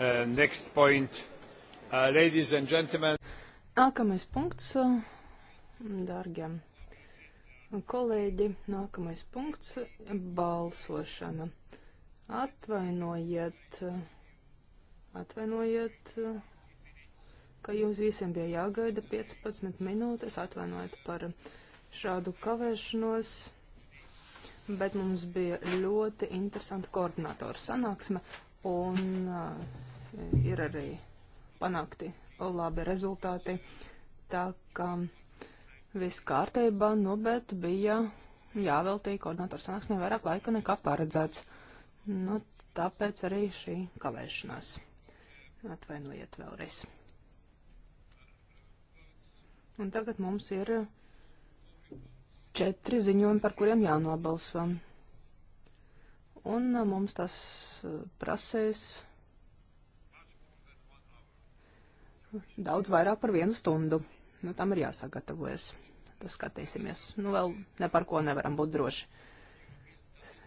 Uh, next point. Uh, ladies and gentlemen. Nākamais punkts, uh, dārgie kolēģi, nākamais punkts - balsošana. Atvainojiet, uh, atvainojiet, uh, ka jums visiem bija jāgaida 15 minūtes, atvainojiet par šādu kavēšanos bet mums bija ļoti interesanta koordinatora sanāksme, un eh, ir arī panākti labi rezultāti. Tā kā viss kārtībā, nu, bet bija jāveltīja koordinatoru sanāksmē vairāk laika nekā paredzēts. Nu, tāpēc arī šī kavēšanās. Atvainojiet vēlreiz. Un tagad mums ir četri ziņojumi, par kuriem jānobalso un uh, mums tas uh, prasēs daudz vairāk par vienu stundu. Nu, tam ir jāsagatavojas. Tas skatīsimies. Nu, vēl ne par ko nevaram būt droši.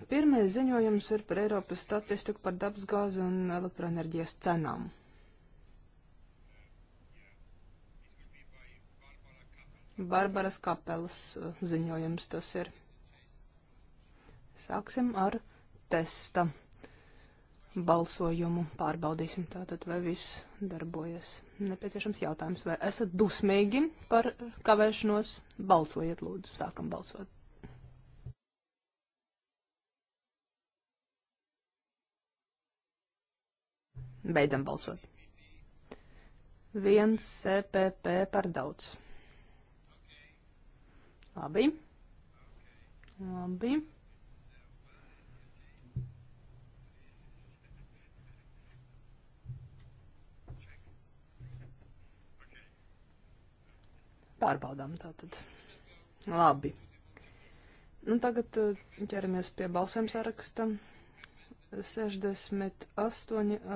Pirmais ziņojums ir par Eiropas statistiku par dabasgāzi un elektroenerģijas cenām. Barbaras kapelas uh, ziņojums tas ir. Sāksim ar testa balsojumu. Pārbaudīsim tātad, vai viss darbojas. Nepieciešams jautājums, vai esat dusmīgi par kavēšanos? Balsojiet, lūdzu, sākam balsot. Beidzam balsot. Viens CPP par daudz. Labi. Labi. Pārbaudām tātad. Labi. Nu, tagad eh, ķeramies pie balsēm saraksta. 68 eh,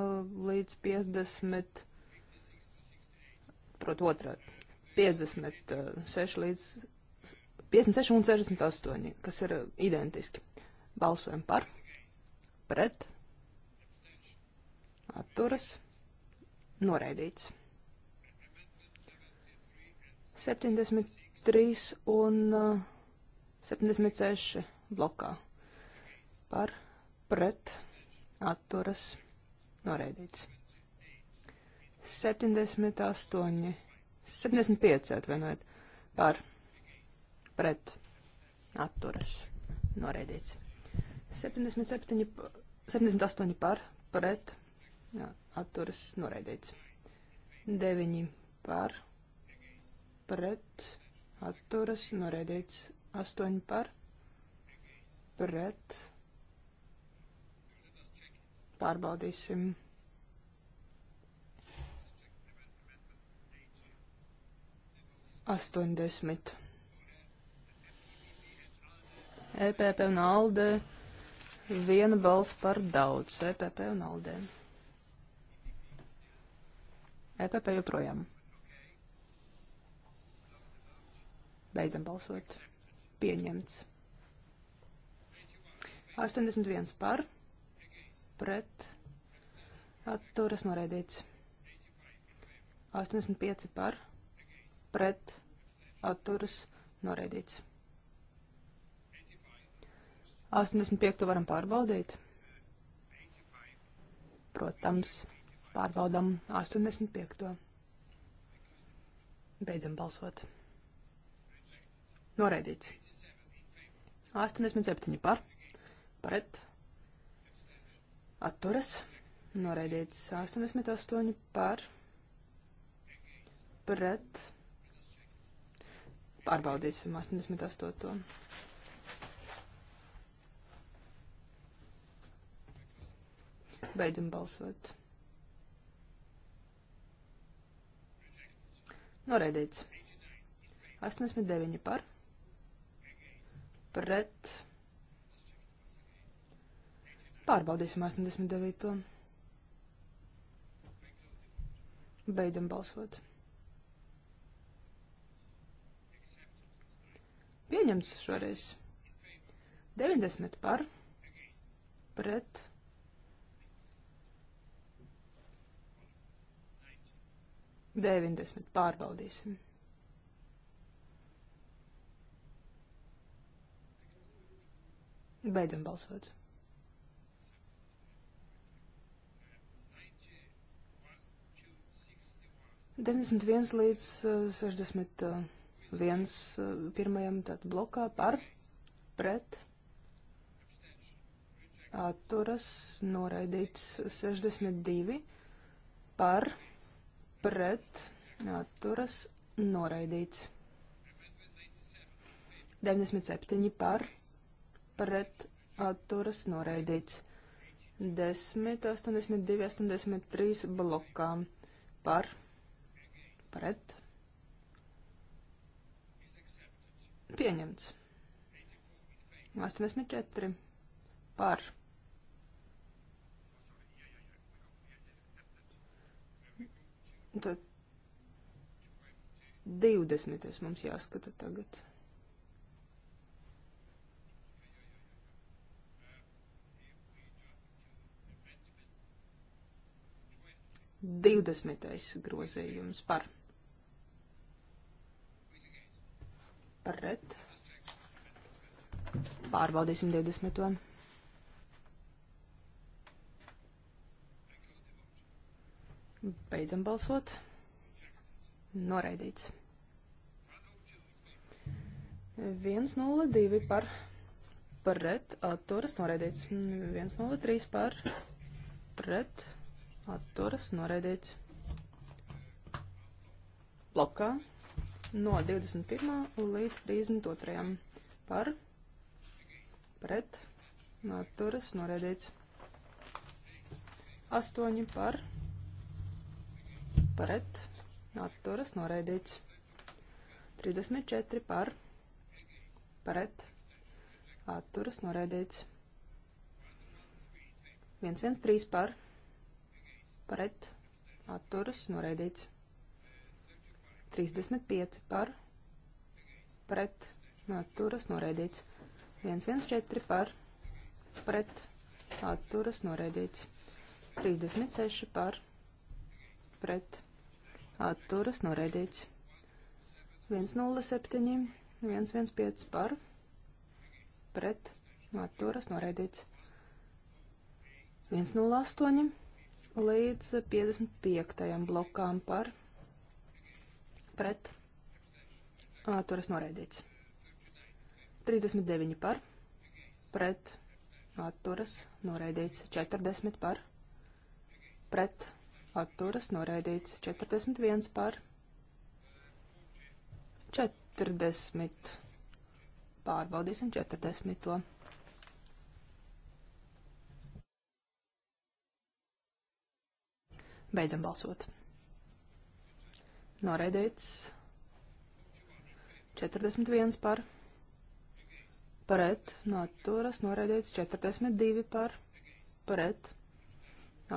līdz 50, prot otrā, 56 eh, līdz 56 un 68, kas ir identiski. Balsojam par, pret, atturas, noraidīts. 73 un 76 eh, blokā par pret atturas noraidīts. 78, 75 atvainojiet par pret atturas noraidīts. 77, 78 par pret atturas noraidīts. 9 par pret pret atturas norēdīts 8 par pret pārbaudīsim. Astoņdesmit. EPP un ALDE viena balss par daudz. EPP un ALDE. EPP joprojām. Beidzam balsot. Pieņemts. 81 par, pret, atturas noraidīts. 85 par, pret, atturas noraidīts. 85 varam pārbaudīt. Protams, pārbaudam 85. Beidzam balsot. Noraidīts. 87 par, pret, atturas, noraidīts. 88 par, pret, pārbaudīsim 88. Beidzam balsot. Noraidīts. 89 par, pret pret. Pārbaudīsim 89. Beidzam balsot. Pieņemts šoreiz. 90 par pret. Deviņdesmit pārbaudīsim. Beidzam balsot. Deviņdesmit viens līdz uh, sešdesmit uh, viens uh, pirmajam tātad blokā par, pret, atturas, noraidīts 62 par, pret, atturas, noraidīts. 97 par, pret pret atturas noraidīts. 10, 82, 83 blokā par, pret, pieņemts. 84 par. Tad 20 mums jāskata tagad. 20. grozījums par pret. Pārbaudīsim 20. Beidzam balsot. Noraidīts. 1-0-2 par pret atturas noraidīts. 1-0-3 par pret atturas atturas noraidīts. Blokā no 21. līdz 32. par pret atturas noraidīts. 8 par pret atturas noraidīts. 34 par pret atturas noraidīts. 113 par pret pret atturas noraidīts. 35 par pret atturas noraidīts. 114 par pret atturas noraidīts. 36 par pret atturas noraidīts. 107, 115 par pret atturas noraidīts. 108 līdz 55. blokām par pret atturas noraidīts. 39 par pret atturas noraidīts. 40 par pret atturas noraidīts. 41 par 40. Pārbaudīsim 40. Beidzam balsot. Noraidīts 41 par. Pret atturas noraidīts 42 par. Pret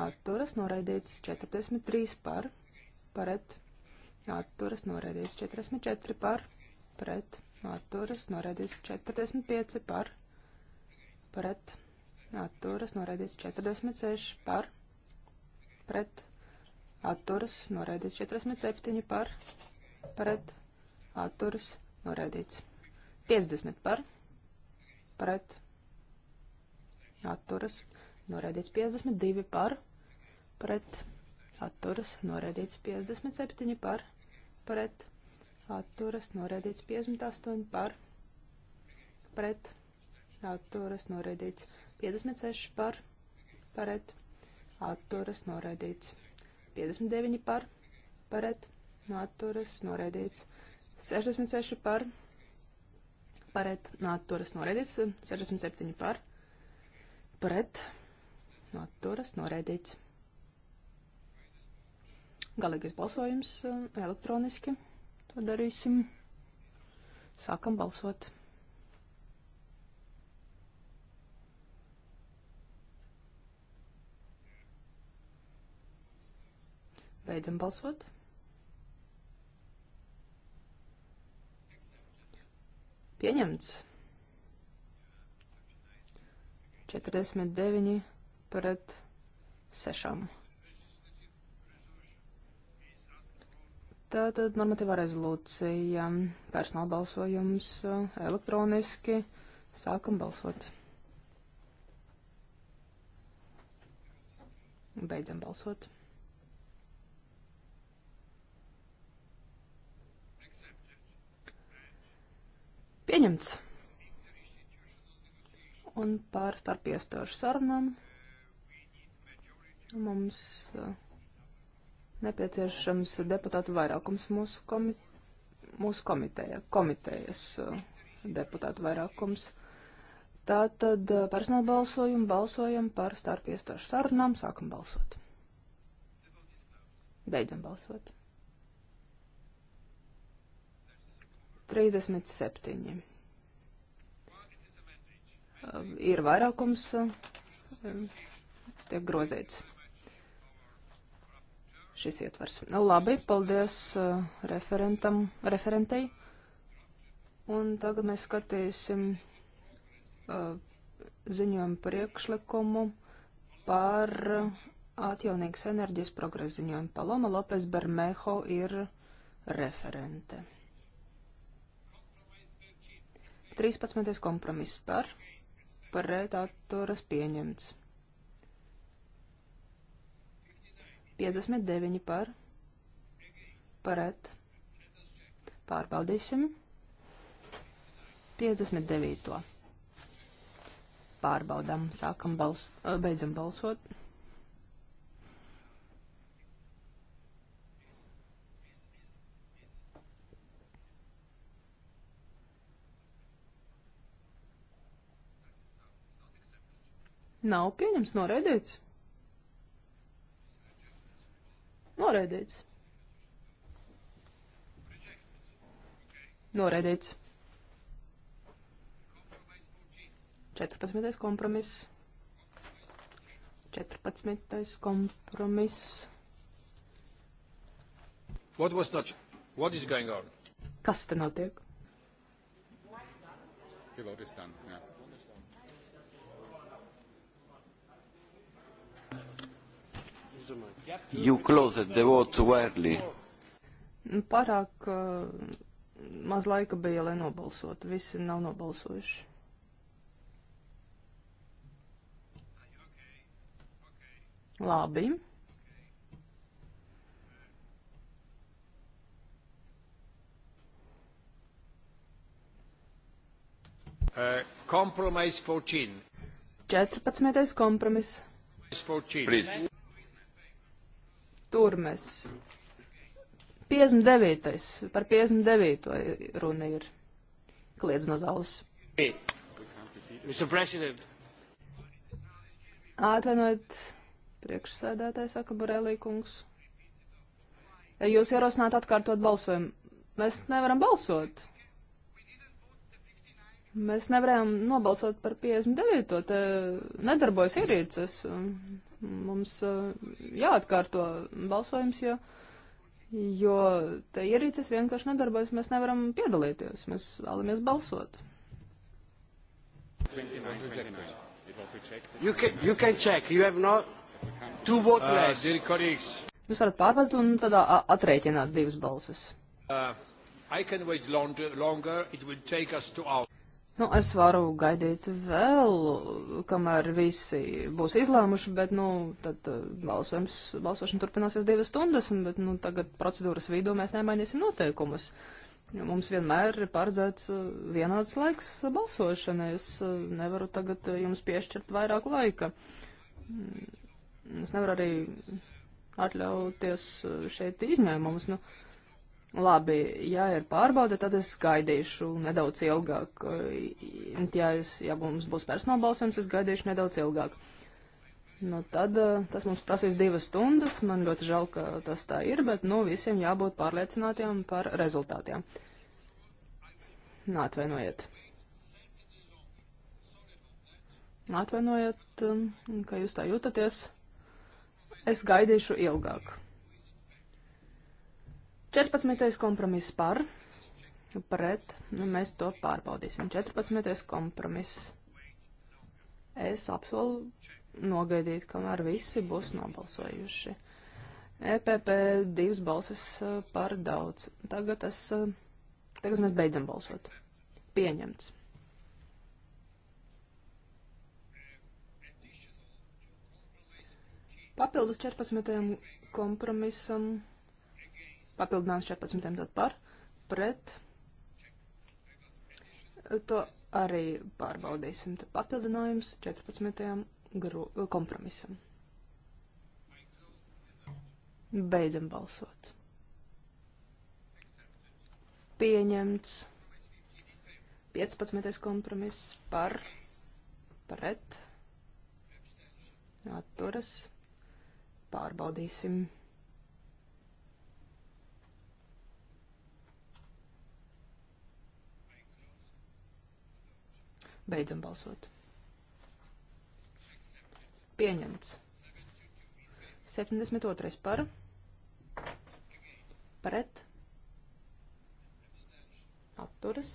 atturas noraidīts 43 par. Pret atturas noraidīts 44 par. Pret atturas noraidīts 45 par. Pret atturas noraidīts 46 par. Pret atturas noraidīts. 47 par pret atturas noraidīts. 50 par pret atturas noraidīts. 52 par pret atturas noraidīts. 57 par pret atturas noraidīts. 58 par pret atturas noraidīts. 56 par pret atturas noraidīts. 59 par, paret, atturas, noraidīts. 66 par, paret, atturas, noraidīts. 67 par, paret, atturas, noraidīts. Galīgais balsojums eh, elektroniski. To darīsim. Sākam balsot. Beidzam balsot. Pieņemts. 49 pret 6. Tātad normatīvā rezolūcija, personāla balsojums uh, elektroniski. Sākam balsot. Beidzam balsot. Pieņemts. Un par starpiestāžu sarunām mums uh, nepieciešams deputātu vairākums mūsu, komi mūsu komiteja, komitejas uh, deputātu vairākums. Tātad uh, personāla balsojumu balsojam par starpiestāžu sarunām, sākam balsot. Beidzam balsot. 37. Um, ir vairākums, um, tiek grozīts šis ietvars. Nu, labi, paldies uh, referentam, referentei. Un tagad mēs skatīsim uh, ziņojumu priekšlikumu par atjaunīgas enerģijas progresa ziņojumu. Paloma Lopes Bermeho ir referente. 13. kompromiss par, par rētātoras pieņemts. 59 par, paret, pārbaudīsim, 59. Pārbaudām, sākam balsot, eh, beidzam balsot. Nav pieņems, noraidīts. Noraidīts. Noraidīts. 14. kompromiss. 14. kompromiss. What was not? What is going on? Kas te notiek? Pilot is done, yeah. You closed the vote too early. Nu, pārāk uh, maz laika bija, lai nobalsotu. Visi nav nobalsojuši. Labi. Uh, kompromis 14. 14. kompromis. 14. Please. Turmes. 59. Par 59. runa ir. Kliedz no zāles. Atvainojiet, priekšsēdētāji, saka Borelī kungs. Jūs ierosināt atkārtot balsojumu. Mēs nevaram balsot. Mēs nevarējām nobalsot par 59. Te nedarbojas ierīces. Mums eh, jāatkārto balsojums, jo, jo te ierīces vienkārši nedarbojas, mēs nevaram piedalīties, mēs vēlamies balsot. You can, you can check. You have not two votes uh, less. Uh, Jūs varat pārbaudīt un tad atrēķināt divas balsis. Uh, longer, longer, Nu, es varu gaidīt vēl, kamēr visi būs izlēmuši, bet, nu, tad eh, balsojums, balsošana turpināsies divas stundas, un, bet, nu, tagad procedūras vidū mēs nemainīsim noteikumus. Mums vienmēr ir paredzēts eh, vienāds laiks balsošanai, es eh, nevaru tagad jums piešķirt vairāk laika. Mm, es nevaru arī atļauties šeit izņēmumus, nu. Uh, Labi, ja ir pārbauda, tad es gaidīšu nedaudz ilgāk. Ja, es, ja mums būs personāla balsojums, es gaidīšu nedaudz ilgāk. Nu, tad eh, tas mums prasīs divas stundas. Man ļoti žēl, ka tas tā ir, bet nu, visiem jābūt pārliecinātiem par rezultātiem. Atvainojiet. Atvainojiet, eh, ka jūs tā jūtaties. Es gaidīšu ilgāk. 14. kompromiss par, pret, nu, mēs to pārbaudīsim. 14. kompromiss. Es apsolu nogaidīt, kamēr visi būs nobalsojuši. EPP divas balsis eh, par daudz. Tagad, es, eh, tagad mēs beidzam balsot. Pieņemts. Papildus 14. kompromisam papildinājums 14. tad par, pret. To arī pārbaudīsim. Tad papildinājums 14. Gru, kompromisam. Beidzam balsot. Pieņemts 15. kompromiss par, pret, atturas, pārbaudīsim. Beidzam balsot. Pieņemts. 72. par. Pret. Atturas.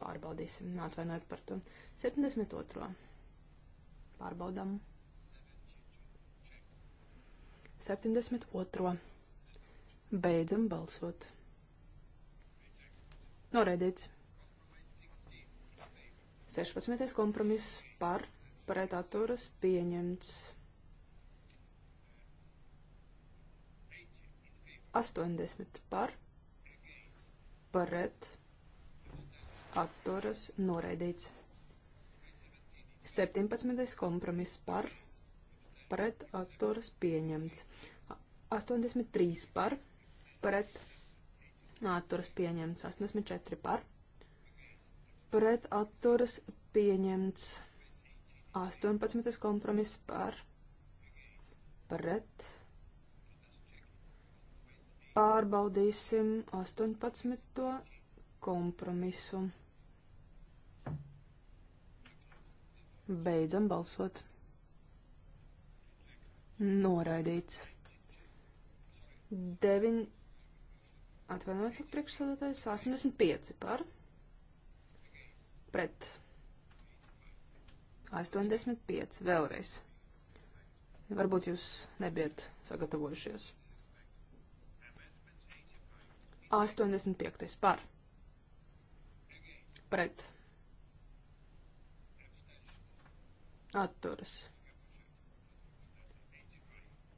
Pārbaudīsim. Atvainojiet par to. 72. Pārbaudām. 72. Beidzam balsot. Noraidīts. 16. kompromiss par pretaturas pieņemts. 80 par pret atturas noraidīts. 17. kompromiss par pret atturas pieņemts. 83 par pret atturas pieņemts. 84 par pret atturas pieņemts. 18. kompromiss par pret. Pārbaudīsim 18. kompromisu. Beidzam balsot. Noraidīts. Deviņ... Atvainojiet, cik priekšsādātājs 85 par pret 85 vēlreiz. Varbūt jūs nebijat sagatavojušies. 85 par pret atturas.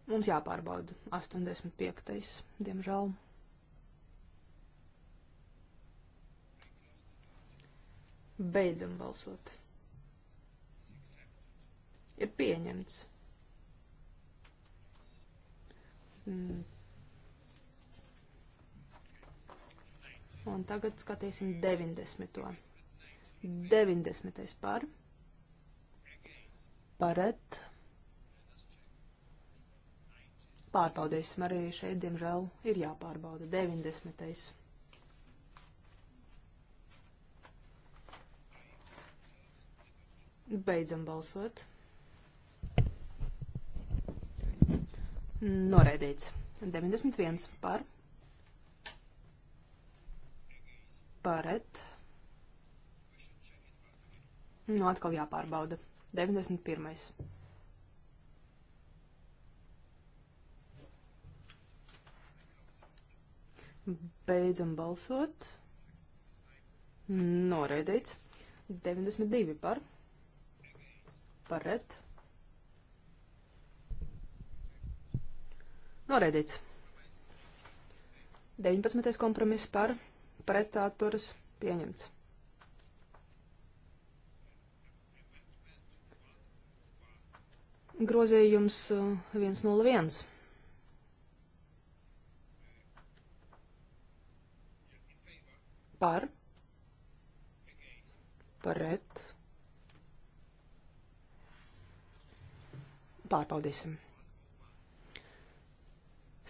Mums jāpārbauda 85. diemžēl. Beidzam balsot. Ir pieņemts. Mm. Un tagad skatīsim 90. 90. par. Paret. Pārbaudīsim arī šeit, diemžēl, ir jāpārbauda 90. Beidzam balsot. Noraidīts. 91 par. Paret. Nu, atkal jāpārbauda. 91. Beidzam balsot. Noraidīts. 92 par. 92 par Pret. Noreidīts. 19. kompromiss par pretāturas pieņemts. Grozījums 101. Uh, par. Pret. Pārbaudīsim.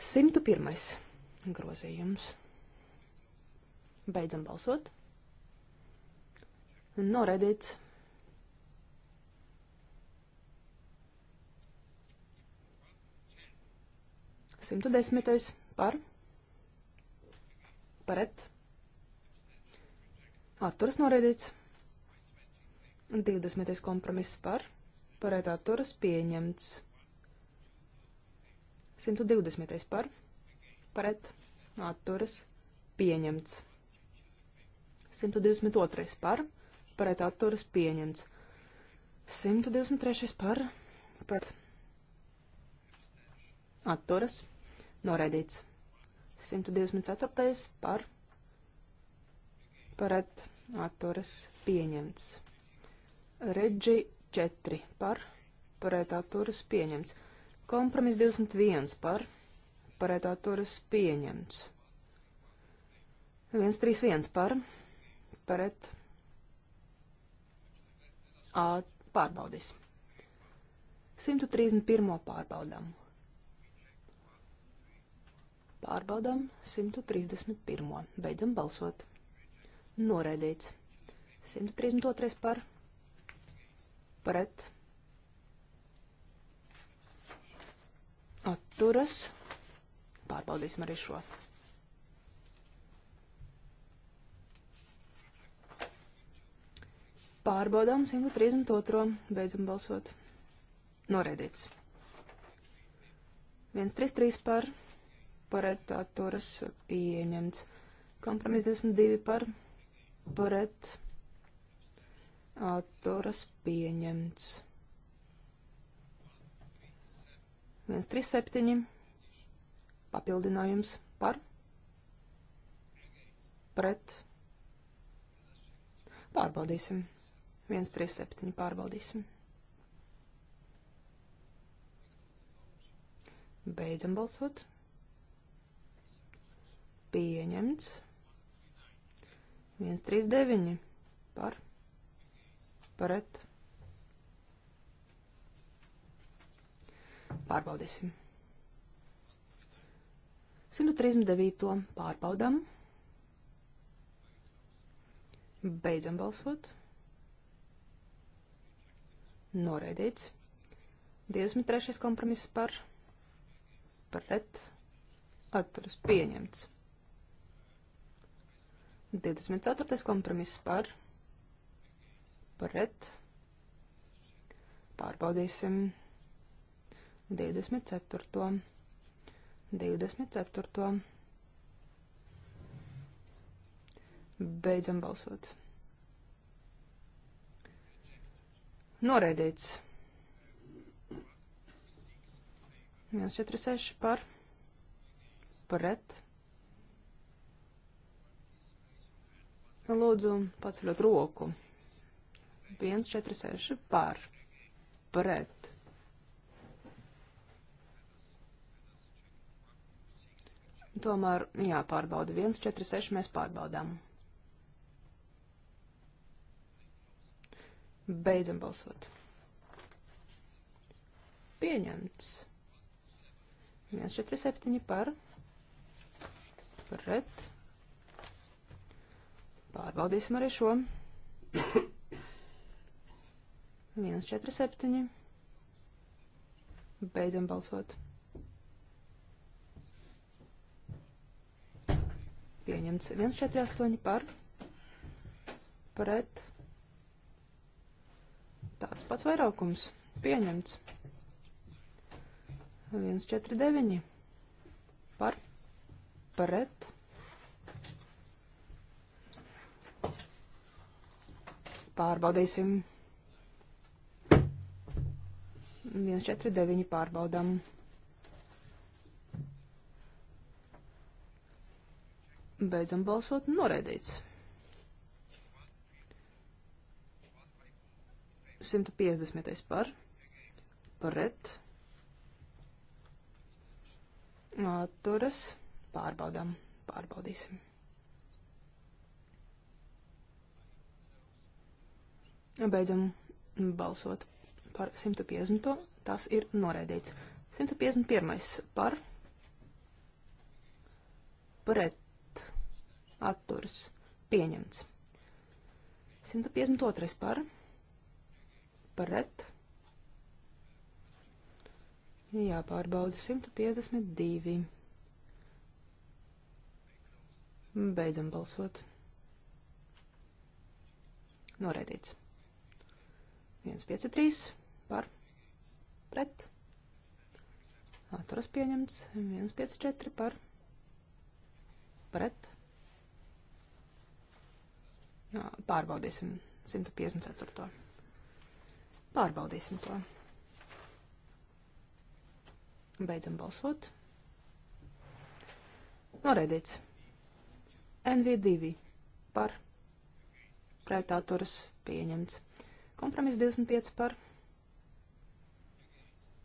101. grozījums. Beidzam balsot. Noredīts. Simtu desmitais par. Paret. Atturas noredīts. 20. kompromiss par pret atturas pieņemts. 120. par pret atturas pieņemts. 122. par pret atturas pieņemts. 123. par pret atturas noraidīts. 124. par pret atturas pieņemts. Redži 4 par, paretā turas pieņemts. Kompromis 21 par, paretā turas pieņemts. 131 par, paret, ā, pārbaudis. 131 pārbaudām. Pārbaudām 131. Beidzam balsot. Noraidīts. 132 par pret atturas. Pārbaudīsim arī šo. Pārbaudām 132. Beidzam balsot. Noreidīts. 133 par pret atturas pieņemts. Kompromiss 22 par pret atturas Atturas pieņemts. 137. Papildinājums par. Pret. Pārbaudīsim. 137. Pārbaudīsim. Beidzam balsot. Pieņemts. 139 par pret. Pārbaudīsim. 139. pārbaudam. Beidzam balsot. Noraidīts. 23. kompromiss par pret atturas pieņemts. 24. kompromiss par pret pret. Pārbaudīsim 24. 24. Beidzam balsot. Noraidīts. 146 par pret. Lūdzu, paceļot roku. 146 par pret. Tomēr jāpārbauda 146 mēs pārbaudām. Beidzam balsot. Pieņemts. 147 par pret. Pārbaudīsim arī šo. 147. Beidzam balsot. Pieņemts 148 par. Pret. Tāds pats vairākums. Pieņemts. 149 par. Pret. Pārbaudīsim. 149 pārbaudām. Beidzam balsot, noraidīts. 150 par, pret, atturas, pārbaudām, pārbaudīsim. Beidzam balsot par 150. Tas ir noraidīts. 151. par pret atturs pieņemts. 152. par pret jāpārbauda 152. Beidzam balsot. Noraidīts. 153 par pret. Atturas pieņemts 154 par pret. Jā, pārbaudīsim 154. Pārbaudīsim to. Beidzam balsot. Noreidīts. NV2 par pretautoras pieņemts. Kompromiss 25 par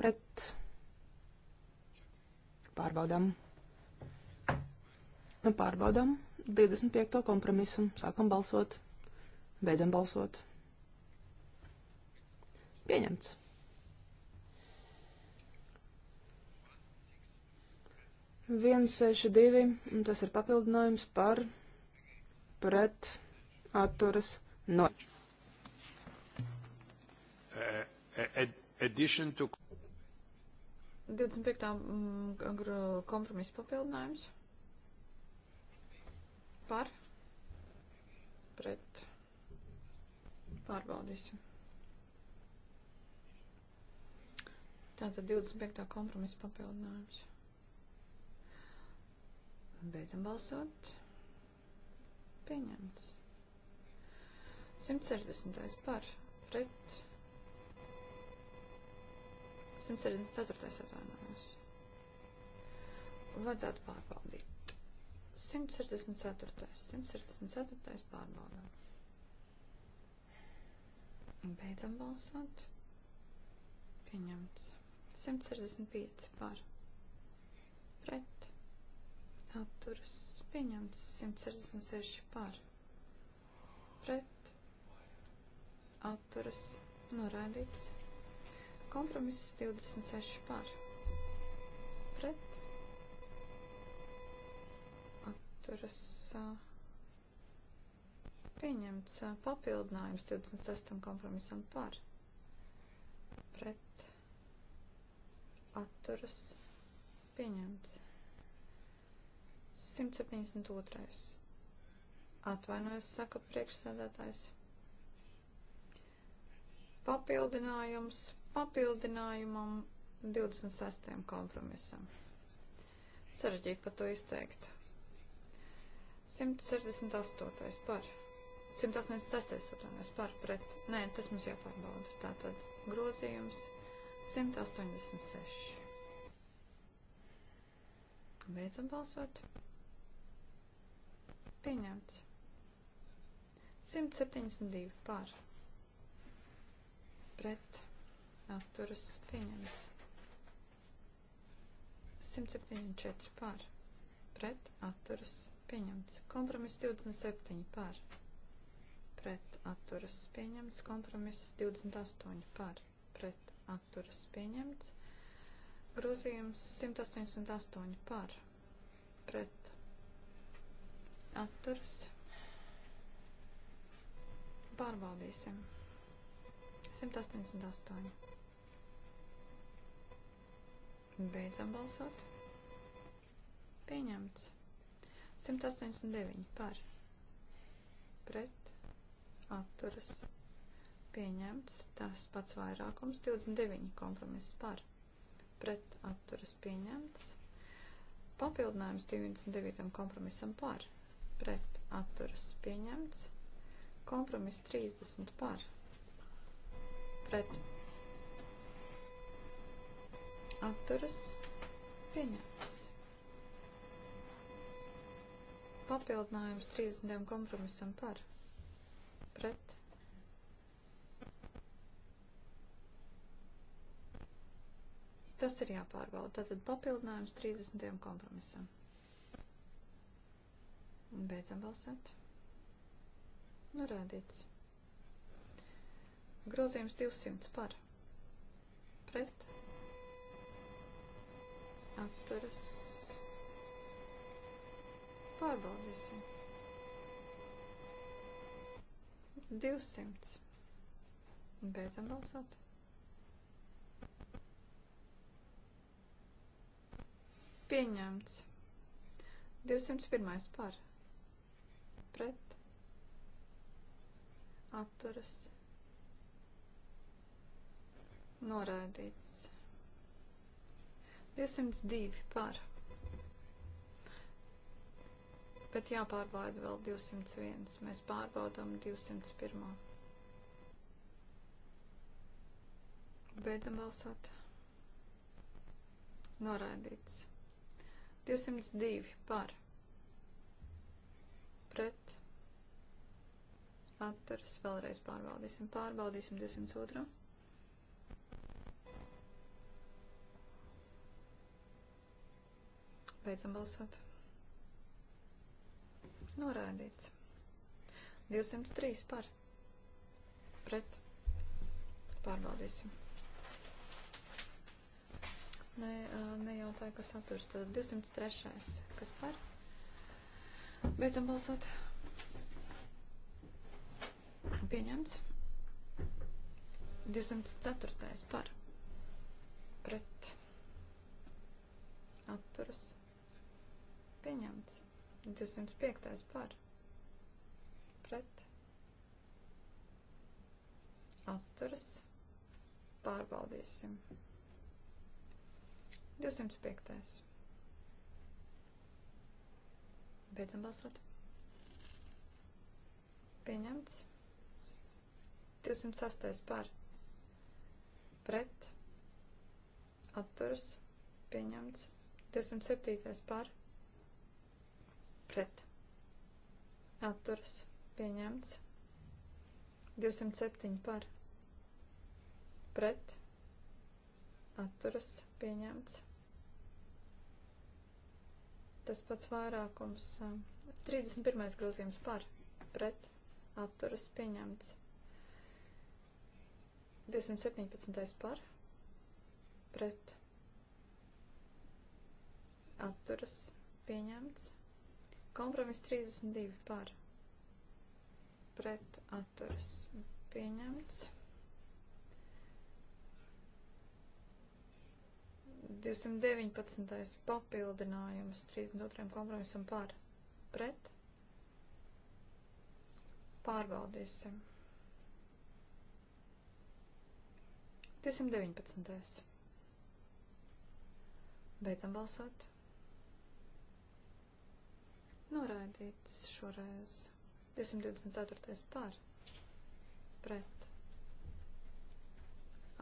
pret pārbaudām. Nu, pārbaudām 25. kompromisu. Sākam balsot. Beidzam balsot. Pieņemts. Viens, seši, divi, un tas ir papildinājums par pret atturas no. Uh, uh, addition to 25. Mm, kompromisa papildinājums par pret pārbaudīsim. Tātad 25. kompromisa papildinājums. Beidzam balsot. Pieņemts. 160. par pret pārbaudīsim. 174. atvainojums. Vajadzētu pārbaudīt. 164. 164. pārbaudām. Beidzam balsot. Pieņemts. 165 par. Pret. Atturas. Pieņemts. 166 par. Pret. Atturas. Norādīts. Kompromiss 26 par. Pret. Atturas. Pieņemts papildinājums 26. kompromisam par. Pret. Atturas. Pieņemts. 172. Atvainojos, saka priekšsēdētājs papildinājums papildinājumam 26. kompromisam. Sarežģīti par to izteikt. 168. par. 186. atvainojas par pret. Nē, tas mums jāpārbauda. Tātad grozījums 186. Beidzam balsot. Pieņemts. 172 par. Pret atturas pieņemts. 174 par, pret atturas pieņemts. Kompromiss 27 par, pret atturas pieņemts. Kompromiss 28 par, pret atturas pieņemts. Grozījums 188 par, pret atturas pārbaudīsim. 188. Beidzam balsot. Pieņemts. 189 par. Pret. Atturas. Pieņemts. Tas pats vairākums. 29 kompromiss par. Pret. Atturas. Pieņemts. Papildinājums 29 kompromisam par. Pret. Atturas. Pieņemts. Kompromiss 30 par. Pret atturas pieņemts. Papildinājums 30. kompromisam par pret. Tas ir jāpārbauda. Tātad papildinājums 30. kompromisam. Un beidzam balsot. Norādīts. Nu, Grozījums 200 par pret atturas. Pārbaudīsim. 200. Beidzam balsot. Pieņemts. 201. par. Pret. Atturas. Noraidīts. 202 par. Bet jāpārbauda vēl 201. Mēs pārbaudām 201. Beidzam balsot. Noraidīts. 202 par. Pret. Atturas. Vēlreiz pārbaudīsim. Pārbaudīsim 202. Beidzam balsot. Norādīts. 203 par. Pret. Pārbaudīsim. Ne, nejautāju, kas atturs. Tad 203. Kas par? Beidzam balsot. Pieņemts. 204. par. Pret. Atturas. Pieņemts. 205. par. Pret. Atturas. Pārbaudīsim. 205. Beidzam balsot. Pieņemts. 208. par. Pret. Atturas. Pieņemts. 207. par pret atturas pieņemts. 207 par pret atturas pieņemts. Tas pats vairākums. 31. Um, grozījums par pret atturas pieņemts. 217. par pret atturas pieņemts. Kompromiss 32 par pret atturas pieņemts. 219. papildinājums 32. kompromisam par pret. Pārbaudīsim. 219. Beidzam balsot. Noraidīts šoreiz 224. par pret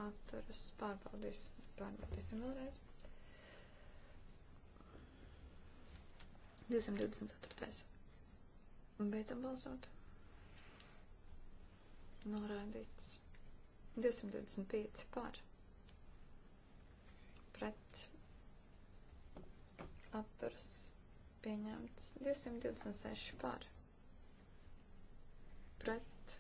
atturas pārbaudīs, pārbaudīsim vēlreiz. 224. Un beidzam balsot. Noraidīts 225 par pret atturas pieņemts. 226 par pret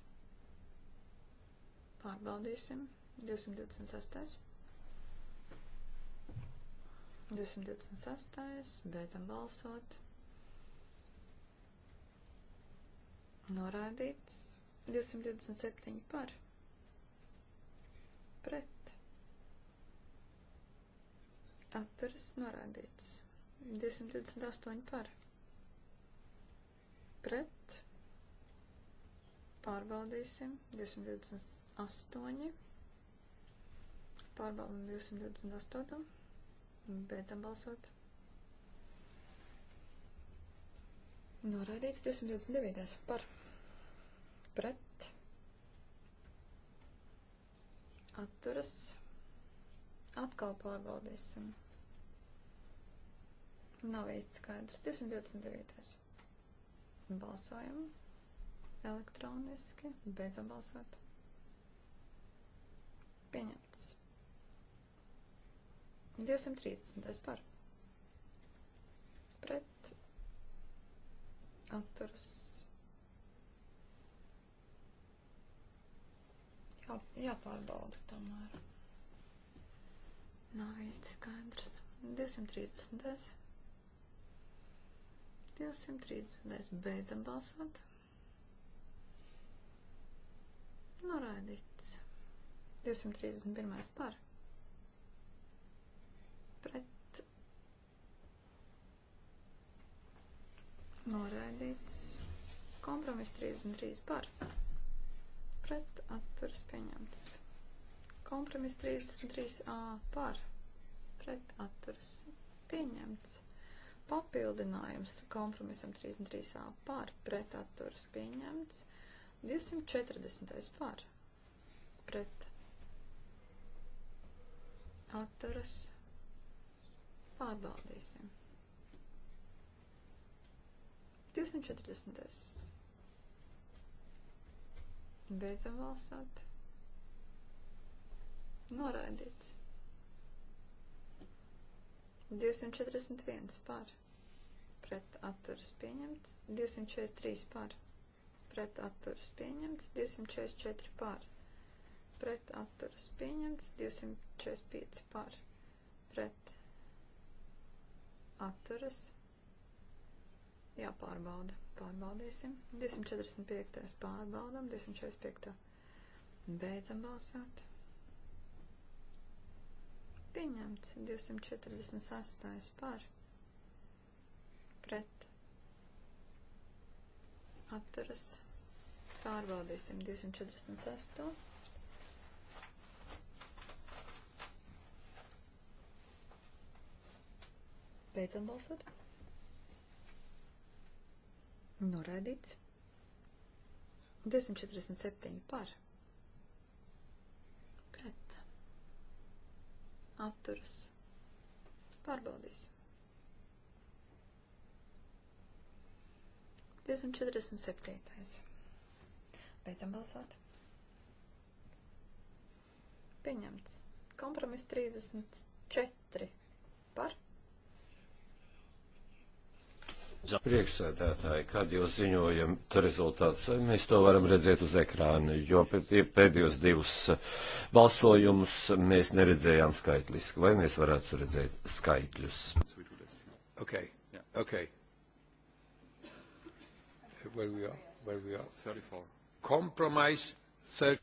pārbaudīsim. 226. 226. Beidzam balsot. Norādīts 227 par pret atturas norādīts. 228 par. Pret. Pārbaudīsim. 228. Pārbaudam 228. Beidzam balsot. Noraidīts 229. par. Pret. Atturas. Atkal pārbaudīsim. 228. Nav īsti skaidrs. 229. Balsojam elektroniski. Beidzam balsot. Pieņemts. 230. par. Pret. Atturs. Jā, jāpārbauda tomēr. Nav īsti skaidrs. 230. 230. Beidzam balsot. Noraidīts. 231. par. Pret. Noraidīts. Kompromiss 33 par. Pret atturas pieņemts. Kompromiss 33a par. Pret atturas pieņemts papildinājums kompromisam 33a par pret atturas pieņemts, 240. par pret atturas pārbaudīsim. 240. Beidzam valsāt. Noraidīts. 241 par pret atturas pieņemts, 243 par pret atturas pieņemts, 244 par pret atturas pieņemts, 245 par pret atturas jāpārbauda. Pārbaudīsim. 245. pārbaudam, 245. beidzam balsāt. Pieņemts 246. par pret atturas. Pārbaudīsim 246. Beidzam balsot. Noraidīts. 247 par. Pret. Atturas. Pārbaudīsim. 247. Beidzam balsot. Pieņemts. Kompromiss 34 par. Priekšsēdētāji, kad jūs ziņojat rezultātus, mēs to varam redzēt uz ekrāna, jo pēdējos divus uh, balsojumus mēs neredzējām skaitliski, vai mēs varētu redzēt skaitļus. Okay. Yeah. Okay where we are, where we are. 34. Compromise 30.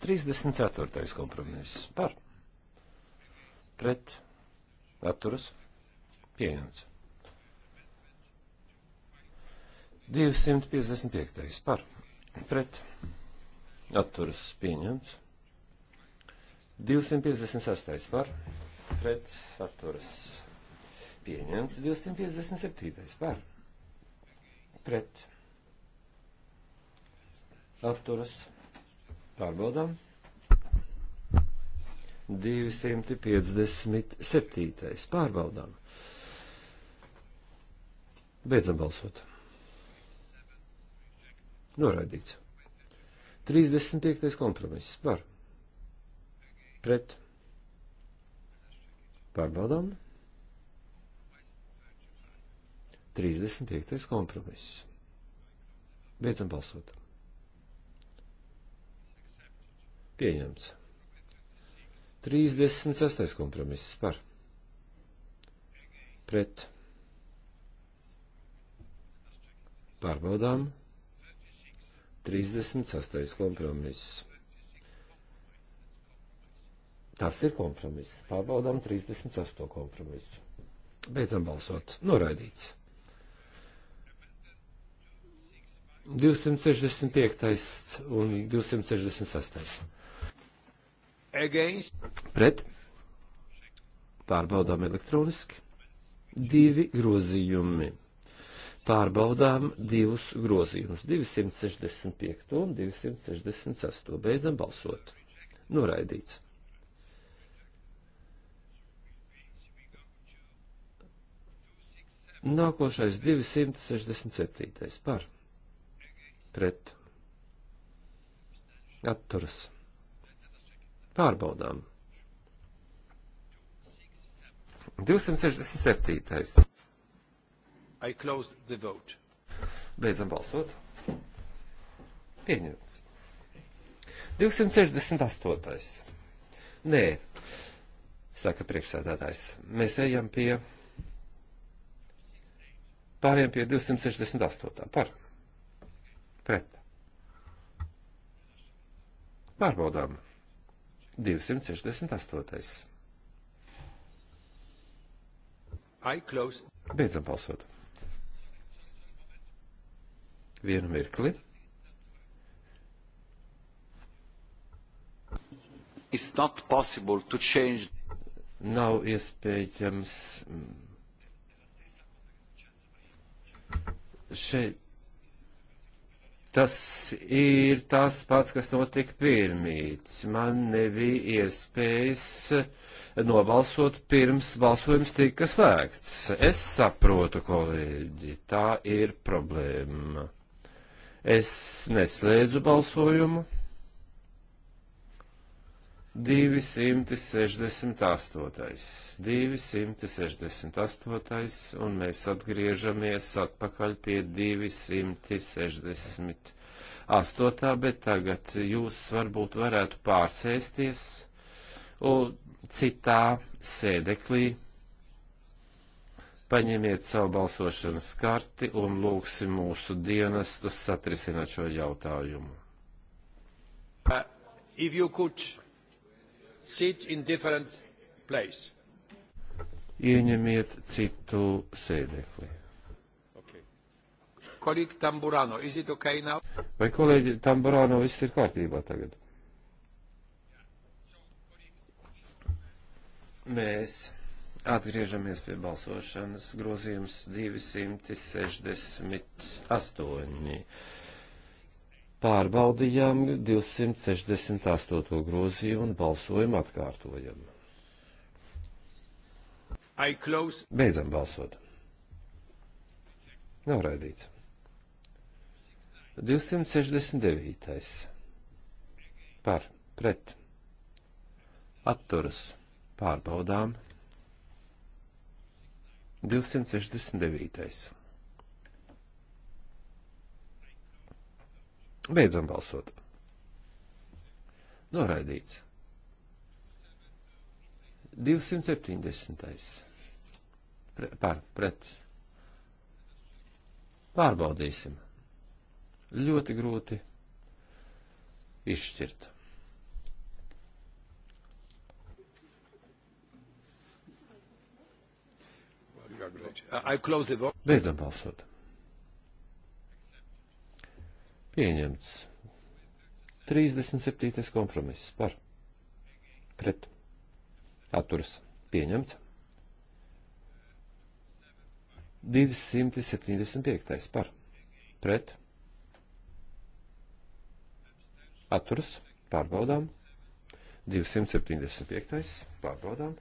34. kompromiss par pret atturas pieņemts. 255. par pret atturas pieņemts. 256. par pret atturas pieņemts. 257. par pret atturas pārbaudām. 257. pārbaudām. Beidzam balsot. Noraidīts. 35. kompromiss par pret pārbaudām. 257. 35. kompromiss. Beidzam balsot. Pieņemts. 36. kompromiss par. Pret. Pārbaudām. 36. kompromiss. Tas ir kompromiss. Pārbaudām 38. kompromisu. Beidzam balsot. Noraidīts. 265. un 268. Against. Pret. Pārbaudām elektroniski. Divi grozījumi. Pārbaudām divus grozījumus. 265. un 268. Beidzam balsot. Noraidīts. Nākošais 267. par pret atturas. Pārbaudām. 267. I closed the vote. Beidzam balsot. Pieņemts. 268. Nē, saka priekšsēdētājs. Mēs ejam pie. Pāriem pie 268. Par pret. Pārbaudām. 268. Beidzam balsot. Vienu mirkli. Nav iespējams šeit Tas ir tas pats, kas notika pirmīt. Man nebija iespējas nobalsot pirms balsojums tika slēgts. Es saprotu, kolēģi, tā ir problēma. Es neslēdzu balsojumu. 268. 268. un mēs atgriežamies atpakaļ pie 268. bet tagad jūs varbūt varētu pārsēsties un citā sēdeklī. Paņemiet savu balsošanas karti un lūgsim mūsu dienestus satrisināt šo jautājumu. Uh, if you could sit in different place. Ieņemiet citu sēdekli. Okay. Kolīgi Tamburano, is it okay now? Vai kolēģi Tamburano viss ir kārtībā tagad? Mēs atgriežamies pie balsošanas grozījums 268 pārbaudījām 268. grozījumu un balsojumu atkārtojam. Beidzam balsot. Nav raidīts. 269. Par, pret, atturas, pārbaudām. 269. Beidzam balsot. Noraidīts. 270. Pre, par, pret. Pārbaudīsim. Ļoti grūti izšķirt. Beidzam balsot. Pieņemts. 37. kompromiss par. Pret. Atturas. Pieņemts. 275. par. Pret. Atturas. Pārbaudām. 275. pārbaudām.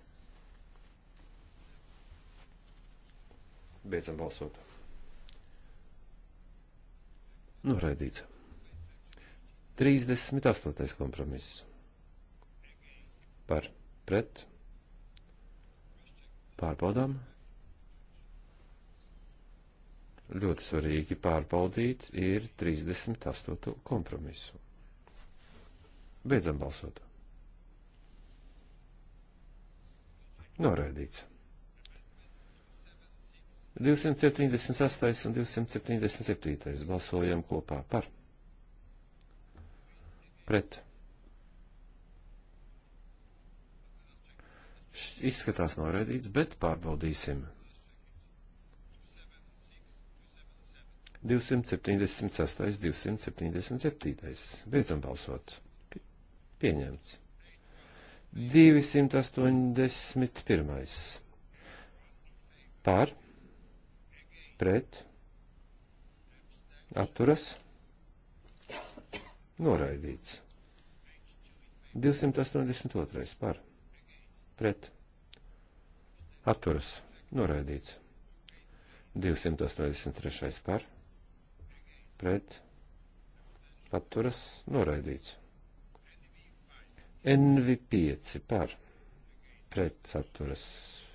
Beidzam balsot. Noraidīts. 38. kompromiss. Par pret. Pārbaudām. Ļoti svarīgi pārbaudīt ir 38. kompromisu. Beidzam balsot. Noraidīts. 278 un 277. Balsojam kopā par. Pret. Izskatās noraidīts, bet pārbaudīsim. 276, 277. Beidzam balsot. Pieņemts. 281. Pār pret, atturas, noraidīts. 282. par, pret, atturas, noraidīts. 283. par, pret, atturas, noraidīts. NV5 par, pret, atturas, noraidīts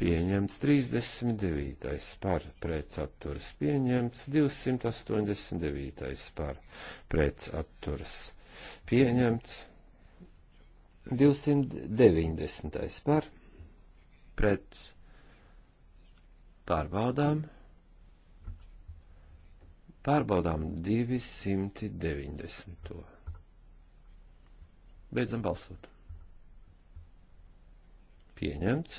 pieņemts 39. par pretatturas pieņemts 289. par pretatturas pieņemts 290. par pret pārbaudām pārbaudām 290. Beidzam balsot. Pieņemts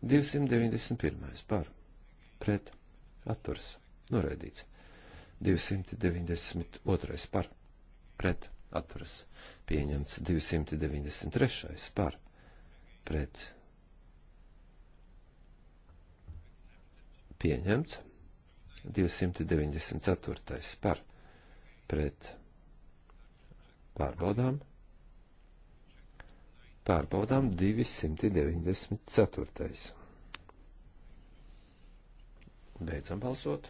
291. par pret atturs noraidīts. 292. par pret atturs pieņemts. 293. par pret pieņemts. 294. par pret pārbaudām. Pārbaudām 294. Beidzam balsot.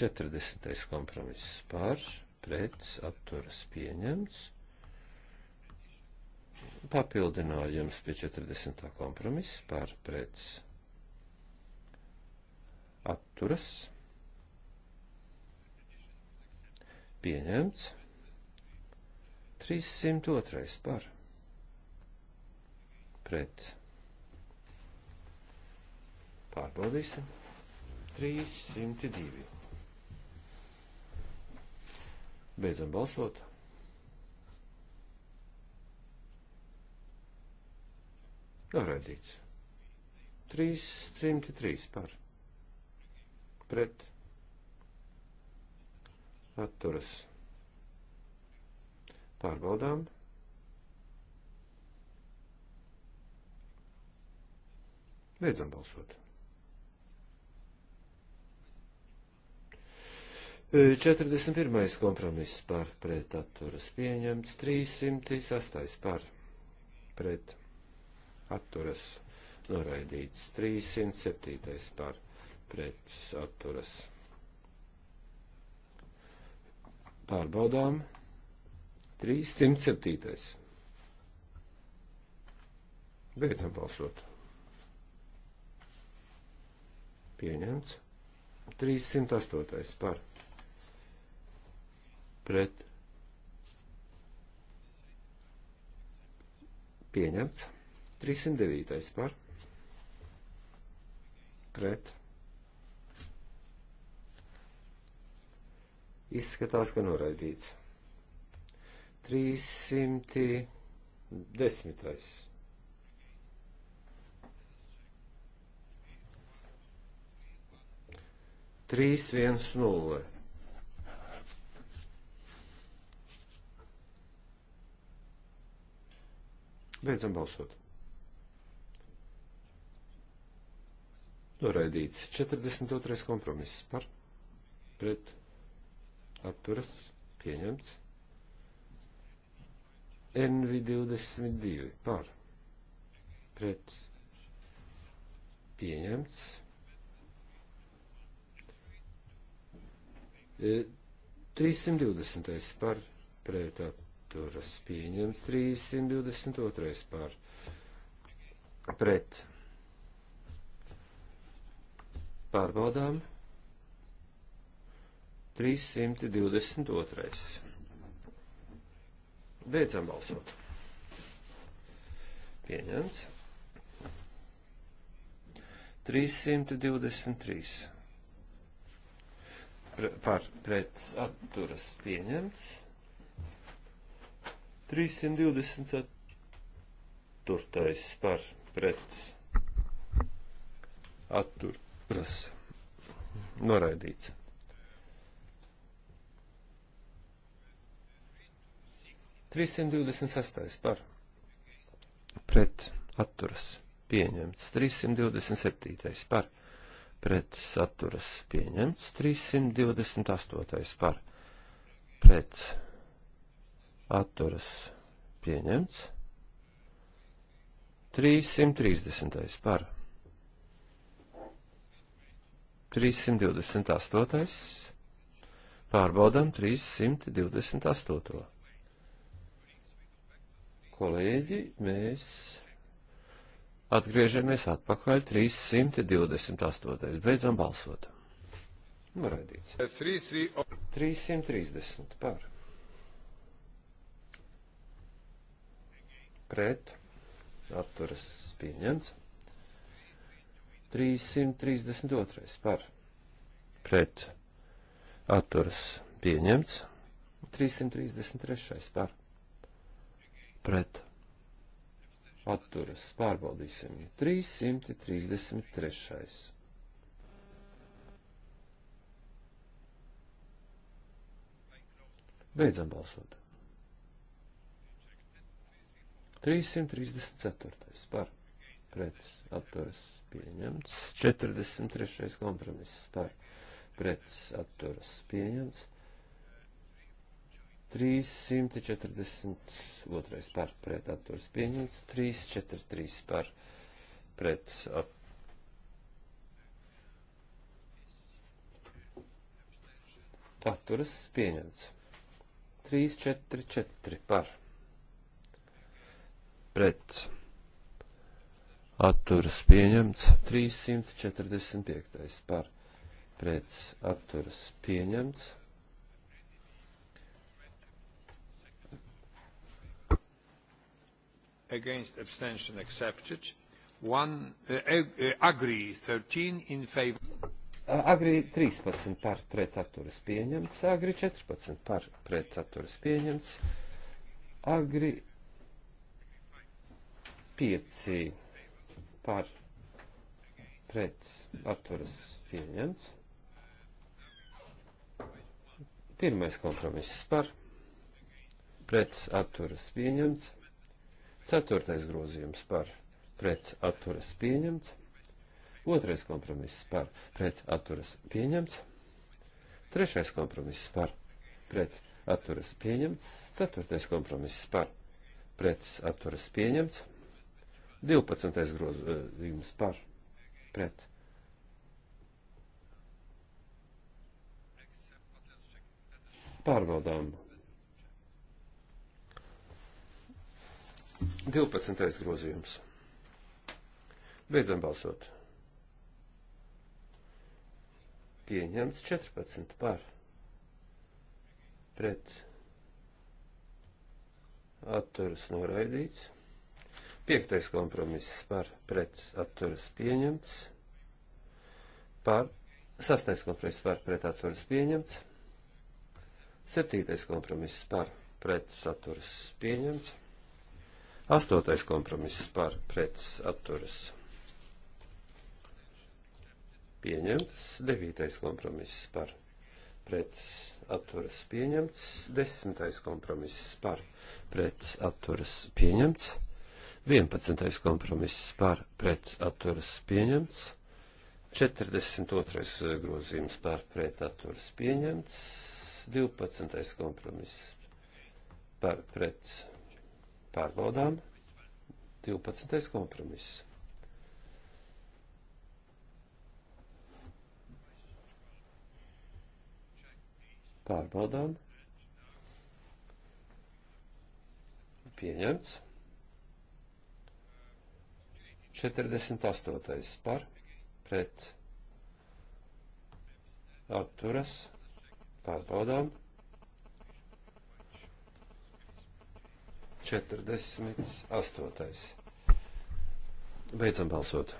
40. kompromiss pār, pret, atturas pieņemts. Papildinājums pie 40. kompromiss pār, pret, atturas pieņemts. 302. par pret. Pārbaudīsim. 302. Beidzam balsot. Noraidīts. 303 par. Pret. Atturas. Pārbaudām. Beidzam balsot. 41. E, kompromiss par pret atturas pieņemts, 308. par pret atturas noraidīts, 307. par pret atturas pārbaudām. 307. Beidzam balsot. Pieņemts. 308. par pret pieņemts. 309. par pret izskatās, ka noraidīts. 310. Trīs viens nulle. Beidzam balsot. Noraidīts 42. kompromiss par pret atturas pieņemts. NV22 par pret pieņemts. E, 320. par pret atturas pieņemts. 322. par pret pārbaudām. 322. Beidzam balsot. Pieņemts. 323. Pre, par pret atturas pieņemts. 324. par pret atturas noraidīts. 326. par pret atturas pieņemts. 327. par pret atturas pieņemts. 328. par pret atturas pieņemts. 330. par 328. pārbaudam 328 kolēģi, mēs atgriežamies atpakaļ 328. Beidzam balsot. Noraidīts. Nu, 330 par. Pret. Atturas pieņemts. 332 par. Pret. Atturas pieņemts. 333 par pret atturas pārbaudīsim 333. Beidzam balsot. 334. par pret atturas pieņemts. 43. kompromiss par pret atturas pieņemts. 342 par pret atturs pieņemts, 343 par pret at... atturs pieņemts, 344 par pret atturs pieņemts, 345 par pret atturs pieņemts. against abstention accepted. One, uh, uh, uh agree 13 in favor. Agri 13 par pretaturas pieņemts, Agri 14 par pretaturas pieņemts, Agri 5 par pretaturas pieņemts. Pirmais kompromiss par pretaturas pieņemts. Ceturtais grozījums par pret atturas pieņemts. Otrais kompromiss par pret atturas pieņemts. Trešais kompromiss par pret atturas pieņemts. Ceturtais kompromiss par pret atturas pieņemts. 12. grozījums par pret. Pārbaudām 12. grozījums. Beidzam balsot. Pieņemts 14 par. Pret. Atturas noraidīts. 5. kompromiss par. Pret. Atturas pieņemts. Par. 6. kompromiss par. Pret. Atturas pieņemts. 7. kompromiss par. Pret. Atturas pieņemts. Astotais kompromiss par preces atturas. Pieņemts. Devītais kompromiss par preces atturas pieņemts. Desmitais kompromiss par preces atturas pieņemts. Vienpadsmitais kompromiss par preces atturas pieņemts. 42. grozījums pārpretaturs pieņemts, 12. kompromiss pārpret Pārbaudām. 12. kompromiss. Pārbaudām. Pieņemts. 48. par pret atturas pārbaudām. 48. Beidzam balsot.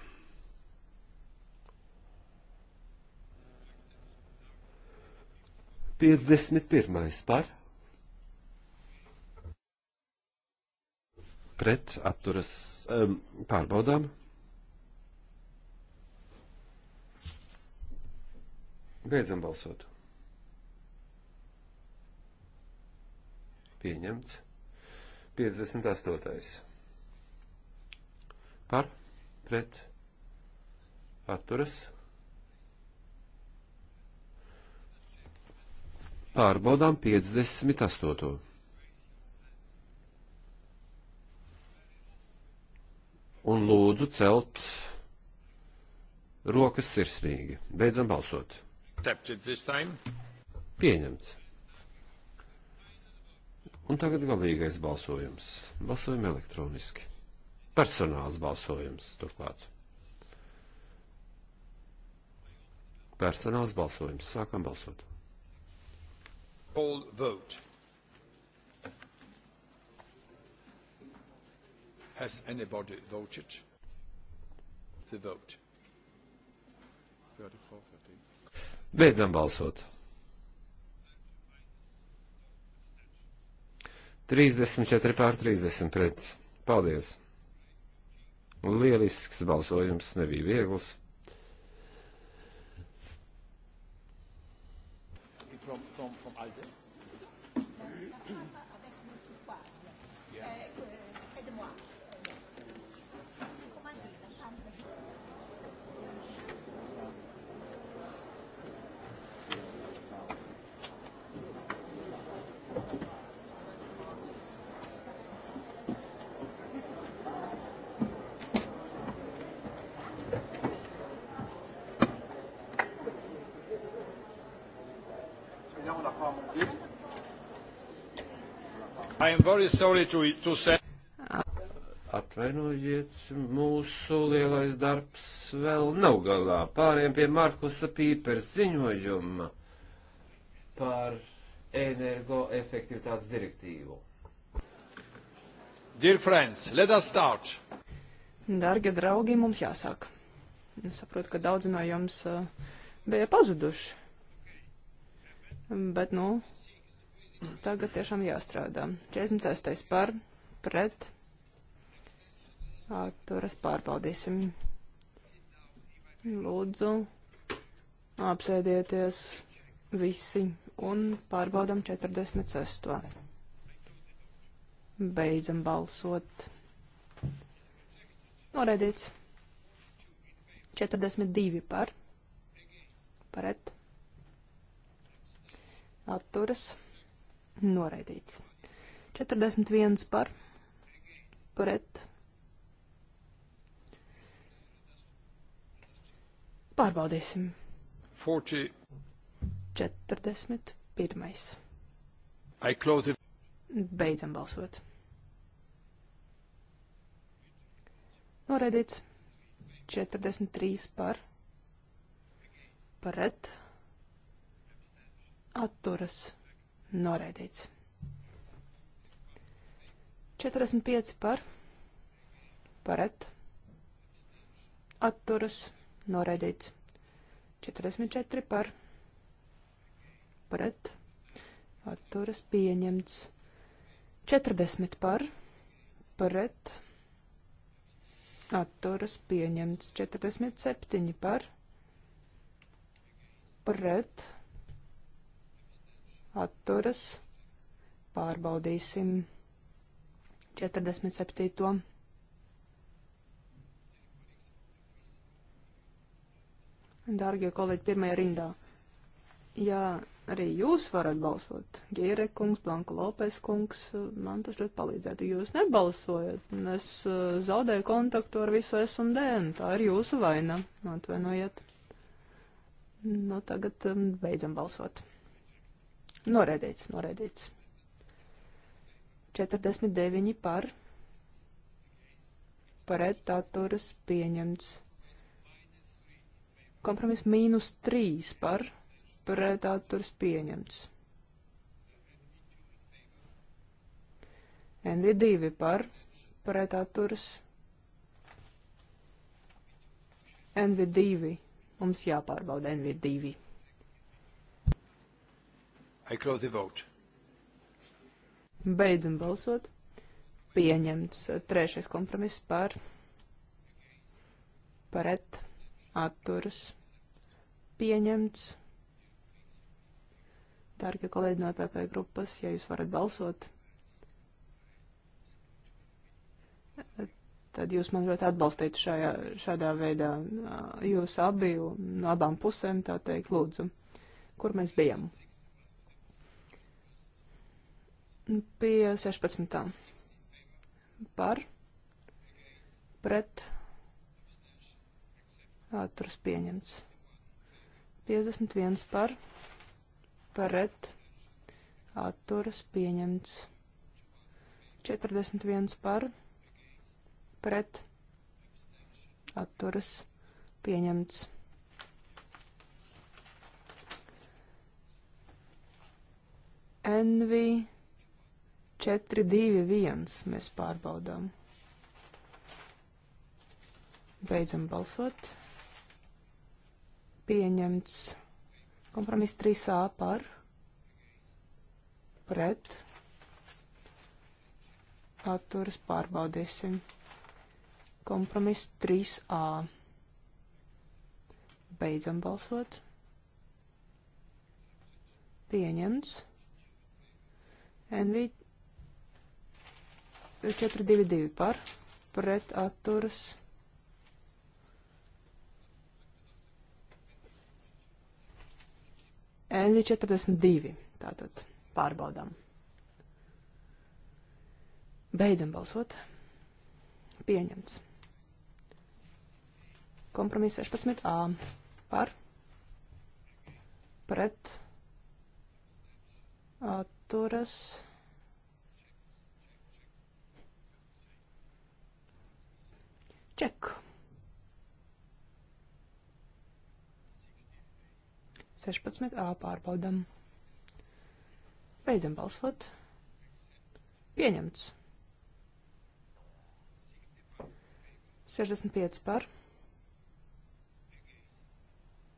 Piecdesmit pirmais par. Pret atturas um, pārbaudām. Beidzam balsot. Pieņemts. 58. Par, pret, atturas. Pārbaudām 58. Un lūdzu celt rokas sirsnīgi. Beidzam balsot. Pieņemts. Un tagad galīgais balsojums. Balsojam elektroniski. Personāls balsojums turklāt. Personāls balsojums. Sākam balsot. All vote. Has anybody voted? The vote. 34, 30. Beidzam balsot. 34 pār 30 pret. Paldies! Lielisks balsojums, nebija viegls. To, to say... Atvainojiet, mūsu lielais darbs vēl nav galā. Pāriem pie Markusa Pīpers ziņojuma par energoefektivitātes direktīvu. Dear friends, let us start. Dargie draugi, mums jāsāk. Es saprotu, ka daudzi no jums uh, bija pazuduši. Bet, nu, Tagad tiešām jāstrādā. 46. par, pret, atturas pārbaudīsim. Lūdzu, apsēdieties visi un pārbaudam 46. Beidzam balsot. Noraidīts. 42 par. Paret. Atturas. Noraidīts. 41 par pret. Pārbaudīsim. 40. 41. I close it. Beidzam balsot. Noraidīts. 43 par. Pret. Atturas. Noraidīts. 45 par. Paret. Atturas. Noraidīts. 44 par. Paret. Atturas pieņemts. 40 par. Paret. Atturas pieņemts. 47 par. Paret atturas, pārbaudīsim 47. Dārgie kolēģi, pirmajā rindā. Jā, arī jūs varat balsot. Gīre kungs, Blanka Lopes kungs, man tas ļoti palīdzētu. Jūs nebalsojat, un es uh, zaudēju kontaktu ar visu S un D, un tā ir jūsu vaina. Atvainojiet. Nu, tagad um, beidzam balsot. Noraidīts, noraidīts. 49 par. Pret atturas pieņemts. Kompromiss mīnus 3 par. Pret atturas pieņemts. NV2 par. Pret atturas. NV2. Mums jāpārbauda NV2. I close the vote. Beidzam balsot. Pieņemts trešais kompromiss par paret atturas. Pieņemts. Dārgie kolēģi no PP e grupas, ja jūs varat balsot, tad jūs man ļoti atbalstītu šajā, šādā veidā. Jūs abi no abām pusēm, tā teikt, lūdzu. Kur mēs bijām? pie 16. par pret atturas pieņemts. 51 par pret atturas pieņemts. 41 par pret atturas pieņemts. Envy 4, 2, 1 mēs pārbaudām. Beidzam balsot. Pieņemts kompromiss 3A par, pret, atturas pārbaudīsim. Kompromiss 3A. Beidzam balsot. Pieņemts. NV 422 par pret atturas. NV42 tātad pārbaudām. Beidzam balsot. Pieņemts. Kompromiss 16a par pret atturas. Ček. 16. A pārbaudam. Beidzam balsot. Pieņemts. 65 par.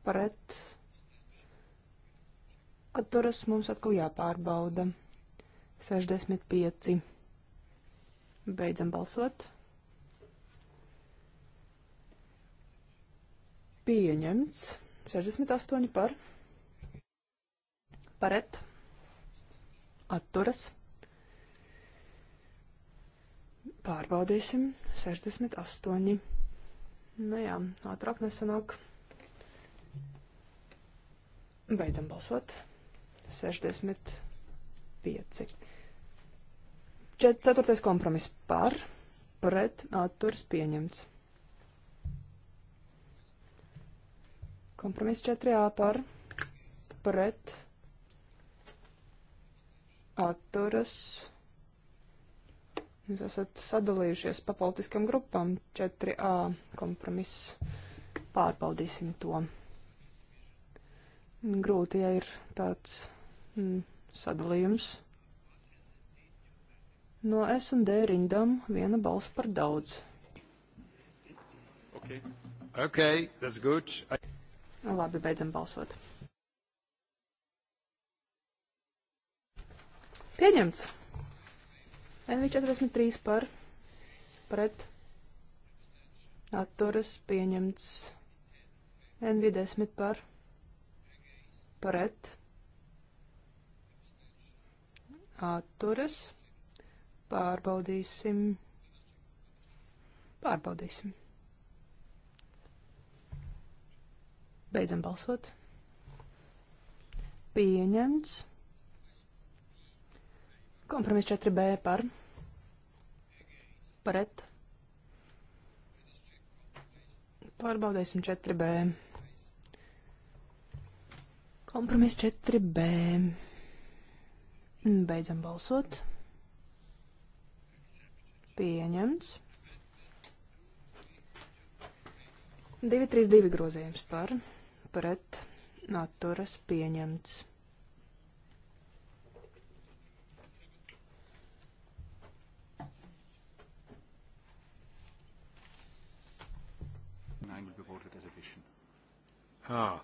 Pret. Atturas mums atkal jāpārbauda. 65. Beidzam balsot. Pieņemts. 68 par. Paret. Atturas. Pārbaudīsim. 68. Nu jā, ātrāk nesanāk. Beidzam balsot. 65. Čet, ceturtais kompromiss par, pret, atturs pieņemts. Kompromiss 4A par pret atturas. Jūs esat sadalījušies pa politiskam grupām 4A kompromiss. Pārbaudīsim to. Grūti, ja ir tāds mm, sadalījums. No S un D rindām viena balss par daudz. Okay. Okay, that's good. I... Labi, beidzam balsot. Pieņemts. NV43 par pret atturas pieņemts. NV10 par pret atturas pārbaudīsim. Pārbaudīsim. Beidzam balsot. Pieņemts. Kompromiss 4B par. Pret. Pārbaudēsim 4B. Kompromiss 4B. Beidzam balsot. Pieņemts. 232 grozījums par pret atturas pieņemts. Nine will be voted as addition. Ah.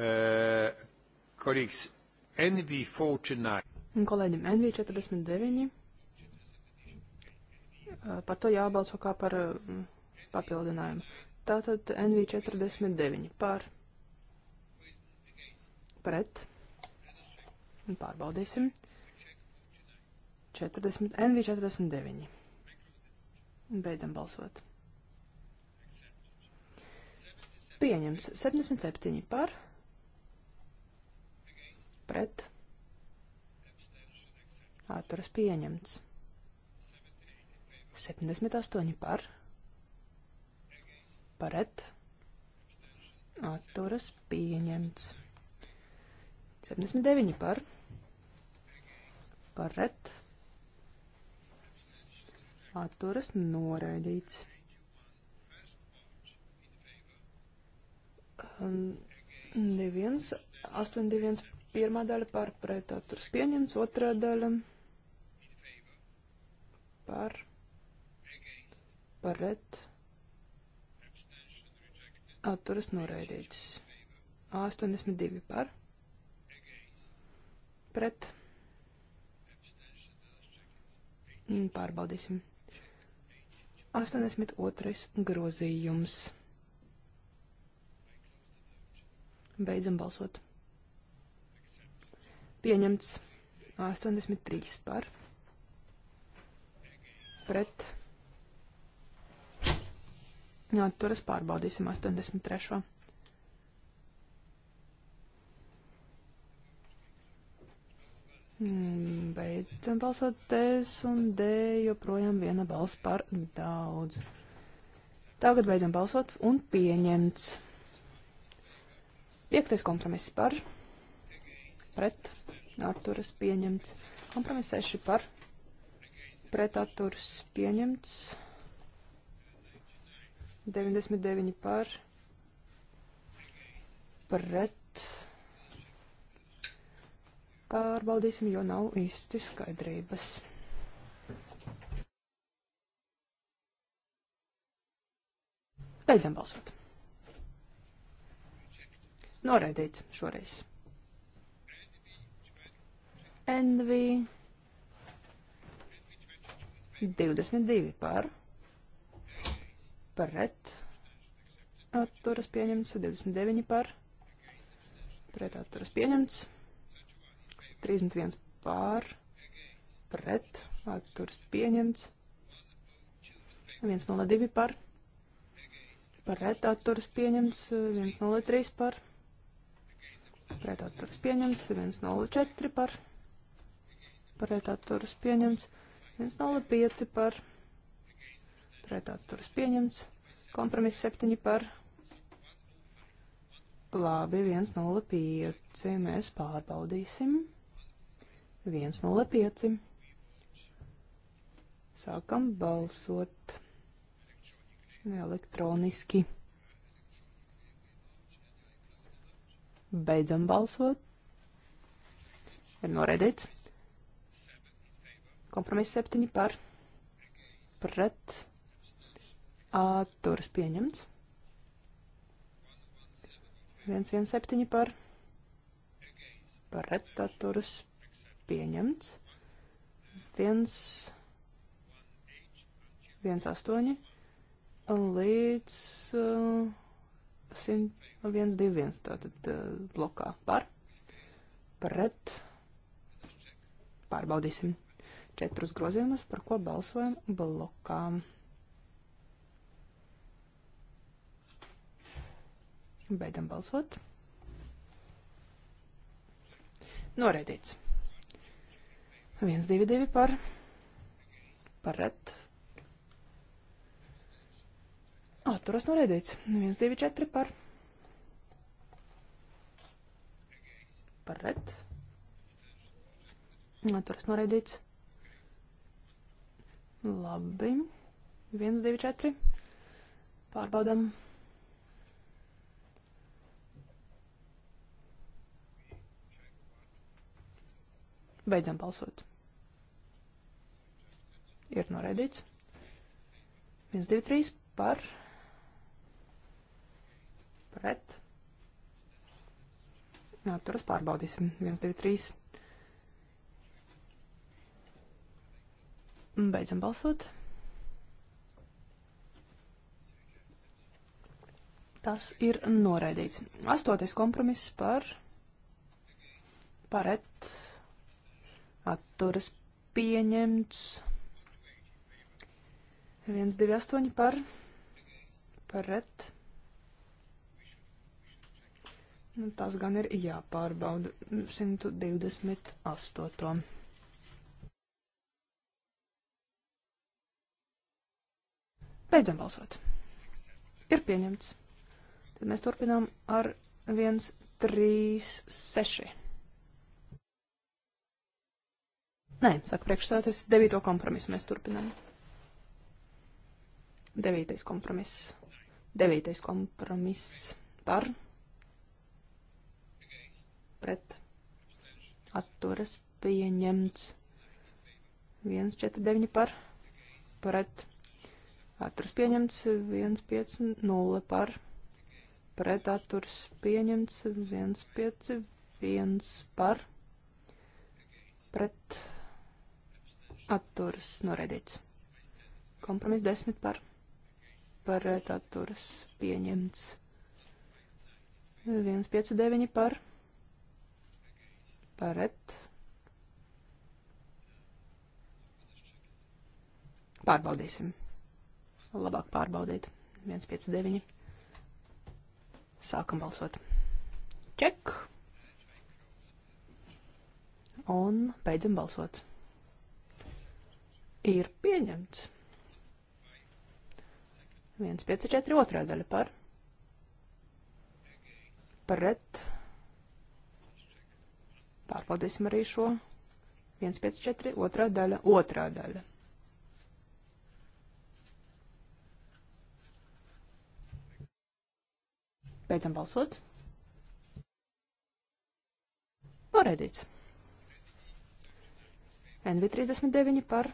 Uh, colleagues, NV49. Un kolēģim NV49. Par to jābalso kā par uh, papildinājumu. Tātad NV49 par pret. Nu, pārbaudīsim. 40, NV49. Beidzam balsot. Pieņems 77 par. Pret. Atturas pieņemts. 78 par. Pret. Atturas pieņemts. 79 par. Paret. Atturas noraidīts. Neviens. 821 pirmā daļa par pret atturas pieņemts, otrā daļa par pret atturas noraidīts. 82 par pret. Mm, pārbaudīsim. 82. grozījums. Beidzam balsot. Pieņemts 83 par. Pret. Nā, turas pārbaudīsim 83. Mm, beidzam balsot S un D, joprojām viena balss par daudz. Tagad beidzam balsot un pieņemts. Piektais kompromiss par, pret, atturas pieņemts. Kompromiss 6 par, pret, atturas pieņemts. 99 par, pret, pārbaudīsim, jo nav īsti skaidrības. Beidzam balsot. Noraidīts šoreiz. NV 22 par pret atturas pieņemts, 29 par pret atturas pieņemts. 31 pār, pret, atturs pieņemts. 102 par, pret, atturs pieņemts. 103 par, pret, atturs pieņemts. 104 par, pret, atturs pieņemts. 105 par, pret, atturs pieņemts. Kompromiss 7 par, Labi, 1,05. Mēs pārbaudīsim. 105. Sākam balsot elektroniski. Beidzam balsot. Ir noraidīts. Kompromiss 7 par pret atturas pieņemts. 117 par pret atturas pieņemts pieņemts. 1, 1, 8 līdz uh, 100, 1, 2, 1 tātad uh, blokā par, pret, pārbaudīsim četrus grozījumus, par ko balsojam blokā. Beidzam balsot. Noreidīts. 122 par paret. Atturas noraidīts. 124 par paret. Atturas noraidīts. Labi. 124. Pārbaudam. Beidzam balsot ir noraidīts. 1, 2, 3 par, pret, atturas pārbaudīsim. 1, 2, 3. Beidzam balsot. Tas ir noraidīts. Astoties kompromiss par paret atturas pieņemts. 1, 2, 8 par, pret. Nu, tas gan ir jāpārbauda 128. Beidzam balsot. Ir pieņemts. Tad mēs turpinām ar 1, 3, 6. Nē, saka priekšstāties, 9. kompromisu mēs turpinām. 1, 3, 6. Devītais kompromiss. Devītais kompromiss par. Pret. Atturas pieņemts. 1, 4, 9 par. Pret. Atturas pieņemts. 1, 5, 0 par. Pret. Atturas pieņemts. 1, 5, 1 par. Pret. Atturas noredīts. Kompromiss 10 par pret eh, atturas pieņemts. 159 par paret. Pārbaudīsim. Labāk pārbaudīt. 159. Sākam balsot. Ček. Un beidzam balsot. Ir pieņemts. 154 otrā daļa par. Pret. Pārbaudīsim arī šo. 154 otrā daļa. Otrā daļa. Beidzam balsot. Noraidīts. NV39 par.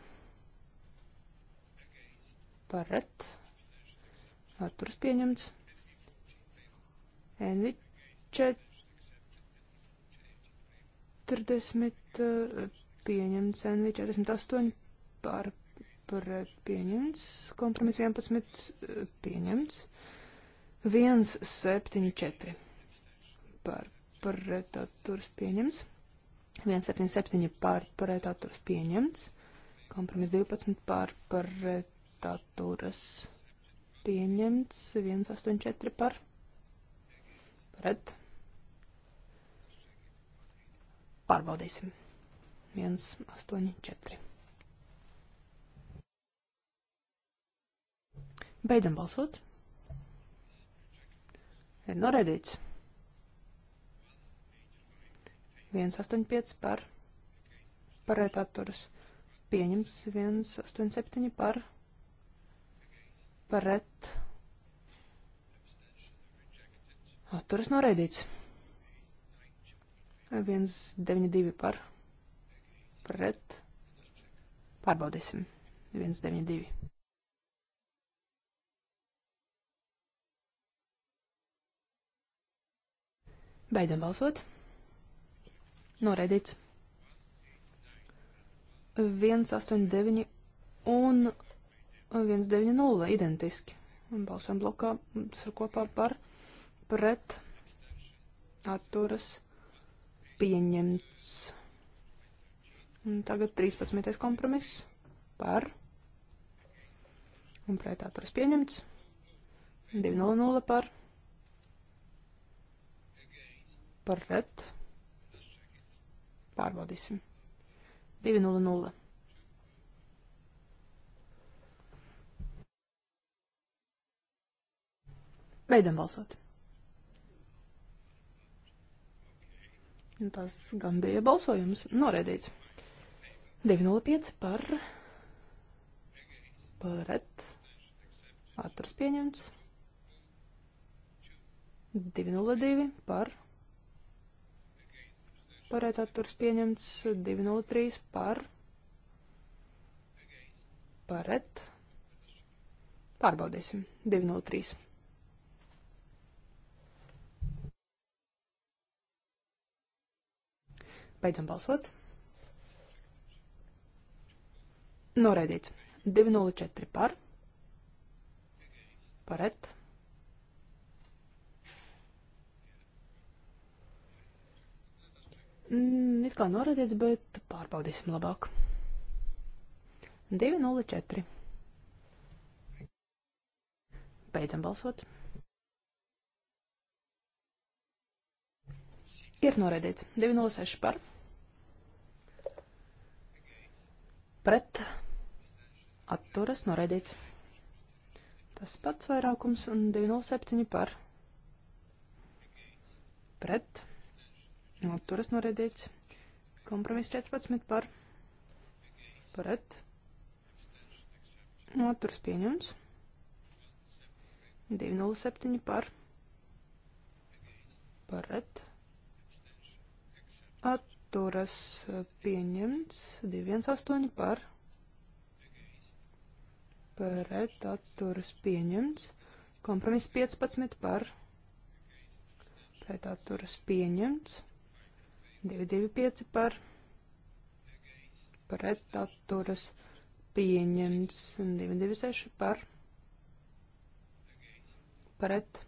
Paret. Atturs pieņemts. Envi 40 eh, pieņemts, NV 48 par, par eh, pieņemts, kompromis 11 eh, pieņemts, 1, 7, 4 par, par retatūras pieņemts, 1, 7, 7 par, par retatūras pieņemts, kompromis 12 par, par retatūras pieņemts pieņemts 184 par pret. Pārbaudīsim. 184. Beidzam balsot. Ir noraidīts. 185 par pret atturas. Pieņemts 187 par pret pret atturas noraidīts. 192 par pret pārbaudīsim. 192. Beidzam balsot. Noraidīts. 189 un 190 identiski. Balsojam blokā, tas ir kopā par pret atturas pieņemts. Un tagad 13. kompromiss par un pret atturas pieņemts. 200 par par ret. Pārbaudīsim. 200. Beidzam balsot. Un nu, tas gan bija balsojums noraidīts. 205 par pret atturs pieņemts. 202 par pret atturs pieņemts. 203 par pret. Pārbaudīsim. 203. Beidzam balsot. Noraidīts. 204 par. Paret. Mm, it kā noraidīts, bet pārbaudīsim labāk. 204. Beidzam balsot. Tiek noraidīts. 206 par. Pret. Atturas noraidīts. Tas pats vairākums un 207 par. Pret. Atturas noraidīts. Kompromiss 14 par. Pret. Atturas pieņemts. 207 par. Pret atturas eh, pieņemts 218 par pret atturas pieņemts. Kompromiss 15 par pret atturas pieņemts. 225 par pret atturas pieņemts. 226 par pret atturas pieņemts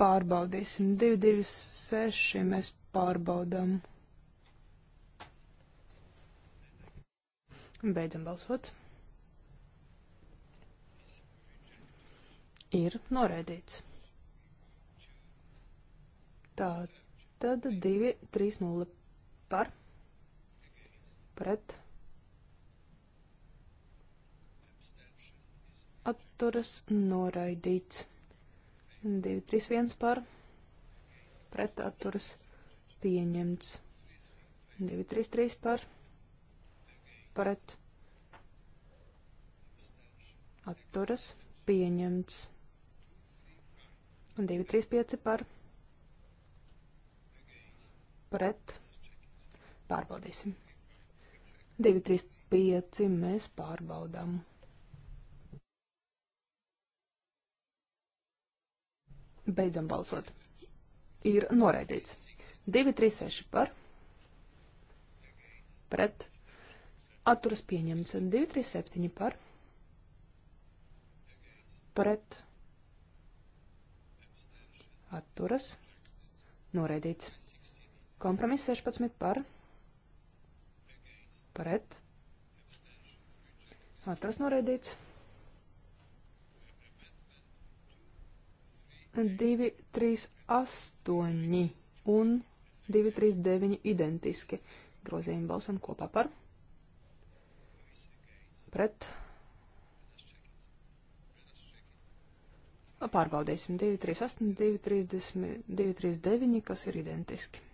pārbaudīsim. 226 mēs pārbaudām. Beidzam balsot. Ir noraidīts. Tā tad 2, 3, 0 par, pret, atturas noraidīts. 2, 3, 1 par pret atturas pieņemts. 2, 3, 3 par pret atturas pieņemts. 2, 3, 5 par pret pārbaudīsim. 2, 3, 5 mēs pārbaudām. Beidzam balsot. Ir noraidīts. 236 par. Pret. Atturas pieņemts. 237 par. Pret. Atturas. Noraidīts. Kompromiss 16 par. Pret. Atturas noraidīts. 2, 3, 8 un 2, 3, 9 identiski. Grozījumi balsam kopā par. Pret. Pārbaudīsim 2, 3, 8, 2, 30, 2, 3, 9, kas ir identiski.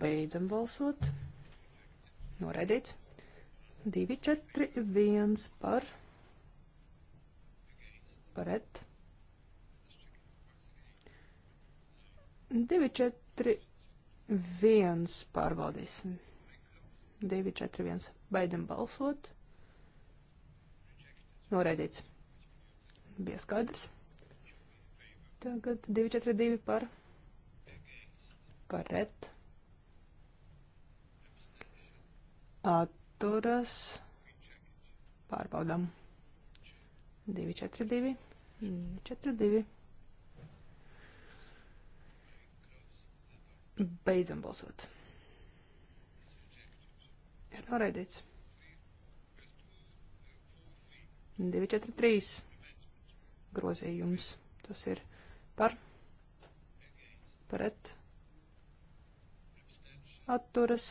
Beidzam balsot. Noraidīts. 2, 4, 1 par Pret. 2, 4, 1 pārbaudīsim. 2, 4, 1. Beidzam balsot. Noraidīts. Bija skaidrs. Tagad 2, 4, 2 par. Paret. Atturas. Pārbaudām. 2, 4, 2. 4-2. Beidzam balsot. Ir noraidīts. 243 grozījums. Tas ir par, pret, atturas.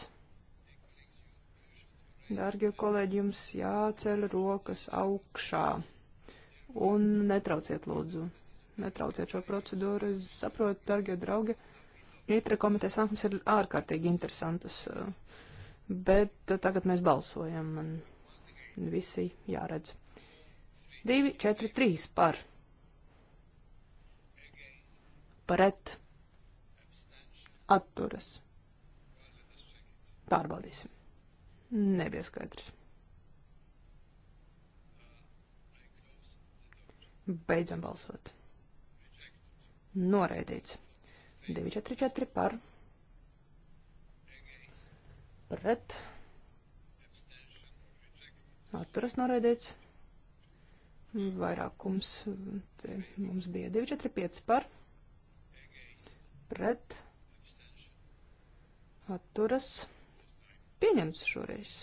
Dārgie kolēģi, jums jāceļ rokas augšā un netrauciet lūdzu, netrauciet šo procedūru. Es saprotu, dargie draugi, itra komitejas sanāksmes ir ārkārtīgi interesantas, eh, bet eh, tagad mēs balsojam un visi jāredz. 2, 4, 3 par. Pret. Atturas. Pārbaudīsim. Nebija skaidrs. Beidzam balsot. Noraidīts. 244 par. Pret. Atturas noraidīts. Vairākums. Te mums bija 245 par. Pret. Atturas. Pieņemts šoreiz.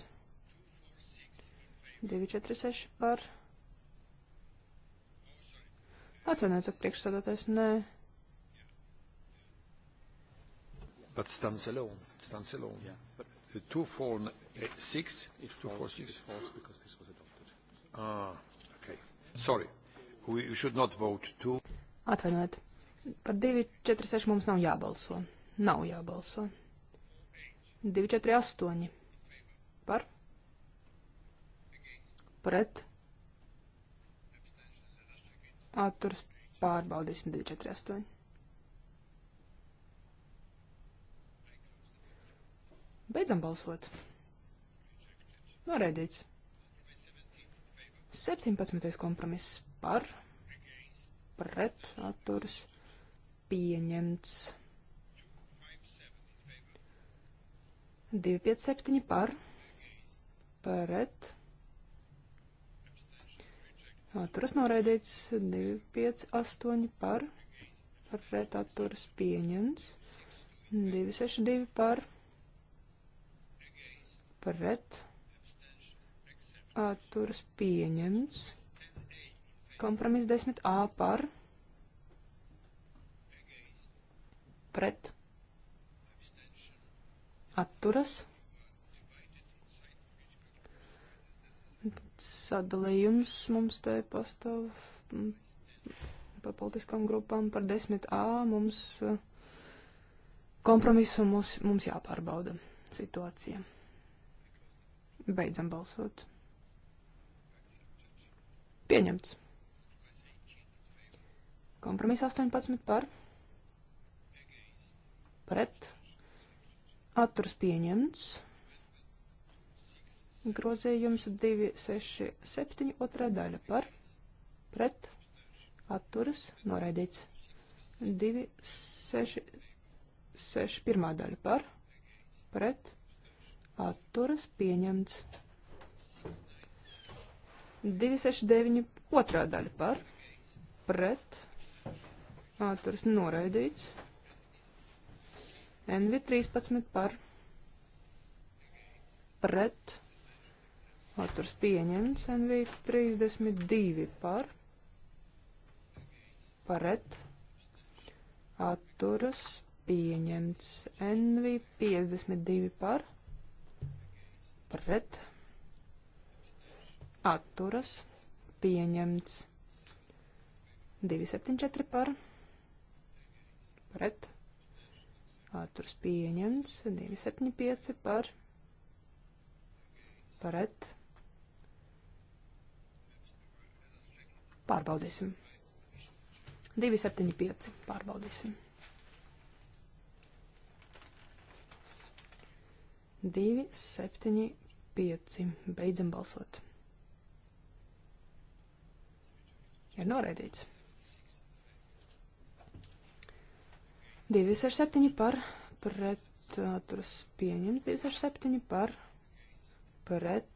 246 par. Pret Atvainojiet, cik priekšsēdētājs, nē. But stands alone, stands alone. Yeah. But 246, 246. Eh, it falls because this was adopted. Ah, okay. Sorry. We should not vote to. Atvainojiet. Par 246 mums nav jābalso. Nav jābalso. 248. Par? Pret? atturs pārbaudīsim 248. Beidzam balsot. Noreidīts. 17. kompromiss par, pret, atturs, pieņemts. 257 par, pret, Atturas noraidīts 258 par, par pret atturas pieņems 262 par, pret atturas pieņems kompromiss 10a par, pret atturas pieņems sadalījums mums te pastāv pa politiskām grupām par 10A. Mums e, kompromisu mums, mums jāpārbauda situācija. Beidzam balsot. Pieņemts. Kompromiss 18 par. Pret. Atturs pieņemts. Grozījums 267 otrā daļa par pret atturas noraidīts. 266 pirmā daļa par pret atturas pieņemts. 269 otrā daļa par pret atturas noraidīts. NV13 par pret atturas. Atturs pieņemts. NV 32 par. Paret. Atturas pieņemts. NV 52 par. Pret. Atturas pieņemts. 274 par. Pret. Atturs pieņemts. 275 par. Pret Pārbaudīsim. 275. Pārbaudīsim. 275. Beidzam balsot. Ir noraidīts. 267 par pret, turas pieņems 267 par pret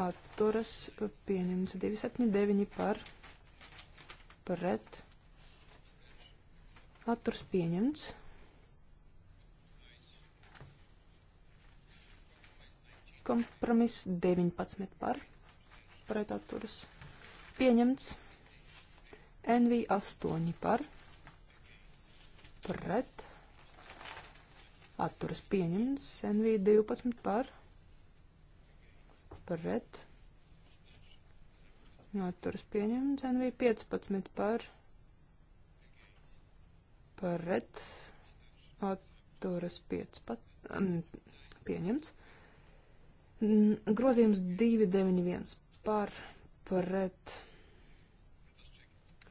atturas pieņemts 279 par pret atturs pieņemts. Kompromiss 19 par pret atturas pieņemts. NV 8 par pret atturas pieņemts. NV 12 par pret pret. Atturas pieņemts. NV 15 par pret. Atturas 15. Um, pieņemts. Grozījums 291 par pret.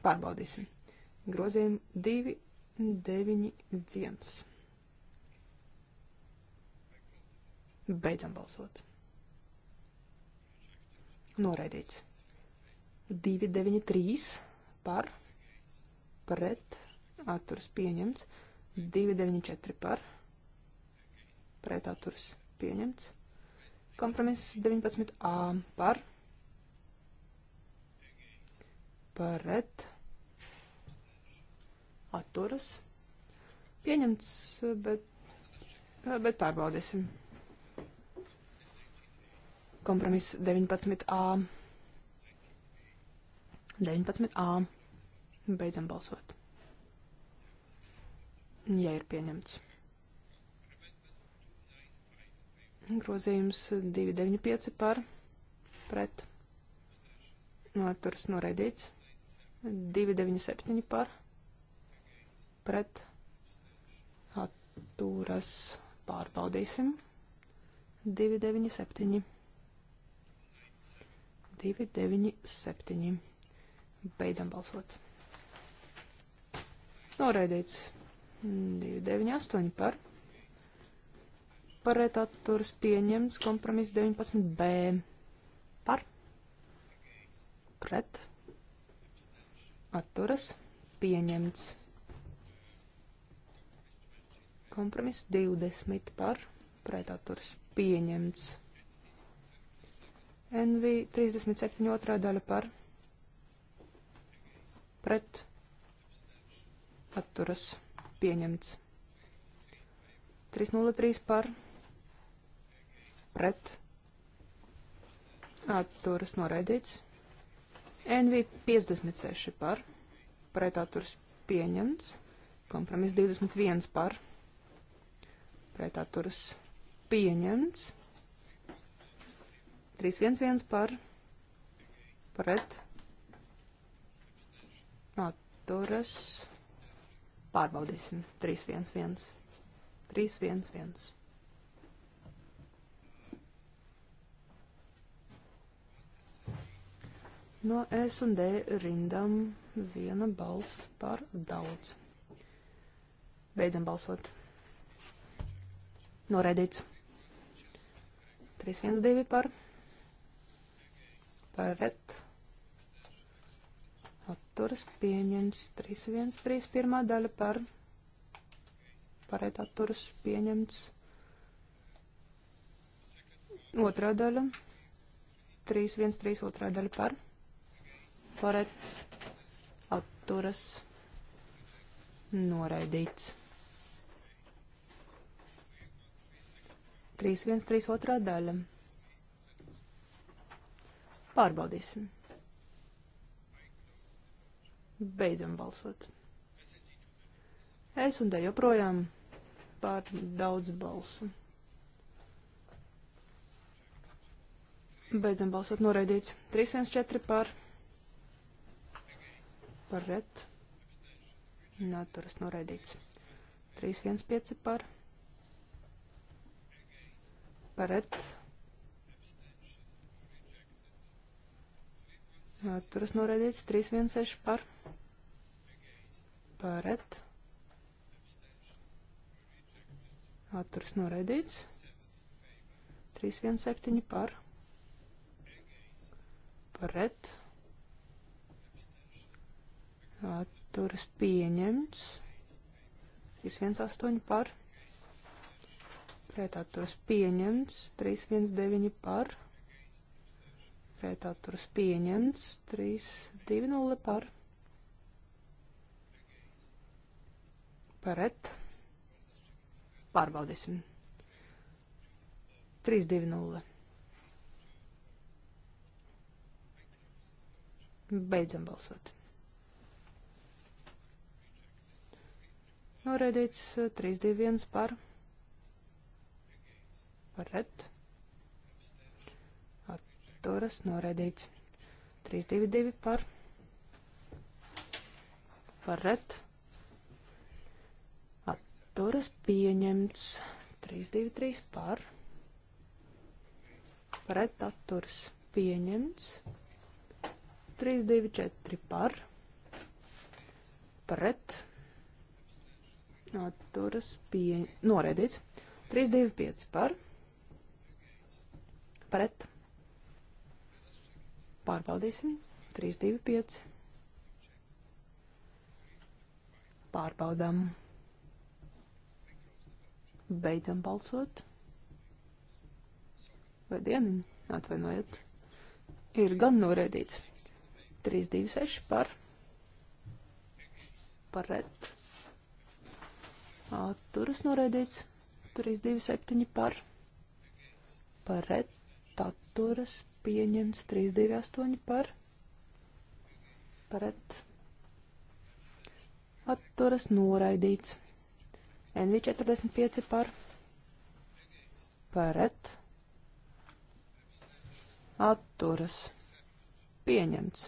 Pārbaudīsim. Grozījumi 291. Beidzam balsot. Noraidīts. 293 par, pret, atturs pieņemts. 294 par, pret, atturs pieņemts. Kompromiss 19a par, pret, atturas pieņemts, bet, bet pārbaudīsim. Kompromiss 19a. 19a. Beidzam balsot. Ja ir pieņemts. Grozījums 295 par pret. Noturas noraidīts. 297 par pret. Atturas pārbaudīsim. 297. 297. Beidzam balsot. Noraidīts 298 par. Paret atturas pieņemts kompromiss 19b. Par. Pret. Atturas pieņemts. Kompromiss 20 par. Pret atturas pieņemts. NV 37 otrā daļa par pret atturas pieņemts. 303 par pret atturas noraidīts. NV 56 par pret atturas pieņemts. Kompromiss 21 par pret atturas pieņemts. 311 par pret atturas pārbaudīsim 311 311 No S un D rindam viena balss par daudz. Beidzam balsot. Noraidīts. 312 par 3 pret atturas pieņemts 3131 daļa par pret atturas pieņemts otrā daļa 3132 otrā daļa par pret atturas noraidīts. 3, 1, 3, 2 daļa Pārbaudīsim. Beidzam balsot. Es un te joprojām pār daudz balsu. Beidzam balsot noraidīts. 314 pār. Par ret. Naturas noraidīts. 315 pār. Par ret. Atturas noraidīts 316 par pret. Atturas noraidīts 317 par pret. Atturas pieņemts 318 par pret. Atturas pieņemts 319 par pret pret atturas pieņemts 3-2-0 par paret pārbaudīsim 3-2-0 beidzam balsot noraidīts 3-2-1 eh, par paret pārbaudīsim atturas noraidīts. 322 par paret atturas pieņemts. 323 par paret atturas pieņemts. 324 par paret atturas pie noraidīts. 325 par pret Pārbaudīsim. 3, 2, 5. Pārbaudām. Beidzam balsot. Vai dienu? Atvainojiet. Ir gan noraidīts. 3, 2, 6 par. Paret. Atturas noraidīts. 3, 2, 7 par. Paret. Atturas pieņemts 328 par pret atturas noraidīts. NV 45 par pret atturas pieņemts.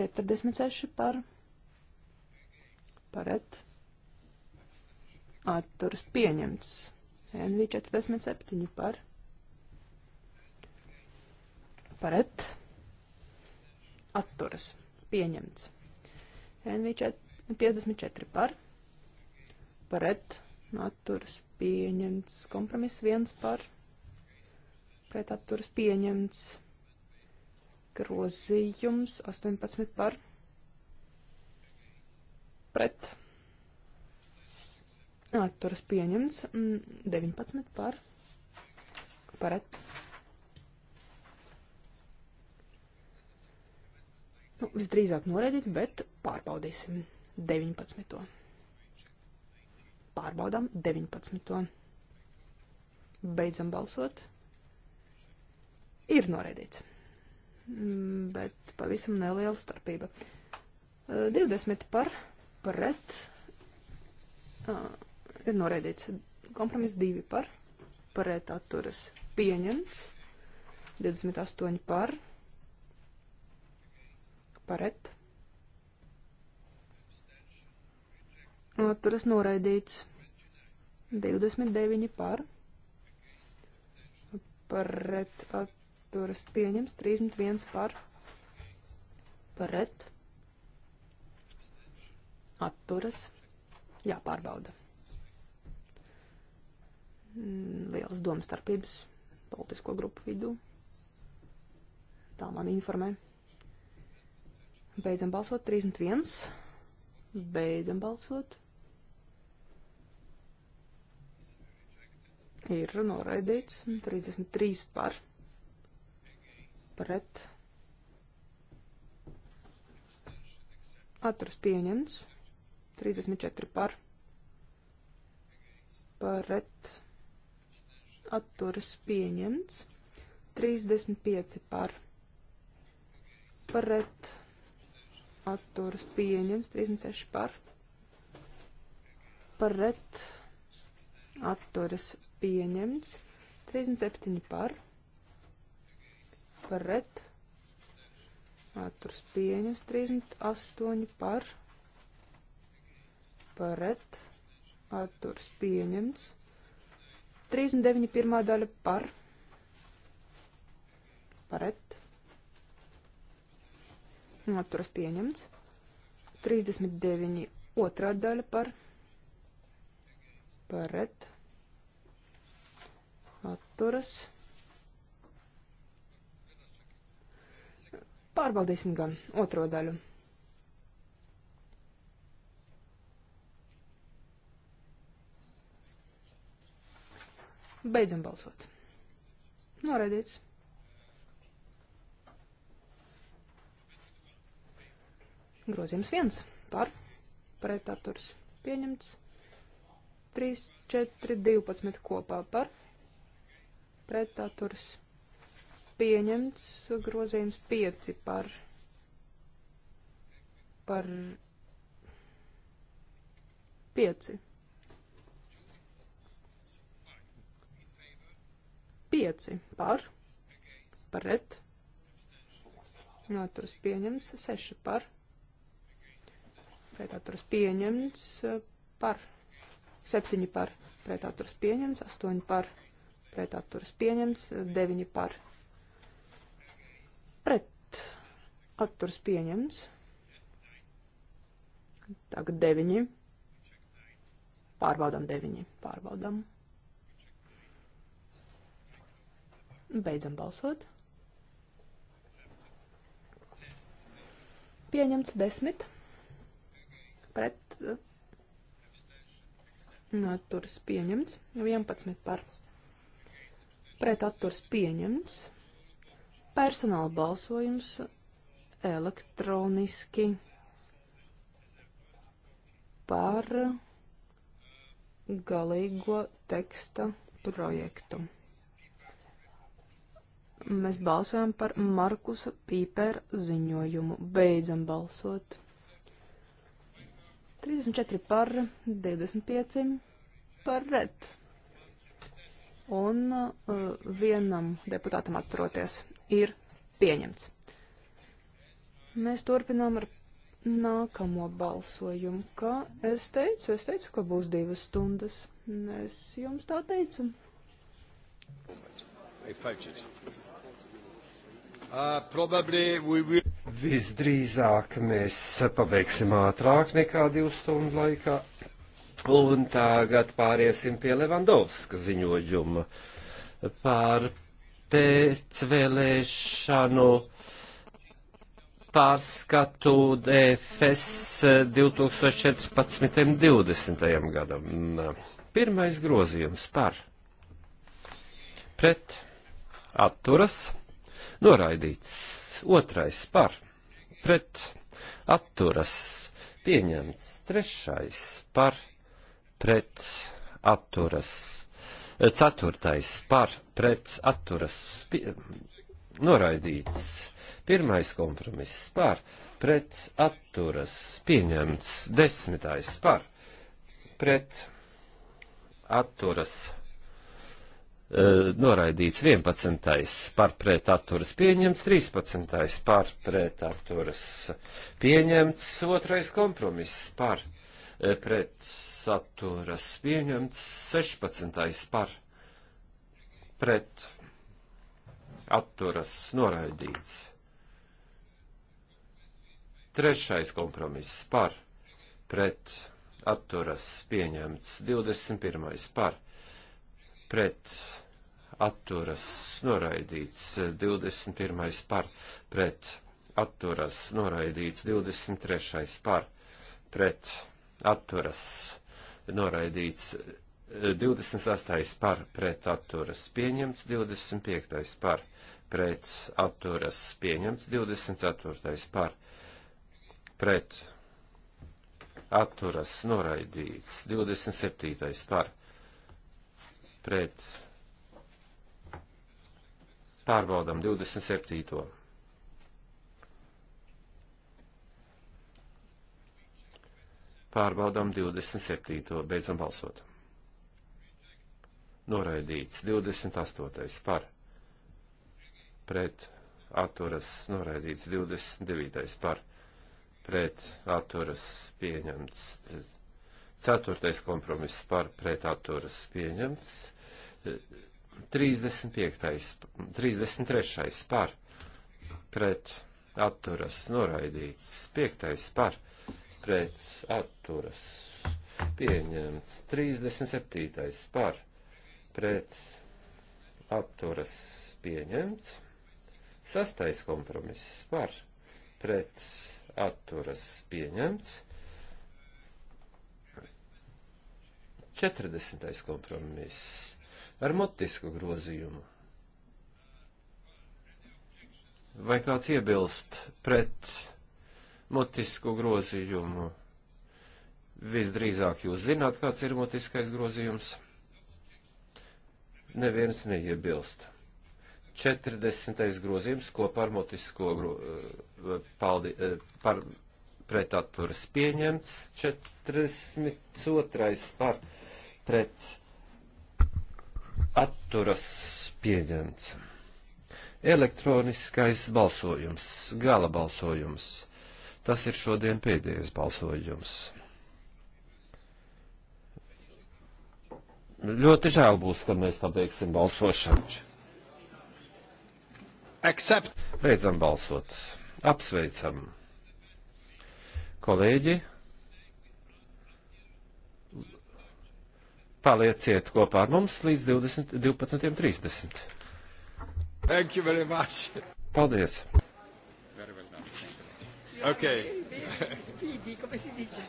46 par pret atturas pieņemts. NV 47 par Paret. Atturas. Pieņemts. NV54 par. Paret. Atturas. Pieņemts. Kompromiss 1 par. Pret atturas pieņemts. Grozījums 18 par. Pret. Atturas pieņemts. 19 mm, par. Paret Nu, visdrīzāk noraidīts, bet pārbaudīsim 19. Pārbaudām 19. Beidzam balsot. Ir noraidīts, mm, bet pavisam neliela starpība. 20 eh, par pret uh, ir noraidīts. Kompromiss 2 par pret atturas pieņemts. 28 par Paret. Atturas noraidīts. 29 par. Paret atturas pieņems. 31 par. Paret. Atturas. Jāpārbauda. Lielas domstarpības politisko grupu vidū. Tā man informē. Beidzam balsot 31. Beidzam balsot. Ir noraidīts 33 par pret. Atturas pieņems 34 par pret. Atturas pieņemts 35 par pret atturas pieņems, 36 par, pret, atturas pieņems, 37 par, pret, atturas pieņems, 38 par, pret, atturas pieņems, 39 pirmā daļa par, pret, Atturas pieņemts. 39. Otrā daļa par paret. Atturas. Pārbaudīsim gan otro daļu. Beidzam balsot. Noraidīts. Grozījums 1 par pretaturs pieņemts. 3, 4, 12 kopā par pretaturs pieņemts. Grozījums 5 par par 5. 5 par pret. Noturs pieņems 6 par pret pretaturas pieņemts eh, par 7 par pretaturas pieņemts, 8 par pretaturas pieņemts, 9 par pretaturas pieņemts. Tagad 9. Pārbaudām 9. Pārbaudām. Beidzam balsot. Pieņemts 10 pret atturs pieņemts, 11 par pret atturs pieņemts, personāla balsojums elektroniski par galīgo teksta projektu. Mēs balsojam par Markusa Pīpera ziņojumu. Beidzam balsot. 34 par, 25 par ret. Un uh, vienam deputātam atturoties ir pieņemts. Mēs turpinām ar nākamo balsojumu, kā es teicu, es teicu, ka būs divas stundas. Es jums tā teicu. Uh, probably we will visdrīzāk mēs pabeigsim ātrāk nekā divu stundu laikā. Un tagad pāriesim pie Levandovska ziņojuma par pēcvēlēšanu pārskatu DFS 2014. 20. gadam. Pirmais grozījums par pret atturas noraidīts. Otrais par pret atturas pieņemts. Trešais par pret atturas. Ceturtais par pret atturas pie, noraidīts. Pirmais kompromiss par pret atturas pieņemts. Desmitais par pret atturas Eh, noraidīts 11. pārpret atturas pieņemts, 13. pārpret atturas pieņemts, 2. kompromiss pārpret eh, atturas pieņemts, 16. pārpret atturas noraidīts, 3. kompromiss pārpret atturas pieņemts, 21. pārpret pret atturas noraidīts 21. par pret atturas noraidīts 23. par pret atturas noraidīts 28. par pret atturas pieņemts 25. par pret atturas pieņemts 24. par pret atturas noraidīts 27. par pret pret. Pārbaudām 27. Pārbaudām 27. Beidzam balsot. Noraidīts 28. par. Pret atturas noraidīts 29. par. Pret atturas pieņemts Ceturtais kompromiss par pretaturas pieņemts. 35. 33. par pretaturas noraidīts. 5. par pretaturas pieņemts. 37. par pretaturas pieņemts. Sastais kompromiss par pretaturas pieņemts. 40. kompromiss ar motisku grozījumu. Vai kāds iebilst pret motisku grozījumu? Visdrīzāk jūs zināt, kāds ir motiskais grozījums. Neviens neiebilst. 40. grozījums kopā ar motisko gro, eh, paldi, eh, par pretaturas pieņemts, 42. par pretaturas pieņemts. Elektroniskais balsojums, gala balsojums. Tas ir šodien pēdējais balsojums. Ļoti žēl būs, kad mēs pabeigsim balsošanu. Accept. Beidzam balsot. Apsveicam. Kolēģi, palieciet kopā ar mums līdz 12.30. Thank you very much. Paldies. Very well done. Okay. Speedy, come si dice?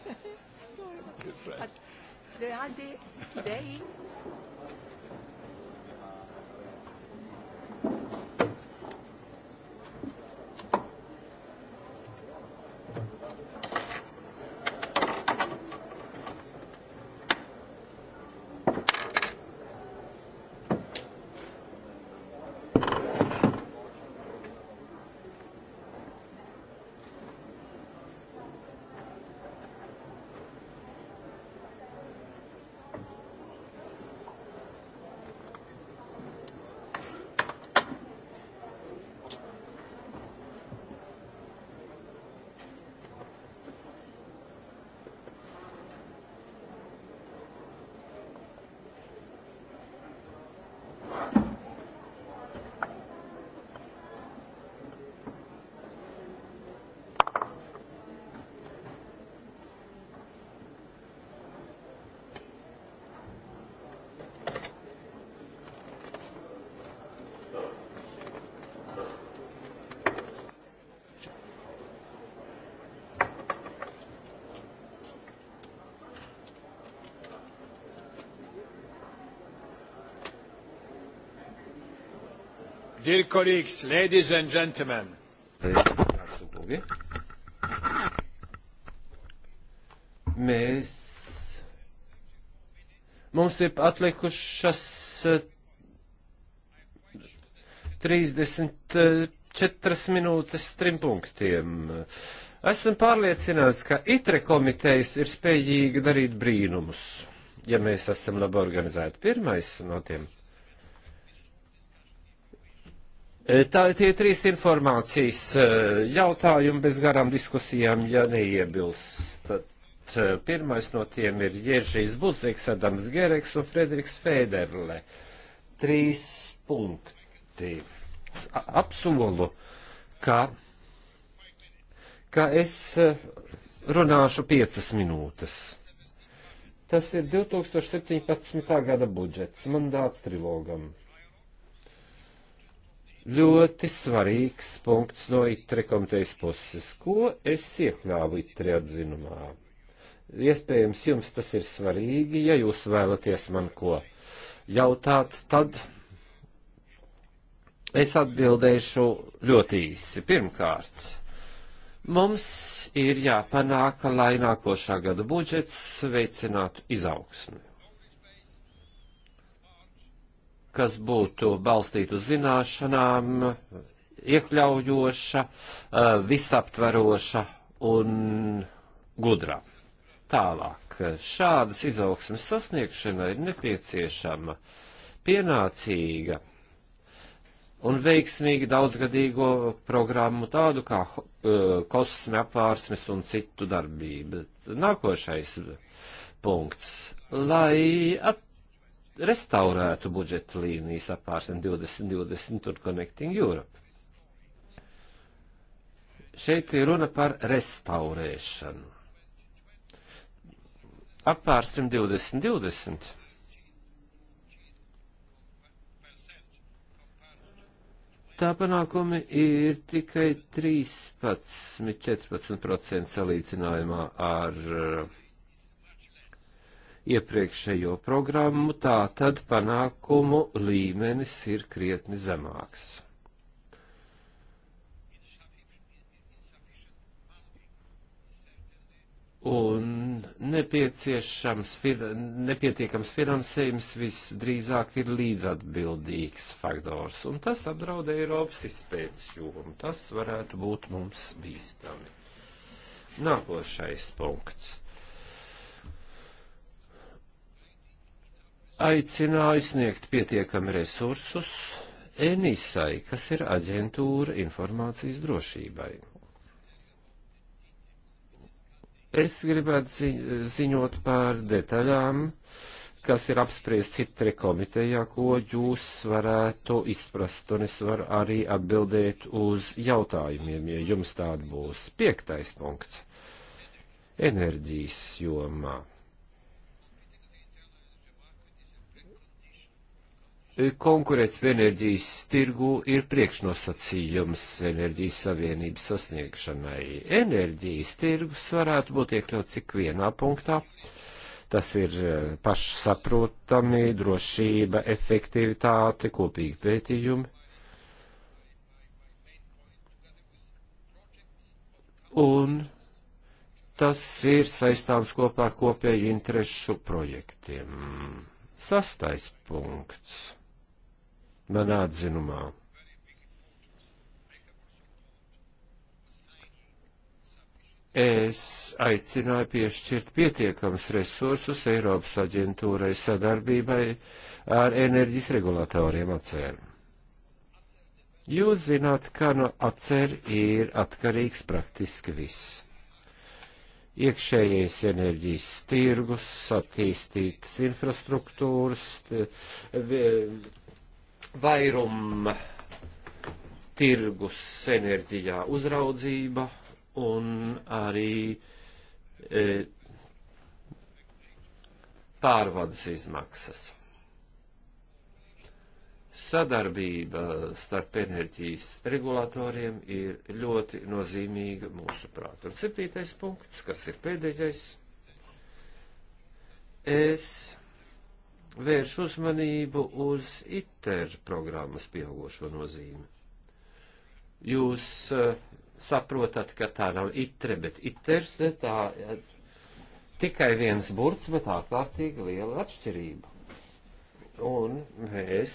Grande today. Dear colleagues, ladies and gentlemen. Mēs, mums ir atlikušas 34 eh, eh, minūtes trim punktiem. Esam pārliecināts, ka itre komitejas ir spējīga darīt brīnumus, ja mēs esam labi organizēti. Pirmais no tiem E, tā ir tie trīs informācijas e, jautājumi bez garām diskusijām, ja neiebilst. Tad e, pirmais no tiem ir Jeržīs Buzeks, Adams Gereks un Frederiks Fēderle. Trīs punkti. Apsolu, ka, ka es runāšu piecas minūtes. Tas ir 2017. gada budžets, mandāts trilogam ļoti svarīgs punkts no itre komitejas puses, ko es iekļāvu itre atzinumā. Iespējams, jums tas ir svarīgi, ja jūs vēlaties man ko jautāt, tad es atbildēšu ļoti īsi. Pirmkārt, mums ir jāpanāk, lai nākošā gada budžets veicinātu izaugsmi kas būtu balstīta uz zināšanām, iekļaujoša, eh, visaptveroša un gudra. Tālāk, šādas izaugsmes sasniegšana ir nepieciešama pienācīga un veiksmīga daudzgadīgo programmu tādu kā eh, kosme apvārsnes un citu darbību. Nākošais punkts. Lai at restaurētu budžeta līnijas apārsim 2020 un Connecting Europe. Šeit ir runa par restaurēšanu. Apārsim 2020. tā panākumi ir tikai 13-14% salīdzinājumā ar iepriekšējo programmu, tā tad panākumu līmenis ir krietni zemāks. Un nepieciešams, nepietiekams finansējums visdrīzāk ir līdzatbildīgs faktors, un tas apdraud Eiropas izpētes jomu. Tas varētu būt mums bīstami. Nākošais punkts aicināju sniegt pietiekami resursus ENISai, kas ir aģentūra informācijas drošībai. Es gribētu ziņot par detaļām, kas ir apspriest citre komitejā, ko jūs varētu izprast, un es varu arī atbildēt uz jautājumiem, ja jums tāda būs. Piektais punkts - enerģijas jomā. konkurēts enerģijas tirgu ir priekšnosacījums enerģijas savienības sasniegšanai. Enerģijas tirgus varētu būt iekļauts ik vienā punktā. Tas ir eh, pašsaprotami, drošība, efektivitāte, kopīgi pētījumi. Un tas ir saistāms kopā ar kopēju interešu projektiem. Sastais punkts man atzinumā. Es aicināju piešķirt pietiekams resursus Eiropas aģentūrai sadarbībai ar enerģijas regulatoriem atcēru. Jūs zināt, ka no atcer ir atkarīgs praktiski viss. Iekšējais enerģijas tirgus, attīstītas infrastruktūras, vairuma tirgus enerģijā uzraudzība un arī e, pārvades izmaksas. Sadarbība starp enerģijas regulatoriem ir ļoti nozīmīga mūsu prāt. Un septītais punkts, kas ir pēdējais, es vērš uzmanību uz ITER programmas pieaugušo nozīmi. Jūs uh, saprotat, ka tā nav ITRE, bet ITERS, eh, tā eh, tikai viens burts, bet ārkārtīgi liela atšķirība. Un mēs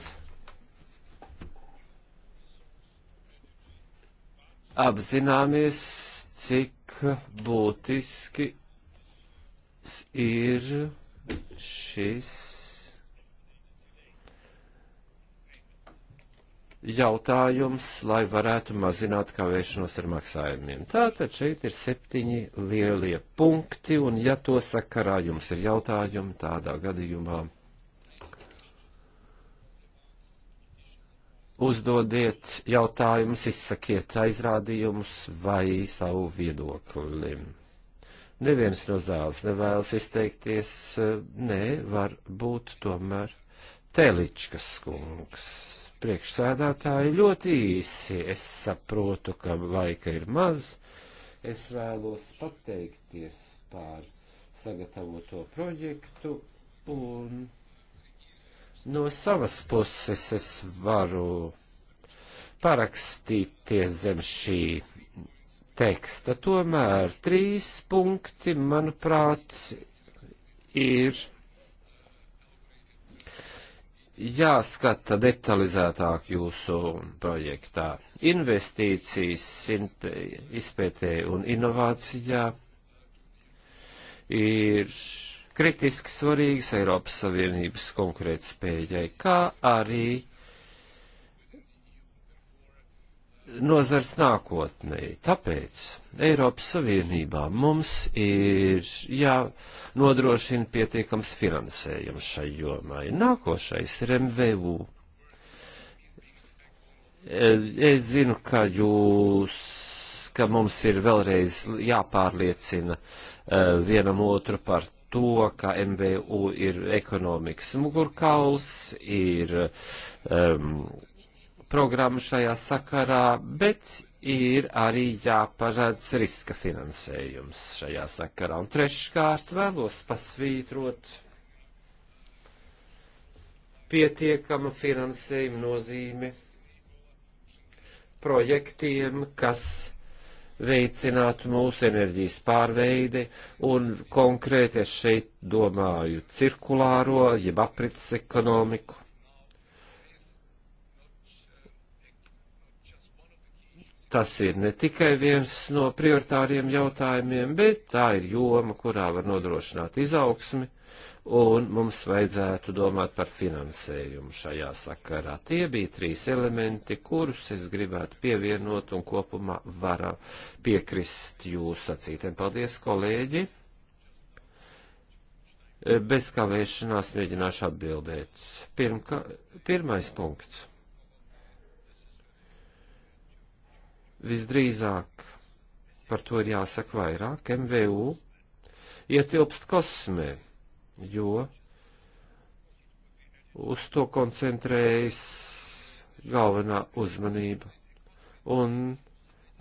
apzināmies, cik būtiski ir šis jautājums, lai varētu mazināt kavēšanos ar maksājumiem. Tātad šeit ir septiņi lielie punkti, un ja to sakarā jums ir jautājumi tādā gadījumā, uzdodiet jautājumus, izsakiet aizrādījumus vai savu viedokli. Neviens no zāles nevēlas izteikties, nē, var būt tomēr Teličkas skunks priekšsēdētāji ļoti īsi. Es saprotu, ka laika ir maz. Es vēlos pateikties par sagatavoto projektu un no savas puses es varu parakstīties zem šī teksta. Tomēr trīs punkti, manuprāt, ir jāskata detalizētāk jūsu projektā. Investīcijas izpētē un inovācijā ir kritiski svarīgas Eiropas Savienības konkurētspējai, kā arī nozars nākotnē. Tāpēc Eiropas Savienībā mums ir jānodrošina pietiekams finansējums šai jomai. Nākošais ir MVU. Es zinu, ka jūs, ka mums ir vēlreiz jāpārliecina e, vienam otru par to, ka MVU ir ekonomikas mugurkauls, ir um, programmu šajā sakarā, bet ir arī jāparedz riska finansējums šajā sakarā. Un treškārt vēlos pasvītrot pietiekama finansējuma nozīme projektiem, kas veicinātu mūsu enerģijas pārveidi, un konkrēti es šeit domāju cirkulāro, jeb aprits ekonomiku, Tas ir ne tikai viens no prioritāriem jautājumiem, bet tā ir joma, kurā var nodrošināt izaugsmi, un mums vajadzētu domāt par finansējumu šajā sakarā. Tie bija trīs elementi, kurus es gribētu pievienot un kopumā varu piekrist jūsu sacītēm. Paldies, kolēģi! Bez kavēšanās mēģināšu atbildēt. Pirmka, pirmais punkts. Visdrīzāk par to ir jāsaka vairāk. MVU ietilpst kosmē, jo uz to koncentrējas galvenā uzmanība un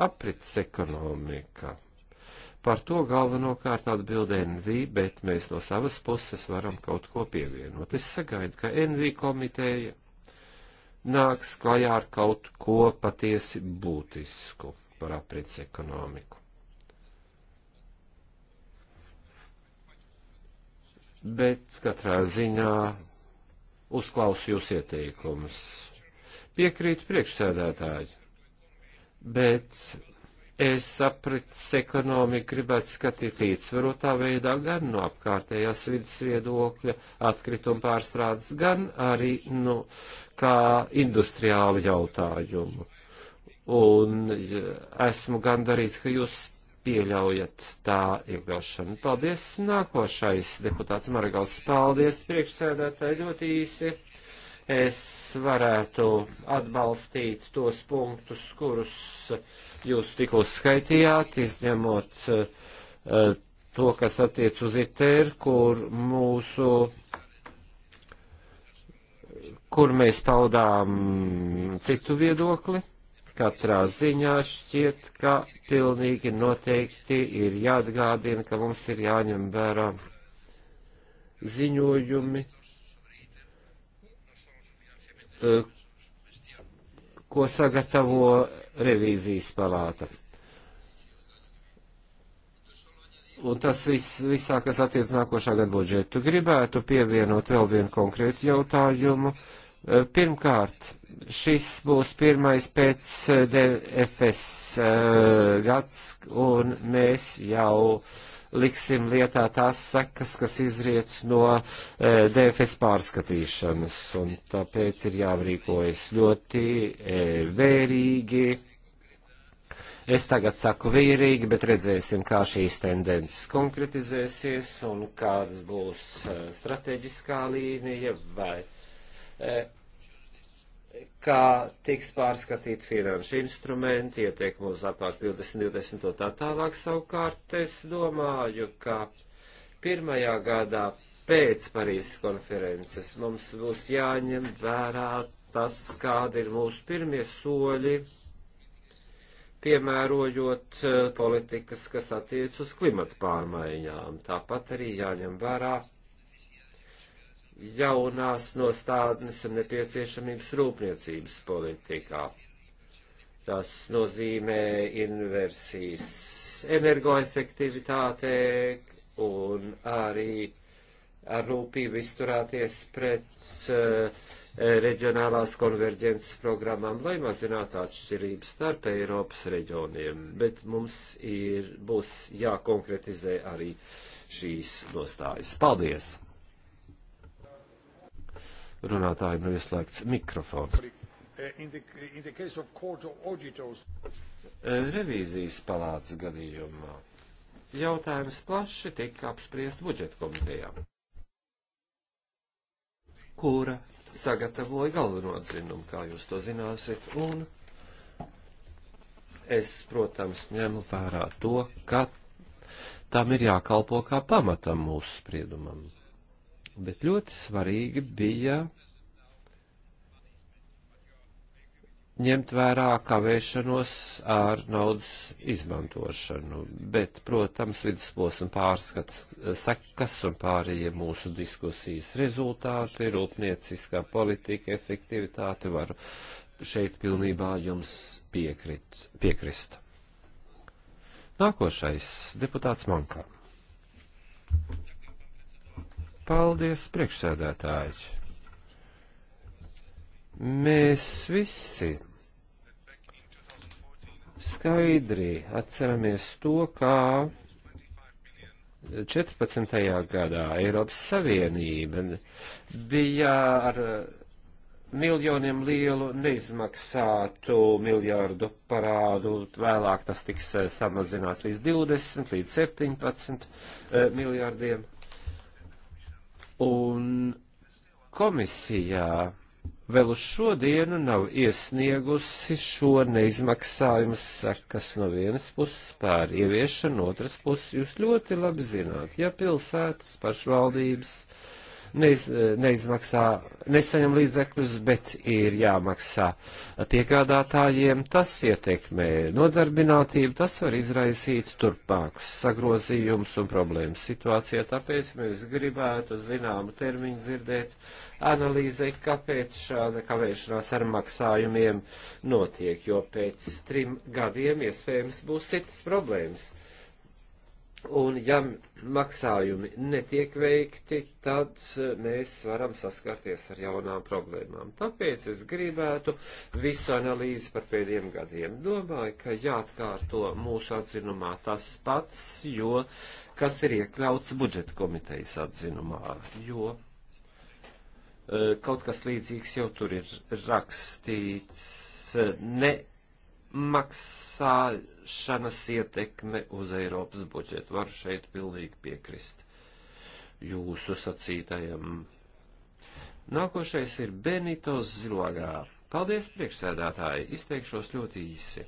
aprits ekonomika. Par to galvenokārt atbild NV, bet mēs no savas puses varam kaut ko pievienot. Es sagaidu, ka NV komiteja nāks klajā ar kaut ko patiesi būtisku par aprits ekonomiku. Bet katrā ziņā uzklausu jūs ieteikumus. Piekrīt priekšsēdētāji, bet es aprits ekonomiku gribētu skatīt līdzsvarotā veidā gan no apkārtējās vidas viedokļa, atkrituma pārstrādes, gan arī nu, kā industriālu jautājumu. Un esmu gandarīts, ka jūs pieļaujat tā iekļaušanu. Paldies! Nākošais deputāts Margals, paldies! Priekšsēdētāji ļoti īsi es varētu atbalstīt tos punktus, kurus jūs tikko skaitījāt, izņemot uh, to, kas attiec uz ITER, kur mūsu, kur mēs paudām citu viedokli. Katrā ziņā šķiet, ka pilnīgi noteikti ir jāatgādina, ka mums ir jāņem vērā ziņojumi Eh, ko sagatavo revīzijas palāta. Un tas viss, visā, kas attiec nākošā gada budžetu. Gribētu pievienot vēl vienu konkrētu jautājumu. Eh, pirmkārt, šis būs pirmais pēc DFS eh, gads, un mēs jau uh, liksim lietā tās sekas, kas izriec no e, DFS pārskatīšanas, un tāpēc ir jāvrīkojas ļoti e, vērīgi. Es tagad saku vīrīgi, bet redzēsim, kā šīs tendences konkretizēsies un kādas būs e, strateģiskā līnija vai. E, kā tiks pārskatīti finanšu instrumenti, ieteikumu uz apārs 2020 un tā tālāk. Savukārt es domāju, ka pirmajā gadā pēc Parīzes konferences mums būs jāņem vērā tas, kādi ir mūsu pirmie soļi, piemērojot eh, politikas, kas attiec uz klimata pārmaiņām. Tāpat arī jāņem vērā jaunās nostādnes un nepieciešamības rūpniecības politikā. Tas nozīmē inversijas energoefektivitātē un arī ar rūpību izturēties pret uh, reģionālās konverģences programmām, lai mazinātu atšķirības starp Eiropas reģioniem, bet mums ir, būs jākonkretizē arī šīs nostājas. Paldies! runātājiem nav ieslēgts mikrofons. Revīzijas palātas gadījumā jautājums plaši tika apspriests budžeta komitejā, kura sagatavoja galveno atzinumu, kā jūs to zināsiet, un es, protams, ņemu vērā to, ka tam ir jākalpo kā pamatam mūsu spriedumam. Bet ļoti svarīgi bija ņemt vērā kavēšanos ar naudas izmantošanu, bet, protams, vidusposma pārskats eh, sekas un pārējie mūsu diskusijas rezultāti, rūpnieciskā politika, efektivitāte varu šeit pilnībā jums piekrit, piekrist. Nākošais deputāts Mankā. Paldies, priekšsēdētāji. Mēs visi skaidri atceramies to, kā 14. gadā Eiropas Savienība bija ar miljoniem lielu neizmaksātu miljārdu parādu, vēlāk tas tiks samazinās līdz 20, līdz 17 eh, miljārdiem. Un komisijā vēl uz šodienu nav iesniegusi šo neizmaksājumu sekas no vienas puses pār ieviešanu, otras puses jūs ļoti labi zināt, ja pilsētas pašvaldības neiz, neizmaksā, nesaņem līdzekļus, bet ir jāmaksā piegādātājiem. Tas ietekmē nodarbinātību, tas var izraisīt turpmākus sagrozījumus un problēmas situācijā. Tāpēc mēs gribētu zināmu termiņu dzirdēt analīzē, kāpēc šāda kavēšanās ar maksājumiem notiek, jo pēc trim gadiem iespējams būs citas problēmas Un, ja maksājumi netiek veikti, tad eh, mēs varam saskarties ar jaunām problēmām. Tāpēc es gribētu visu analīzi par pēdējiem gadiem. Domāju, ka jāatkārto mūsu atzinumā tas pats, jo kas ir iekļauts budžeta komitejas atzinumā, jo eh, kaut kas līdzīgs jau tur ir rakstīts. Ne maksāšanas ietekme uz Eiropas budžetu. Varu šeit pilnīgi piekrist jūsu sacītajam. Nākošais ir Benito Zilagā. Paldies, priekšsēdētāji, izteikšos ļoti īsi.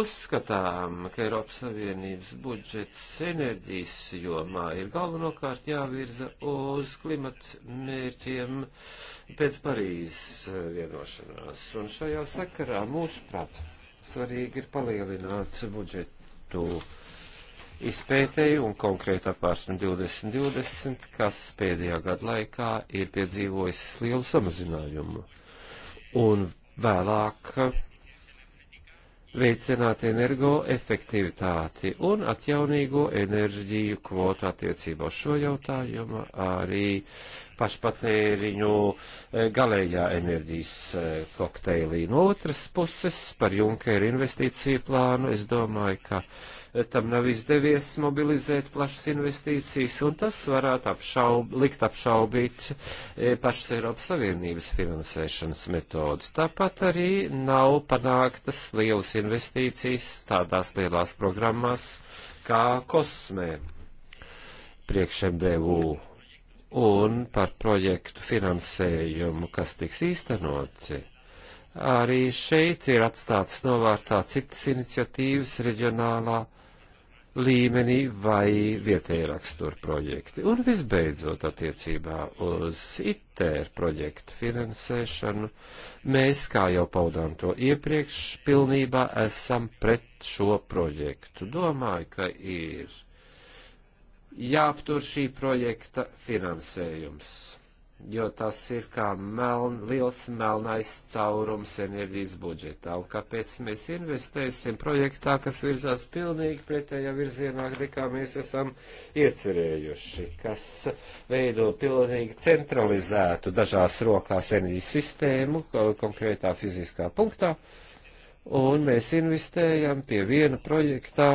Uzskatām, ka Eiropas Savienības budžets enerģijas jomā ir galvenokārt jāvirza uz klimata mērķiem pēc Parīzes eh, vienošanās. Un šajā sakarā, mūsuprāt, svarīgi ir palielināt budžetu izpētēju un konkrēti apvārsni 2020, kas pēdējā gada laikā ir piedzīvojis lielu samazinājumu. Un vēlāk veicināt energoefektivitāti un atjaunīgo enerģiju kvotu attiecībā uz šo jautājumu, arī pašpatēriņu eh, galējā enerģijas eh, kokteilī. No otras puses, par Junkeru investīciju plānu, es domāju, ka eh, tam nav izdevies mobilizēt plašas investīcijas, un tas varētu apšaub, likt apšaubīt pašas Eiropas Savienības finansēšanas metodas. Tāpat arī nav panāktas lielas investīcijas investīcijas tādās lielās programmās kā kosmē priekš MBU un par projektu finansējumu, kas tiks īstenoti. Arī šeit ir atstātas novārtā citas iniciatīvas reģionālā uh, līmenī vai vietēja rakstura projekti. Un visbeidzot, attiecībā uz ITER projektu finansēšanu, mēs, kā jau paudām to iepriekš, pilnībā esam pret šo projektu. Domāju, ka ir jāaptur šī projekta finansējums jo tas ir kā meln, liels melnais caurums enerģijas budžetā. Un kāpēc mēs investēsim projektā, kas virzās pilnīgi pretējā virzienā, nekā mēs esam iecerējuši, kas veido pilnīgi centralizētu dažās rokās enerģijas sistēmu konkrētā fiziskā punktā, un mēs investējam pie viena projektā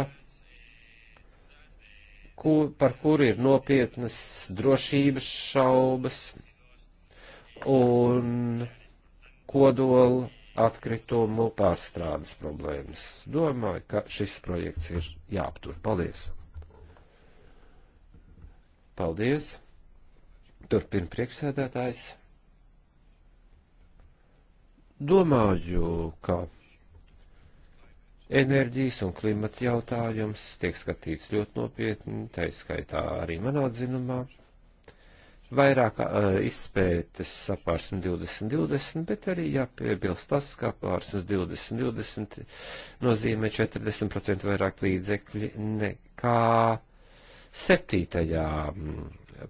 kur, par kuru ir nopietnas drošības šaubas, un kodolu atkritumu pārstrādes problēmas. Domāju, ka šis projekts ir jāaptur. Paldies! Paldies! Turpina priekšsēdētājs. Domāju, ka enerģijas un klimata jautājums tiek skatīts ļoti nopietni, tā izskaitā arī manā dzinumā vairāk uh, izpētes apārsnes 2020, bet arī jāpiebilst tas, ka apārsnes 2020 nozīmē 40% vairāk līdzekļi nekā septītajā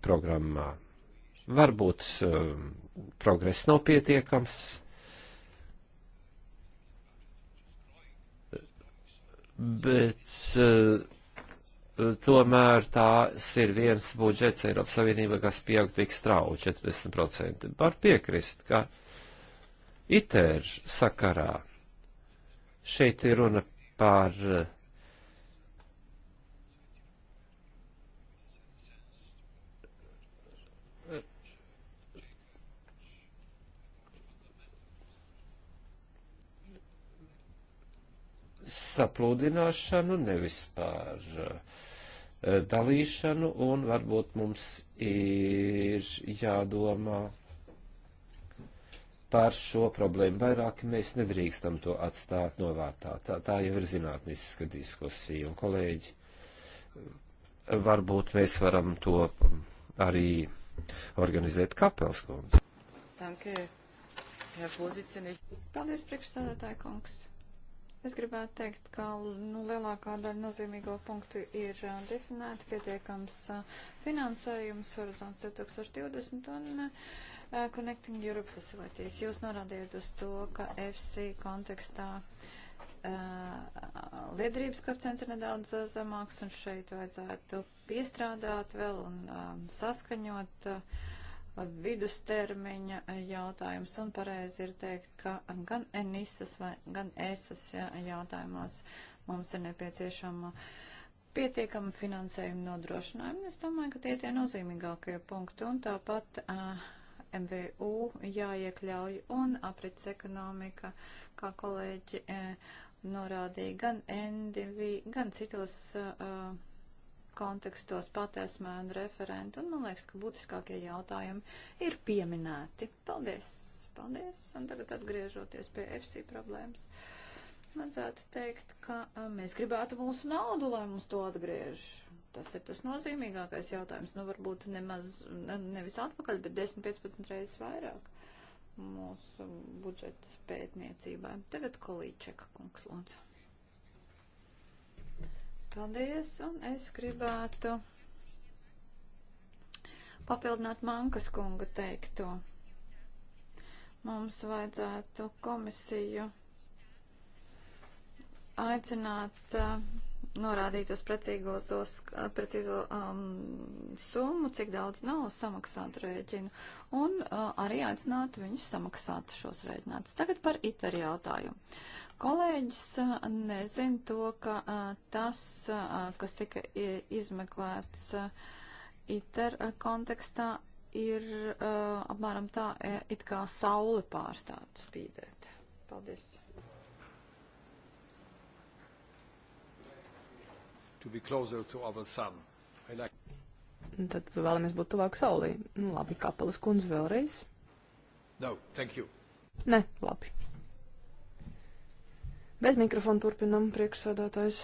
programmā. Varbūt uh, progress nav pietiekams. Bet uh, tomēr tās ir viens budžets Eiropas Savienība, kas pieaug tik strauji 40%. Var piekrist, ka ITER sakarā šeit ir runa par eh, saplūdināšanu nevis par uh, Eh, dalīšanu, un varbūt mums ir jādomā par šo problēmu vairāk, mēs nedrīkstam to atstāt novārtā. Tā, tā jau ir zinātniska diskusija, un kolēģi, varbūt mēs varam to arī organizēt kapelskundze. Danke, Herr Vorsitzende. Paldies, priekšstādātāja kungs. Es gribētu teikt, ka nu, lielākā daļa nozīmīgo punktu ir uh, definēta, pietiekams uh, finansējums, horizonts 2020 un uh, Connecting Europe Facilities. Jūs norādījāt uz to, ka FC kontekstā uh, liederības koeficients ir nedaudz zemāks un šeit vajadzētu piestrādāt vēl un uh, saskaņot. Uh, vidustermiņa jautājums un pareizi ir teikt, ka gan Enisas vai gan ESAS jautājumos mums ir nepieciešama pietiekama finansējuma nodrošinājuma. Es domāju, ka tie tie nozīmīgākie punkti un tāpat uh, MVU jāiekļauj un aprits ekonomika, kā kolēģi uh, norādīja, gan NDV, gan citos. Uh, kontekstos pat esmu un referenti, un man liekas, ka būtiskākie jautājumi ir pieminēti. Paldies! Paldies! Un tagad atgriežoties pie FC problēmas. Vajadzētu teikt, ka mēs gribētu mūsu naudu, lai mums to atgriež. Tas ir tas nozīmīgākais jautājums. Nu, varbūt nemaz, nevis atpakaļ, bet 10-15 reizes vairāk mūsu budžeta pētniecībai. Tagad kolīčeka kungs lūdzu. Paldies, un es gribētu papildināt Mankas kunga teikto. Mums vajadzētu komisiju aicināt uh, norādīt uz precīzos, precīzo um, summu, cik daudz nav samaksāt rēķinu, un uh, arī aicināt viņus samaksāt šos rēķinātus. Tagad par ITER jautājumu. Kolēģis uh, nezin to, ka uh, tas, uh, kas tika izmeklēts uh, ITER uh, kontekstā, ir uh, apmēram tā, e, it kā saule pārstātu spīdēt. Paldies! to be closer to our sun. I like Tad vēlamies būt tuvāk saulē. Nu, labi, kapelas kundze vēlreiz. No, thank you. Nē, labi. Bez mikrofona turpinam priekšsēdētājs.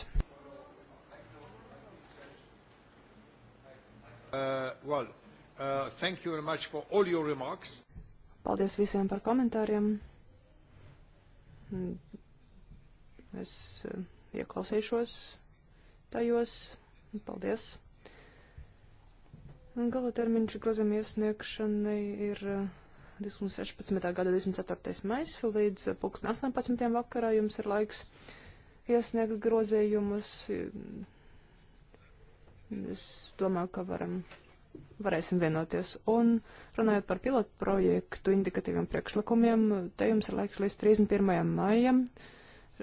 Uh, well, uh, thank you very much for all your remarks. Paldies visiem par komentāriem. Es uh, ieklausīšos tajos. Paldies! Gala termiņš grozījuma iesniegšanai ir 2016. Eh, gada 24. maijs līdz 18. Eh, vakarā jums ir laiks iesniegt grozījumus. Es domāju, ka varam, varēsim vienoties. Un runājot par pilotu projektu indikatīviem priekšlikumiem, te jums ir laiks līdz 31. maijam.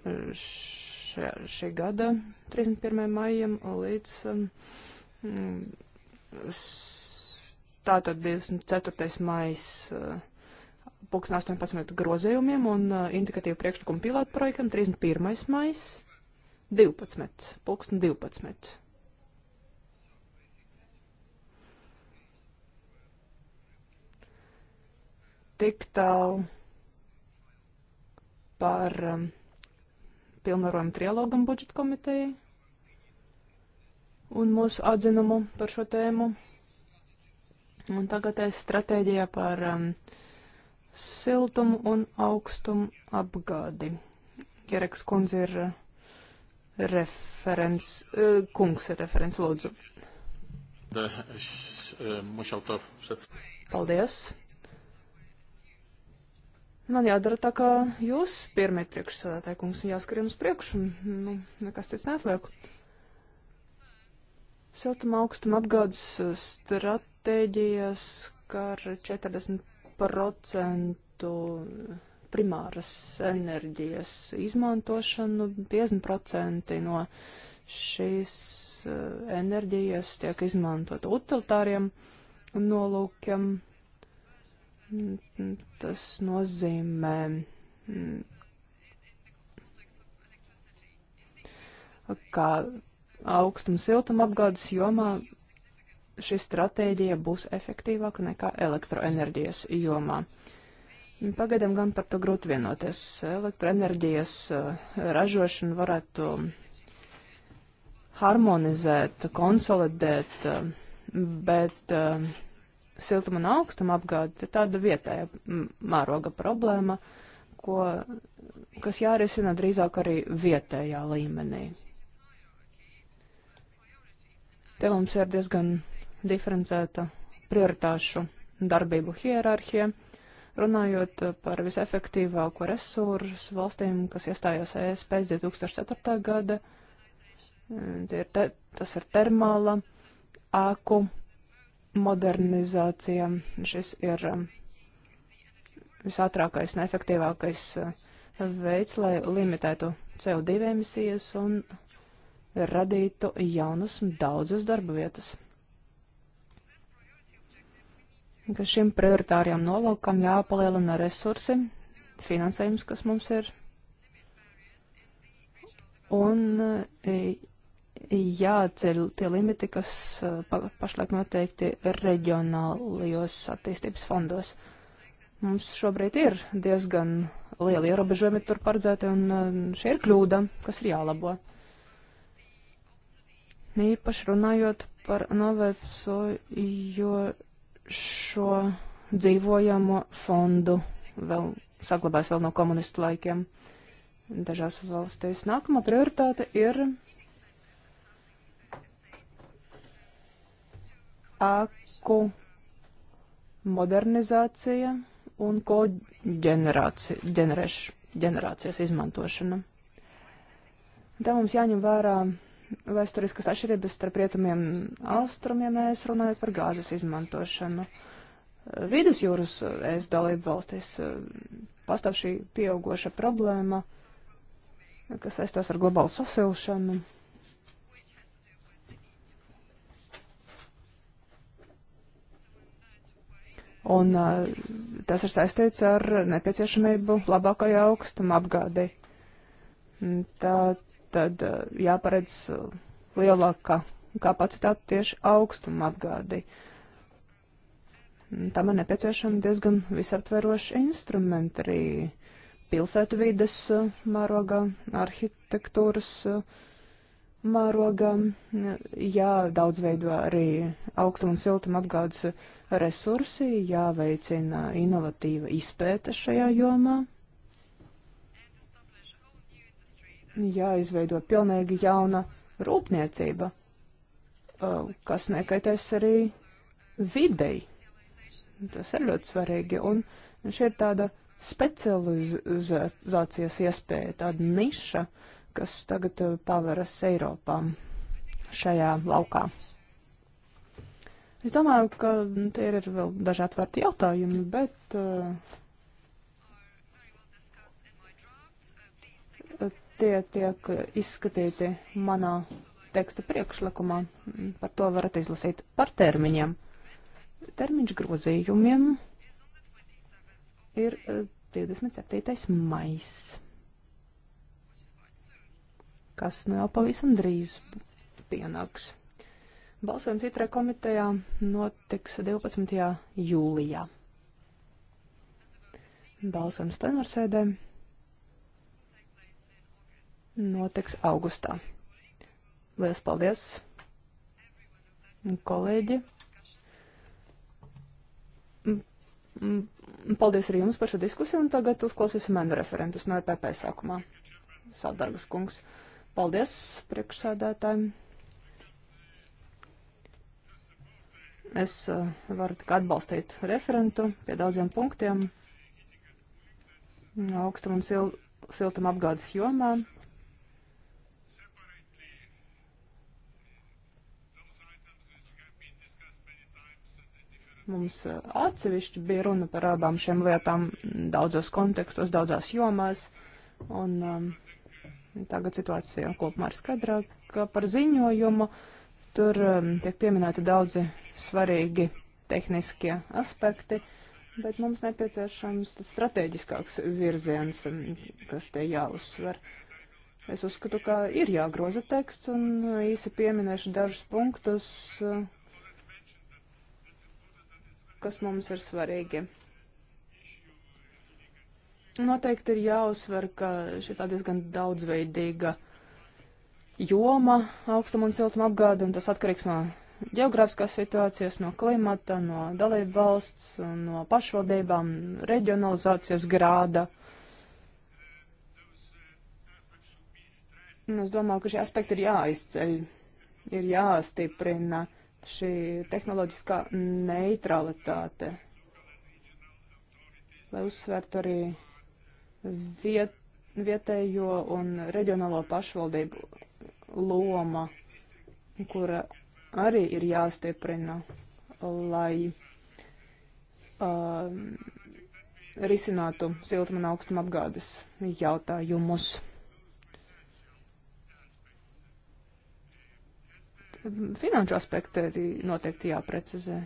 Š šā, šī gada 31. maijam līdz um, tātad 24. maijas uh, pulksten 18 grozējumiem un uh, indikatīvu priekšlikumu pilotu projektam 31. maijas 12. pulksten 12. Tik tālu par um, pilnvarojumu trialogam budžeta komitejai un mūsu atzinumu par šo tēmu. Un tagad es stratēģijā par um, siltumu un augstumu apgādi. Jereks kundze ir uh, referents, uh, kungs ir referents, lūdzu. Uh, uh, Paldies. Man jādara tā, kā jūs pirmie priekšsēdētāji kungs un jāskrien uz priekšu, un nu, nekas cits neatliek. Siltuma augstuma apgādes uh, stratēģijas, kā ar 40% primāras enerģijas izmantošanu, 50% no šīs uh, enerģijas tiek izmantot utilitāriem nolūkiem. Tas nozīmē ka augstuma siltuma apgādes jomā šī stratēģija būs efektīvāka nekā elektroenerģijas jomā. Pagaidām gan par to grūti vienoties. Elektroenerģijas eh, ražošanu varētu harmonizēt, konsolidēt, eh, bet uh, siltuma un augstuma apgāde ir tāda vietēja mēroga problēma, ko, kas jārisina drīzāk arī vietējā līmenī. Te mums ir diezgan diferencēta prioritāšu darbību hierarhija, runājot par visefektīvāko resursu valstīm, kas iestājās ES pēc 2004. gada. Ir te, tas ir termāla ēku modernizācija. Šis ir um, visātrākais un efektīvākais uh, veids, lai limitētu CO2 emisijas un radītu jaunas un daudzas darba vietas. Ka šim prioritārajam nolaukam jāpalielina resursi, finansējums, kas mums ir, un uh, jāceļ tie limiti, kas uh, pa, pašlaik noteikti reģionālajos attīstības fondos. Mums šobrīd ir diezgan lieli ierobežojumi tur paredzēti, un uh, šī ir kļūda, kas ir jālabo. Īpaši runājot par novecojošo dzīvojamo fondu, vēl saglabājas vēl no komunistu laikiem dažās valstīs. Nākamā prioritāte ir ēku modernizācija un koģenerācijas izmantošana. Tā mums jāņem vērā vēsturiskas atšķirības starp rietumiem austrumiem, es runāju par gāzes izmantošanu. Vidusjūras eh, es dalību valstīs eh, pastāv šī pieaugoša problēma, kas saistās ar globālu sasilšanu. Un tas ir saistīts ar nepieciešamību labākai augstuma apgādei. Tā tad jāparedz lielāka kapacitāte tieši augstuma apgādei. Tam ir nepieciešami diezgan visaptveroši instrumenti arī pilsētu vides mērogā, arhitektūras uh, mērogā, jādaudzveido arī augstuma un siltuma apgādes resursi, jāveicina inovatīva izpēta šajā jomā, jāizveido pilnīgi jauna rūpniecība, kas nekaitēs arī videi. Tas ir ļoti svarīgi, un šī ir tāda specializācijas iespēja, tāda niša, uh, kas tagad eh, paveras Eiropā šajā laukā. Es domāju, ka tie ir vēl daži atvērti jautājumi, bet uh, tie tiek izskatīti manā teksta priekšlikumā. Par to varat izlasīt par termiņiem. Termiņš grozījumiem ir 27. Eh, maijs kas nu jau pavisam drīz pienāks. Balsojums itrē komitejā notiks 12. jūlijā. Balsojums plenārsēdē notiks augustā. Lielas paldies, kolēģi! Paldies arī jums par šo diskusiju, un tagad uzklausīsim manu referentus no EPP sākumā. Sādargas kungs. Paldies priekšsēdētājiem. Es eh, varu tikai atbalstīt referentu pie daudziem punktiem augstuma un sil siltuma apgādes jomā. Mums eh, atsevišķi bija runa par abām šiem lietām daudzos kontekstos, daudzās jomās. Un, um, Tagad situācija kopumā ir skaidrāka par ziņojumu. Tur um, tiek pieminēti daudzi svarīgi tehniskie aspekti, bet mums nepieciešams strateģiskāks virziens, um, kas te jāuzsver. Es uzskatu, ka ir jāgroza teksts un īsi pieminēšu dažus punktus, uh, kas mums ir svarīgi. Noteikti ir jāuzsver, ka šī ir diezgan daudzveidīga joma augstuma un siltuma apgāde, un tas atkarīgs no geogrāfiskās situācijas, no klimata, no dalību valsts, no pašvaldībām, reģionalizācijas grāda. Un es domāju, ka šie aspekti ir jāizceļ, ir jāstiprina šī tehnoloģiskā neutralitāte, lai uzsvērtu arī viet, vietējo un reģionālo pašvaldību loma, kura arī ir jāstieprina, lai uh, risinātu siltuma augstuma apgādes jautājumus. Finanšu aspekti arī noteikti jāprecizē.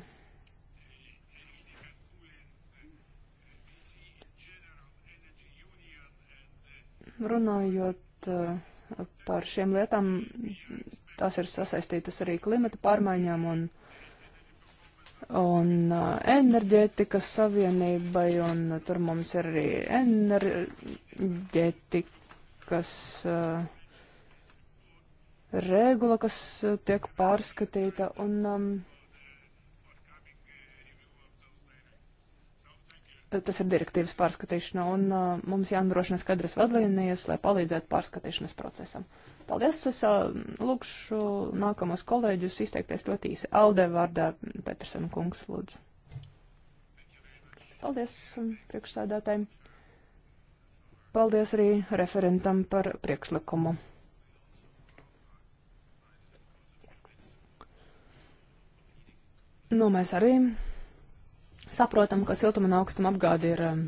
runājot eh, par šiem lietām, tās ir sasaistītas arī klimata pārmaiņām un, un eh, enerģētikas savienībai, un tur mums ir arī enerģētikas eh, regula, kas tiek pārskatīta. Un, um, tas ir direktīvas pārskatīšana, un uh, mums jānodrošina skaidras vadlīnijas, lai palīdzētu pārskatīšanas procesam. Paldies, es uh, lūkšu nākamos kolēģus izteikties ļoti īsi. Alde vārdā Petersen kungs, lūdzu. Paldies um, priekšsēdētājiem. Paldies arī referentam par priekšlikumu. Nu, mēs arī Saprotam, ka siltuma un augstuma apgāde ir um,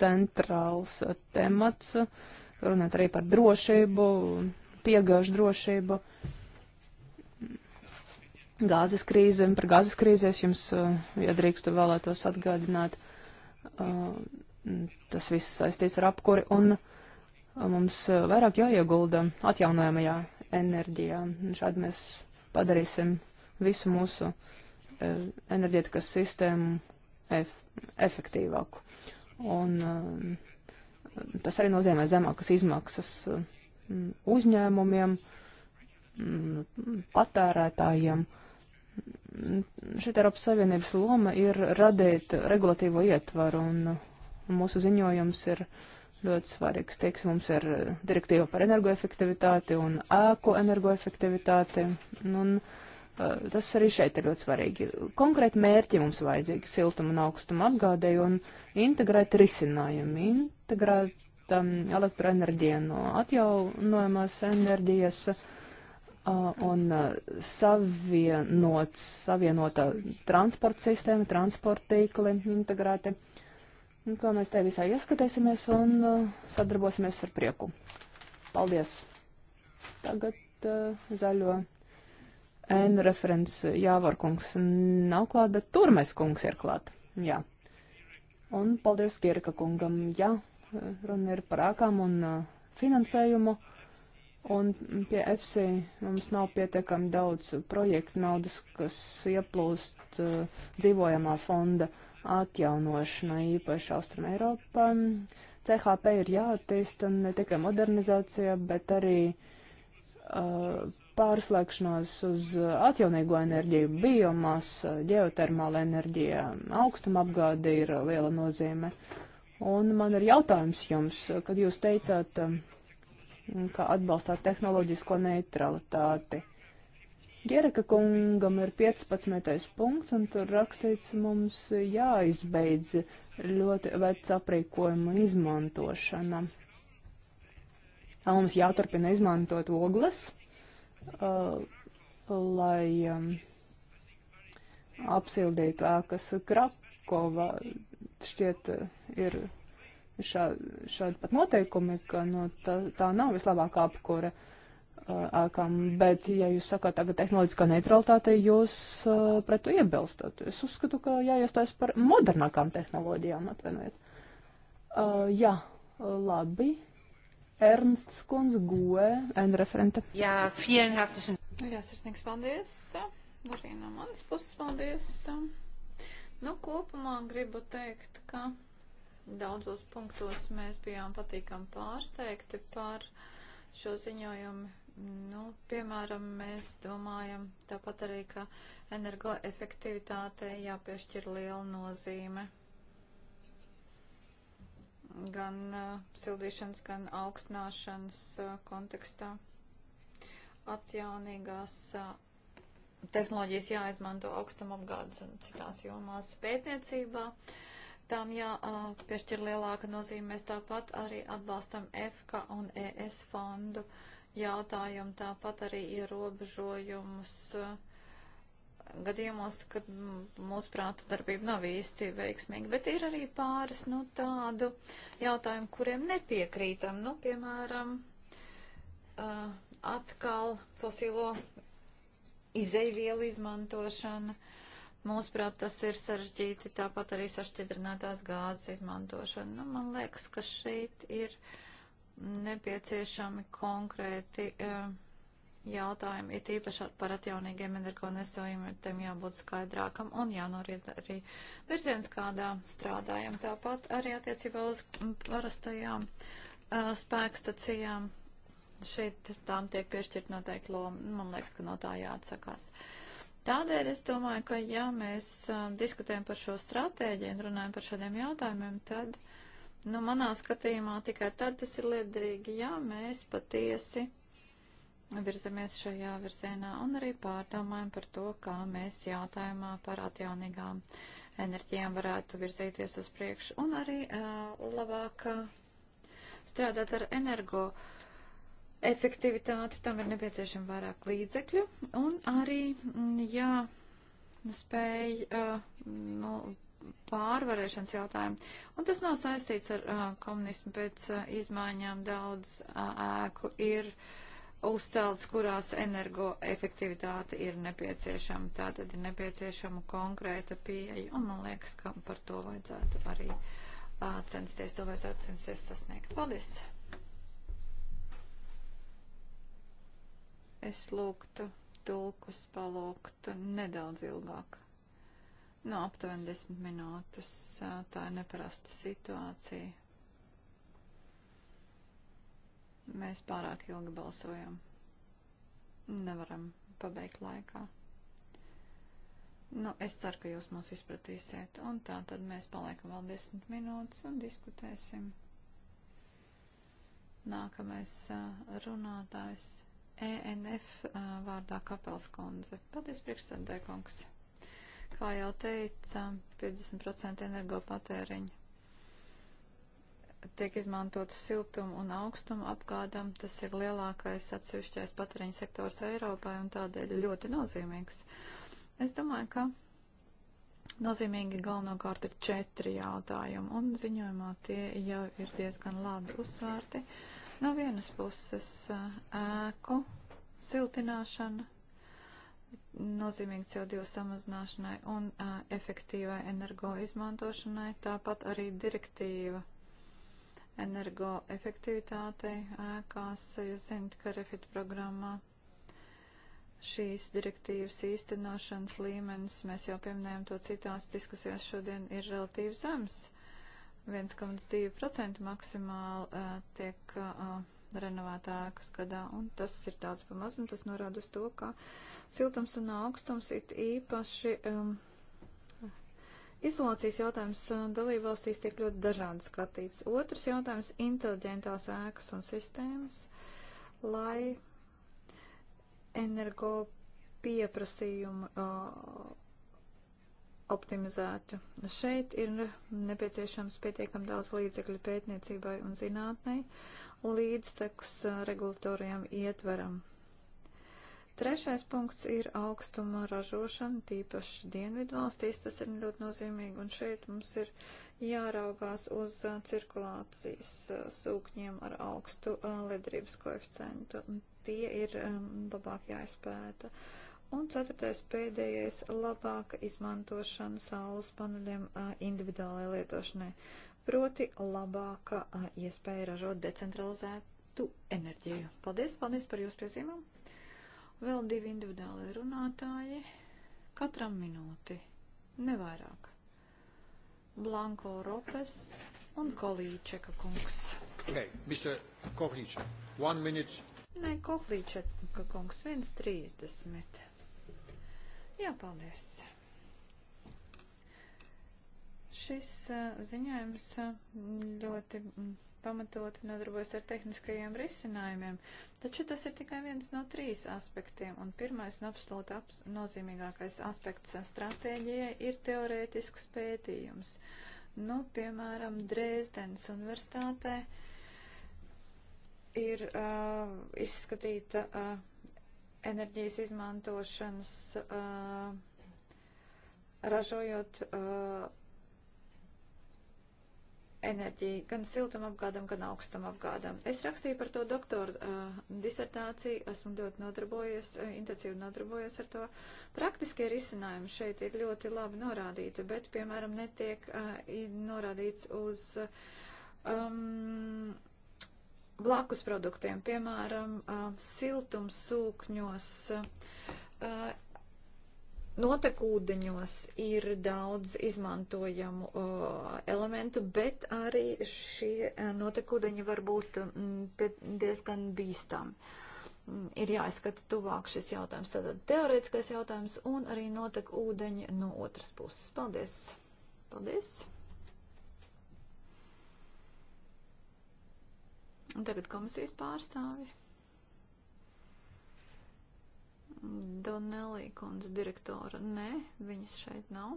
centrāls uh, temats, runāt arī par drošību, piegāžu drošību, gāzes krīze, un par gāzes krīzēs jums, uh, ja drīkstu vēlētos atgādināt, uh, tas viss saistīts ar apkuri, un mums vairāk jāiegulda atjaunojamajā enerģijā, un šādi mēs padarīsim visu mūsu uh, Eh, enerģetikas sistēmu ef efektīvāku. Un eh, tas arī nozīmē zemākas izmaksas eh, uzņēmumiem, mm, patērētājiem. Šeit Eiropas Savienības loma ir radīt regulatīvo ietvaru, un mūsu ziņojums ir ļoti svarīgs. Teiksim, mums ir direktīva par energoefektivitāti un ēku energoefektivitāti, un Eh, tas arī šeit ir ļoti svarīgi. Konkrēti mērķi mums vajadzīgi siltuma un augstuma apgādēju un integrēt risinājumu, integrēt um, mm, elektroenerģiju no atjaunojamās enerģijas uh, un uh, savienot, savienota transporta sistēma, transporta tīkli integrēti. Un, kā mēs te visā ieskatīsimies un uh, sadarbosimies ar prieku. Paldies! Tagad uh, zaļo N referents Jāvar kungs nav klāt, bet Turmes kungs ir klāt. Jā. Un paldies Gierka kungam. Jā, runa ir par ēkām un uh, finansējumu. Un pie FC mums nav pietiekami daudz projektu naudas, kas ieplūst uh, dzīvojamā fonda atjaunošanai, īpaši Austrum Eiropā. CHP ir jāattīsta ne tikai modernizācija, bet arī uh, pārslēgšanos uz uh, atjaunīgo enerģiju, biomasa, ģeotermāla enerģija, augstuma apgāde ir uh, liela nozīme. Un man ir jautājums jums, kad jūs teicāt, um, ka atbalstāt tehnoloģisko neutralitāti. Gereka kungam ir 15. punkts, un tur rakstīts, mums jāizbeidz ļoti veca aprīkojuma izmantošana. Mums jāturpina izmantot ogles Uh, lai um, apsildītu ēkas Krakova. Šķiet, uh, ir šā, šādi pat noteikumi, ka nu, tā, tā nav vislabākā apkure uh, ēkām, bet, ja jūs sakāt tagad tehnoloģiskā neutralitāte, jūs uh, pret to iebilstat. Es uzskatu, ka jāiestājas par modernākām tehnoloģijām, atvainojiet. Uh, jā, labi. Ernsts kundze, goe, N-referente. Jā, vielen herzlichen. Jā, sirsnīgs paldies. Arī no manas puses paldies. Nu, kopumā gribu teikt, ka daudzos punktos mēs bijām patīkam pārsteigti par šo ziņojumu. Nu, piemēram, mēs domājam tāpat arī, ka energoefektivitātei jāpiešķir liela nozīme gan uh, sildīšanas, gan augstināšanas uh, kontekstā. Atjaunīgās uh, tehnoloģijas jāizmanto augstumapgādes un citās jomās pētniecībā. Tām jāpiešķir lielāka nozīme. Mēs tāpat arī atbalstam EFKA un ES fondu jautājumu, tāpat arī ierobežojumus. Uh, gadījumos, kad mūsu prāta darbība nav īsti veiksmīga, bet ir arī pāris nu, tādu jautājumu, kuriem nepiekrītam. Nu, piemēram, uh, atkal fosilo izeivielu izmantošana. Mūsuprāt, tas ir sarežģīti, tāpat arī sašķidrinātās gāzes izmantošana. Nu, man liekas, ka šeit ir nepieciešami konkrēti. Uh, jautājumu, it īpaši par atjaunīgiem energonesojumiem jābūt skaidrākam un jānoriet arī virziens, kādā strādājam. Tāpat arī attiecībā uz parastajām uh, spēkstacijām šeit tām tiek piešķirt noteikti loma. Man liekas, ka no tā jāatsakās. Tādēļ es domāju, ka ja mēs uh, diskutējam par šo stratēģiju un runājam par šādiem jautājumiem, tad, nu, manā skatījumā tikai tad tas ir liederīgi, ja mēs patiesi virzamies šajā virzienā un arī pārdomājam par to, kā mēs jautājumā par atjaunīgām enerģijām varētu virzīties uz priekšu un arī uh, labāk strādāt ar energo efektivitāti. Tam ir nepieciešama vairāk līdzekļu un arī jā, spēj uh, nu, pārvarēšanas jautājumu. Un tas nav saistīts ar uh, komunismu pēc uh, izmaiņām daudz uh, ēku ir. Uh, uzcelts, kurās energoefektivitāte ir nepieciešama. Tātad ir nepieciešama konkrēta pieeja, un man liekas, ka par to vajadzētu arī uh, censties, to vajadzētu censties sasniegt. Paldies! Es lūgtu tulkus palūgtu nedaudz ilgāk. No nu, aptuveni desmit minūtes. Tā ir neparasta situācija. Mēs pārāk ilgi balsojam. Nevaram pabeigt laikā. Nu, es ceru, ka jūs mūs izpratīsiet. Un tā tad mēs paliekam vēl desmit minūtes un diskutēsim. Nākamais runātājs ENF vārdā Kapelskundze. Paldies, priekšsēdētājkungs. Kā jau teica, 50% energopatēriņa tiek izmantotas siltuma un augstuma apgādam. Tas ir lielākais atsevišķais patēriņa sektors Eiropā un tādēļ ļoti nozīmīgs. Es domāju, ka nozīmīgi galvenokārt ir četri jautājumi, un ziņojumā tie jau ir diezgan labi uzsvērti. No vienas puses ēku siltināšana nozīmīgi CO2 samazināšanai un uh, efektīvai energo izmantošanai, tāpat arī direktīva energoefektivitātei ēkās. Jūs zinat, ka refit programmā šīs direktīvas īstenošanas līmenis, mēs jau pieminējam to citās diskusijās šodien, ir relatīvi zems. 1,2% maksimāli uh, tiek uh, renovēta ēkas gadā, un tas ir tāds pamazs, un tas norāda uz to, ka siltums un augstums it īpaši. Um, Izolācijas jautājums uh, dalībvalstīs tiek ļoti dažādi skatīts. Otrs jautājums - inteliģentās ēkas un sistēmas, lai energo pieprasījumu uh, optimizētu. Šeit ir nepieciešams pietiekam daudz līdzekļu pētniecībai un zinātnei līdz tekus uh, regulatorijam ietveram. Trešais punkts ir augstuma ražošana, tīpaši dienvidu valstīs, tas ir ļoti nozīmīgi, un šeit mums ir jāraugās uz cirkulācijas sūkņiem ar augstu lidrības koeficientu. Tie ir labāk jāizpēta. Un ceturtais pēdējais - labāka izmantošana saules paneļiem individuālajai lietošanai, proti labāka iespēja ražot decentralizētu enerģiju. Paldies, paldies par jūsu piezīmēm! Vēl divi individuāli runātāji. Katram minūti. Nevairāk. Blanko Ropes un Kolīčeka kungs. Nē, Mr. Kohlīček, one minute. Nē, Kohlīčeka kungs, 1.30. Jā, paldies. Šis eh, ziņojums eh, ļoti. Mm, pamatoti nodarbojas ar tehniskajiem risinājumiem, taču tas ir tikai viens no trīs aspektiem, un pirmais un absolūti aps nozīmīgākais aspekts stratēģijai ir teorētisks pētījums. Nu, piemēram, Dresdens universitātē ir uh, izskatīta uh, enerģijas izmantošanas, uh, ražojot uh, enerģiju, gan siltumapgādam, gan augstumapgādam. Es rakstīju par to doktoru uh, disertāciju, esmu ļoti nodarbojies, uh, intensīvi nodarbojies ar to. Praktiskie risinājumi šeit ir ļoti labi norādīti, bet, piemēram, netiek uh, norādīts uz um, blakus produktiem, piemēram, uh, siltumsūkņos. Uh, Notekūdeņos ir daudz izmantojamu uh, elementu, bet arī šie uh, notekūdeņi var būt mm, diezgan bīstami. Mm, ir jāizskata tuvāk šis jautājums, tātad teorētiskais jautājums un arī notekūdeņi no otras puses. Paldies! Paldies! Un tagad komisijas pārstāvi. Donelī kundze direktora? Nē, viņas šeit nav.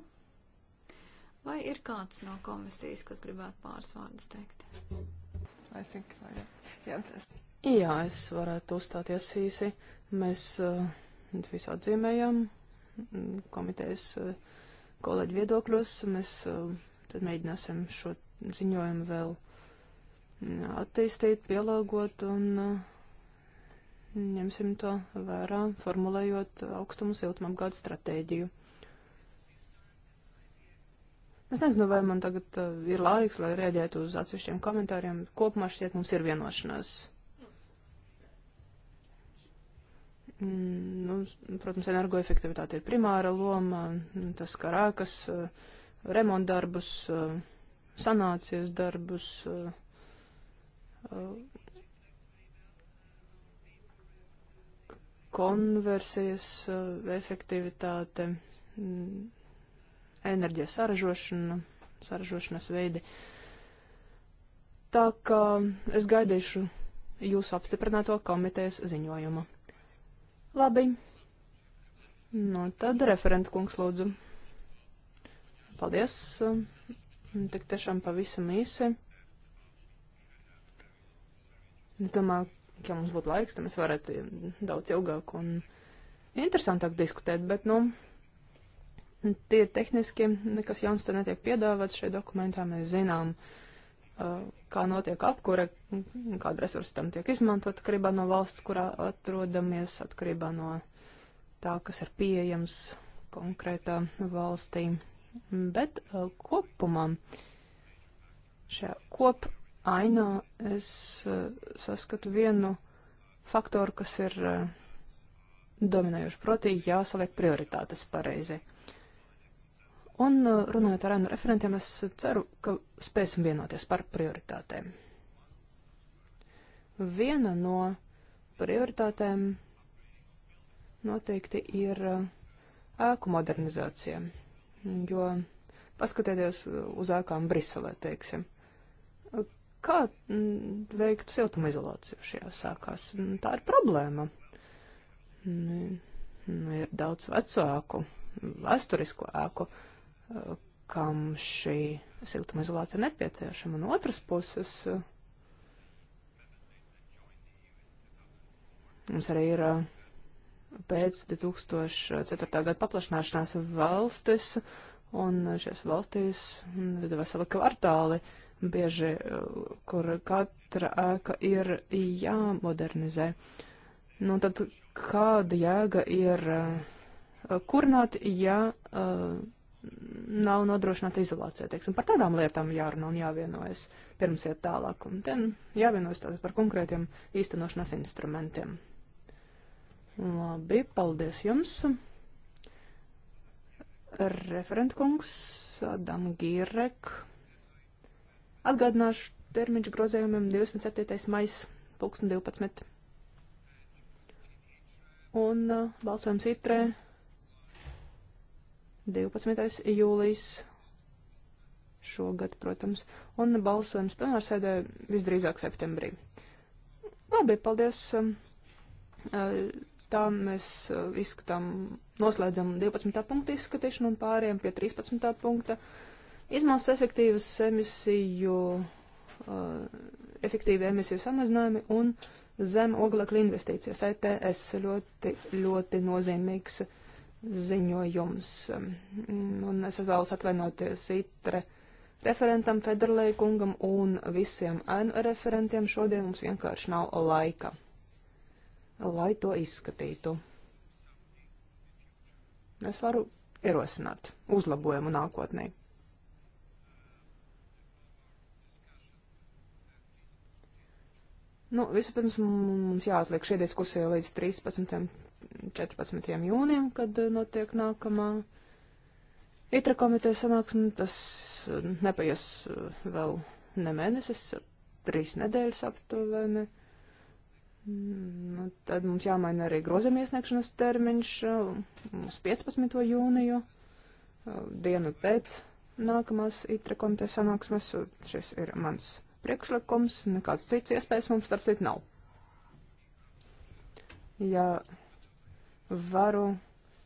Vai ir kāds no komisijas, kas gribētu pāris vārdus teikt? Think, uh, yeah. Jā, es varētu uzstāties īsi. Mēs uh, visu atzīmējam mm, komitejas uh, kolēģi viedokļos. Mēs uh, tad mēģināsim šo ziņojumu vēl mm, attīstīt, pielāgot un uh, Ņemsim to vērā, formulējot augstumu siltumu apgādes stratēģiju. Es nezinu, vai man tagad uh, ir laiks, lai rēģētu uz atsevišķiem komentāriem. Kopumā šķiet mums ir vienošanās. Mm, nu, protams, energoefektivitāte ir primāra loma, tas kā rākas, uh, remontdarbus, sanācijas darbus, uh, konversijas eh, efektivitāte, mm, enerģijas saražošana, saražošanas veidi. Tā kā es gaidīšu jūsu apstiprināto komitejas ziņojumu. Labi. Nu, tad referenta kungs lūdzu. Paldies. Tik tiešām pavisam īsi. Es domāju, ja mums būtu laiks, tad mēs varētu daudz ilgāk un interesantāk diskutēt, bet, nu, tie tehniski nekas jauns te netiek piedāvāts šajā dokumentā, mēs zinām, kā notiek apkure, kāda resursa tam tiek izmantot atkarībā no valsts, kurā atrodamies, atkarībā no tā, kas ir pieejams konkrētā valstī. Bet kopumā šajā kopumā ainā es eh, saskatu vienu faktoru, kas ir eh, dominējuši, proti jāsaliek prioritātes pareizi. Un eh, runājot ar ANU referentiem, es ceru, ka spēsim vienoties par prioritātēm. Viena no prioritātēm noteikti ir ēku modernizācija, jo paskatieties uz ēkām Briselē, teiksim. Uh, Kā mm, veikt siltumizolāciju šajā sākās? Mm, tā ir problēma. Nu, nu, ir daudz vecāku, vēsturisku ēku, eh, kam šī siltumizolācija nepieciešama. No otras puses, eh, mums arī ir eh, pēc 2004. gada paplašināšanās valstis, un šajās valstīs ir mm, veseli kvartāli. Uh, bieži, eh, kur katra ēka ir jāmodernizē. Nu, tad kāda jēga ir eh, kurināt, ja eh, nav nodrošināta izolācija. Teiksim, par tādām lietām jārunā un jāvienojas pirms iet tālāk. Un ten jāvienojas tātad par konkrētiem īstenošanas instrumentiem. Labi, paldies jums. Referentkungs Adam Gīrek. Atgādināšu termiņš grozējumiem 27. maijs 2012. Un uh, balsojums itrē 12. jūlijas šogad, protams, un balsojums plenārsēdē visdrīzāk septembrī. Labi, paldies. Uh, tā mēs uh, izskatām, noslēdzam 12. punktu izskatīšanu un pāriem pie 13. punkta. Uh, Izmaksas efektīvas emisiju, uh, efektīvi emisiju samazinājumi un zem oglekļa investīcijas. ETS ļoti, ļoti nozīmīgs ziņojums. Um, un es vēlos atvainoties itre referentam Federlei kungam un visiem ēnu referentiem. Šodien mums vienkārši nav laika, lai to izskatītu. Es varu ierosināt uzlabojumu nākotnē. Nu, vispirms mums jāatliek šī diskusija līdz 13. 14. jūnijam, kad uh, notiek nākamā itra komiteja sanāksme. Tas uh, nepaies uh, vēl ne mēnesis, trīs nedēļas aptuveni. Nu, tad mums jāmaina arī grozam iesniegšanas termiņš uz 15. jūniju, dienu pēc nākamās itra komiteja sanāksmes. Šis ir mans priekšlikums, nekāds cits iespējas mums starp citu nav. Ja varu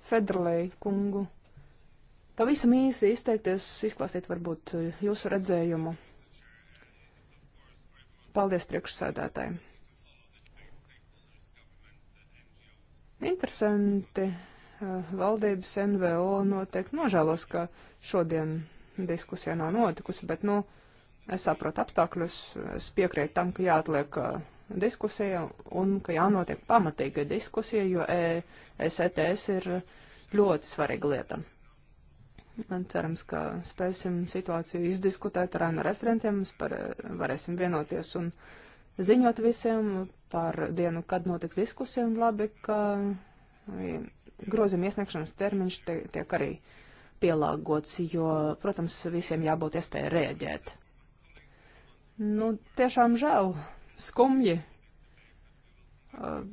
Federlei kungu pavisam īsi izteikties, izklāstīt varbūt jūsu redzējumu. Paldies priekšsēdētājiem. Interesanti. Eh, valdības NVO noteikti nožēlos, ka šodien diskusija nav notikusi, bet, nu, no Es saprotu apstākļus, es piekrītu tam, ka jāatliek uh, diskusija un ka jānotiek pamatīga diskusija, jo ESETS e ir ļoti svarīga lieta. Man cerams, ka spēsim situāciju izdiskutēt ar ANU referentiem, mēs par, varēsim vienoties un ziņot visiem par dienu, kad notiks diskusija, un labi, ka grozījuma iesniegšanas termiņš tiek arī pielāgots, jo, protams, visiem jābūt iespēja rēģēt. Nu, tiešām žēl, skumji. Uh,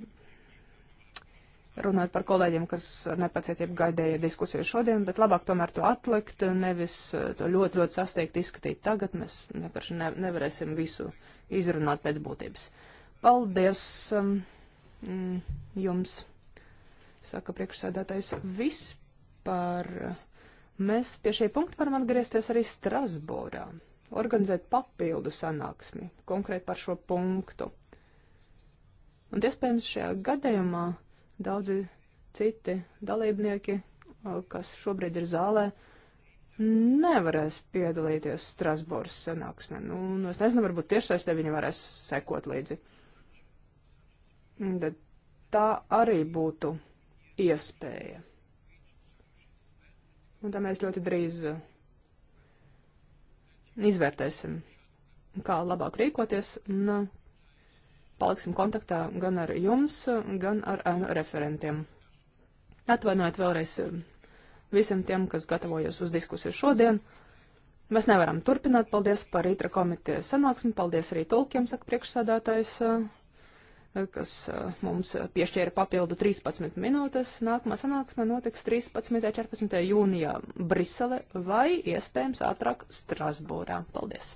runāt par kolēģiem, kas nepacietību gaidīja diskusiju šodien, bet labāk tomēr to atlikt, nevis uh, to ļoti, ļoti sasteigt izskatīt tagad. Mēs vienkārši ne, nevarēsim visu izrunāt pēc būtības. Paldies um, mm, jums, saka priekšsēdētājs, vispār. Uh, mēs pie šī punkta varam atgriezties arī Strasbūrā organizēt papildu sanāksmi konkrēti par šo punktu. Un iespējams šajā gadījumā daudzi citi dalībnieki, kas šobrīd ir zālē, nevarēs piedalīties Strasbūras sanāksmē. Nu, nu, es nezinu, varbūt tiešsaistē viņi varēs sekot līdzi. Bet tā arī būtu iespēja. Un tā mēs ļoti drīz izvērtēsim, kā labāk rīkoties, un uh, paliksim kontaktā gan ar jums, gan ar ēnu referentiem. Atvainojiet vēlreiz um, visiem tiem, kas gatavojas uz diskusiju šodien. Mēs nevaram turpināt. Paldies par rītra komiteja sanāksmi. Paldies arī tulkiem, saka priekšsādātājs. Uh, kas eh, mums piešķēra papildu 13 minūtes. Nākamā sanāksme notiks 13. un 14. jūnijā Brisele vai iespējams ātrāk Strasbūrā. Paldies!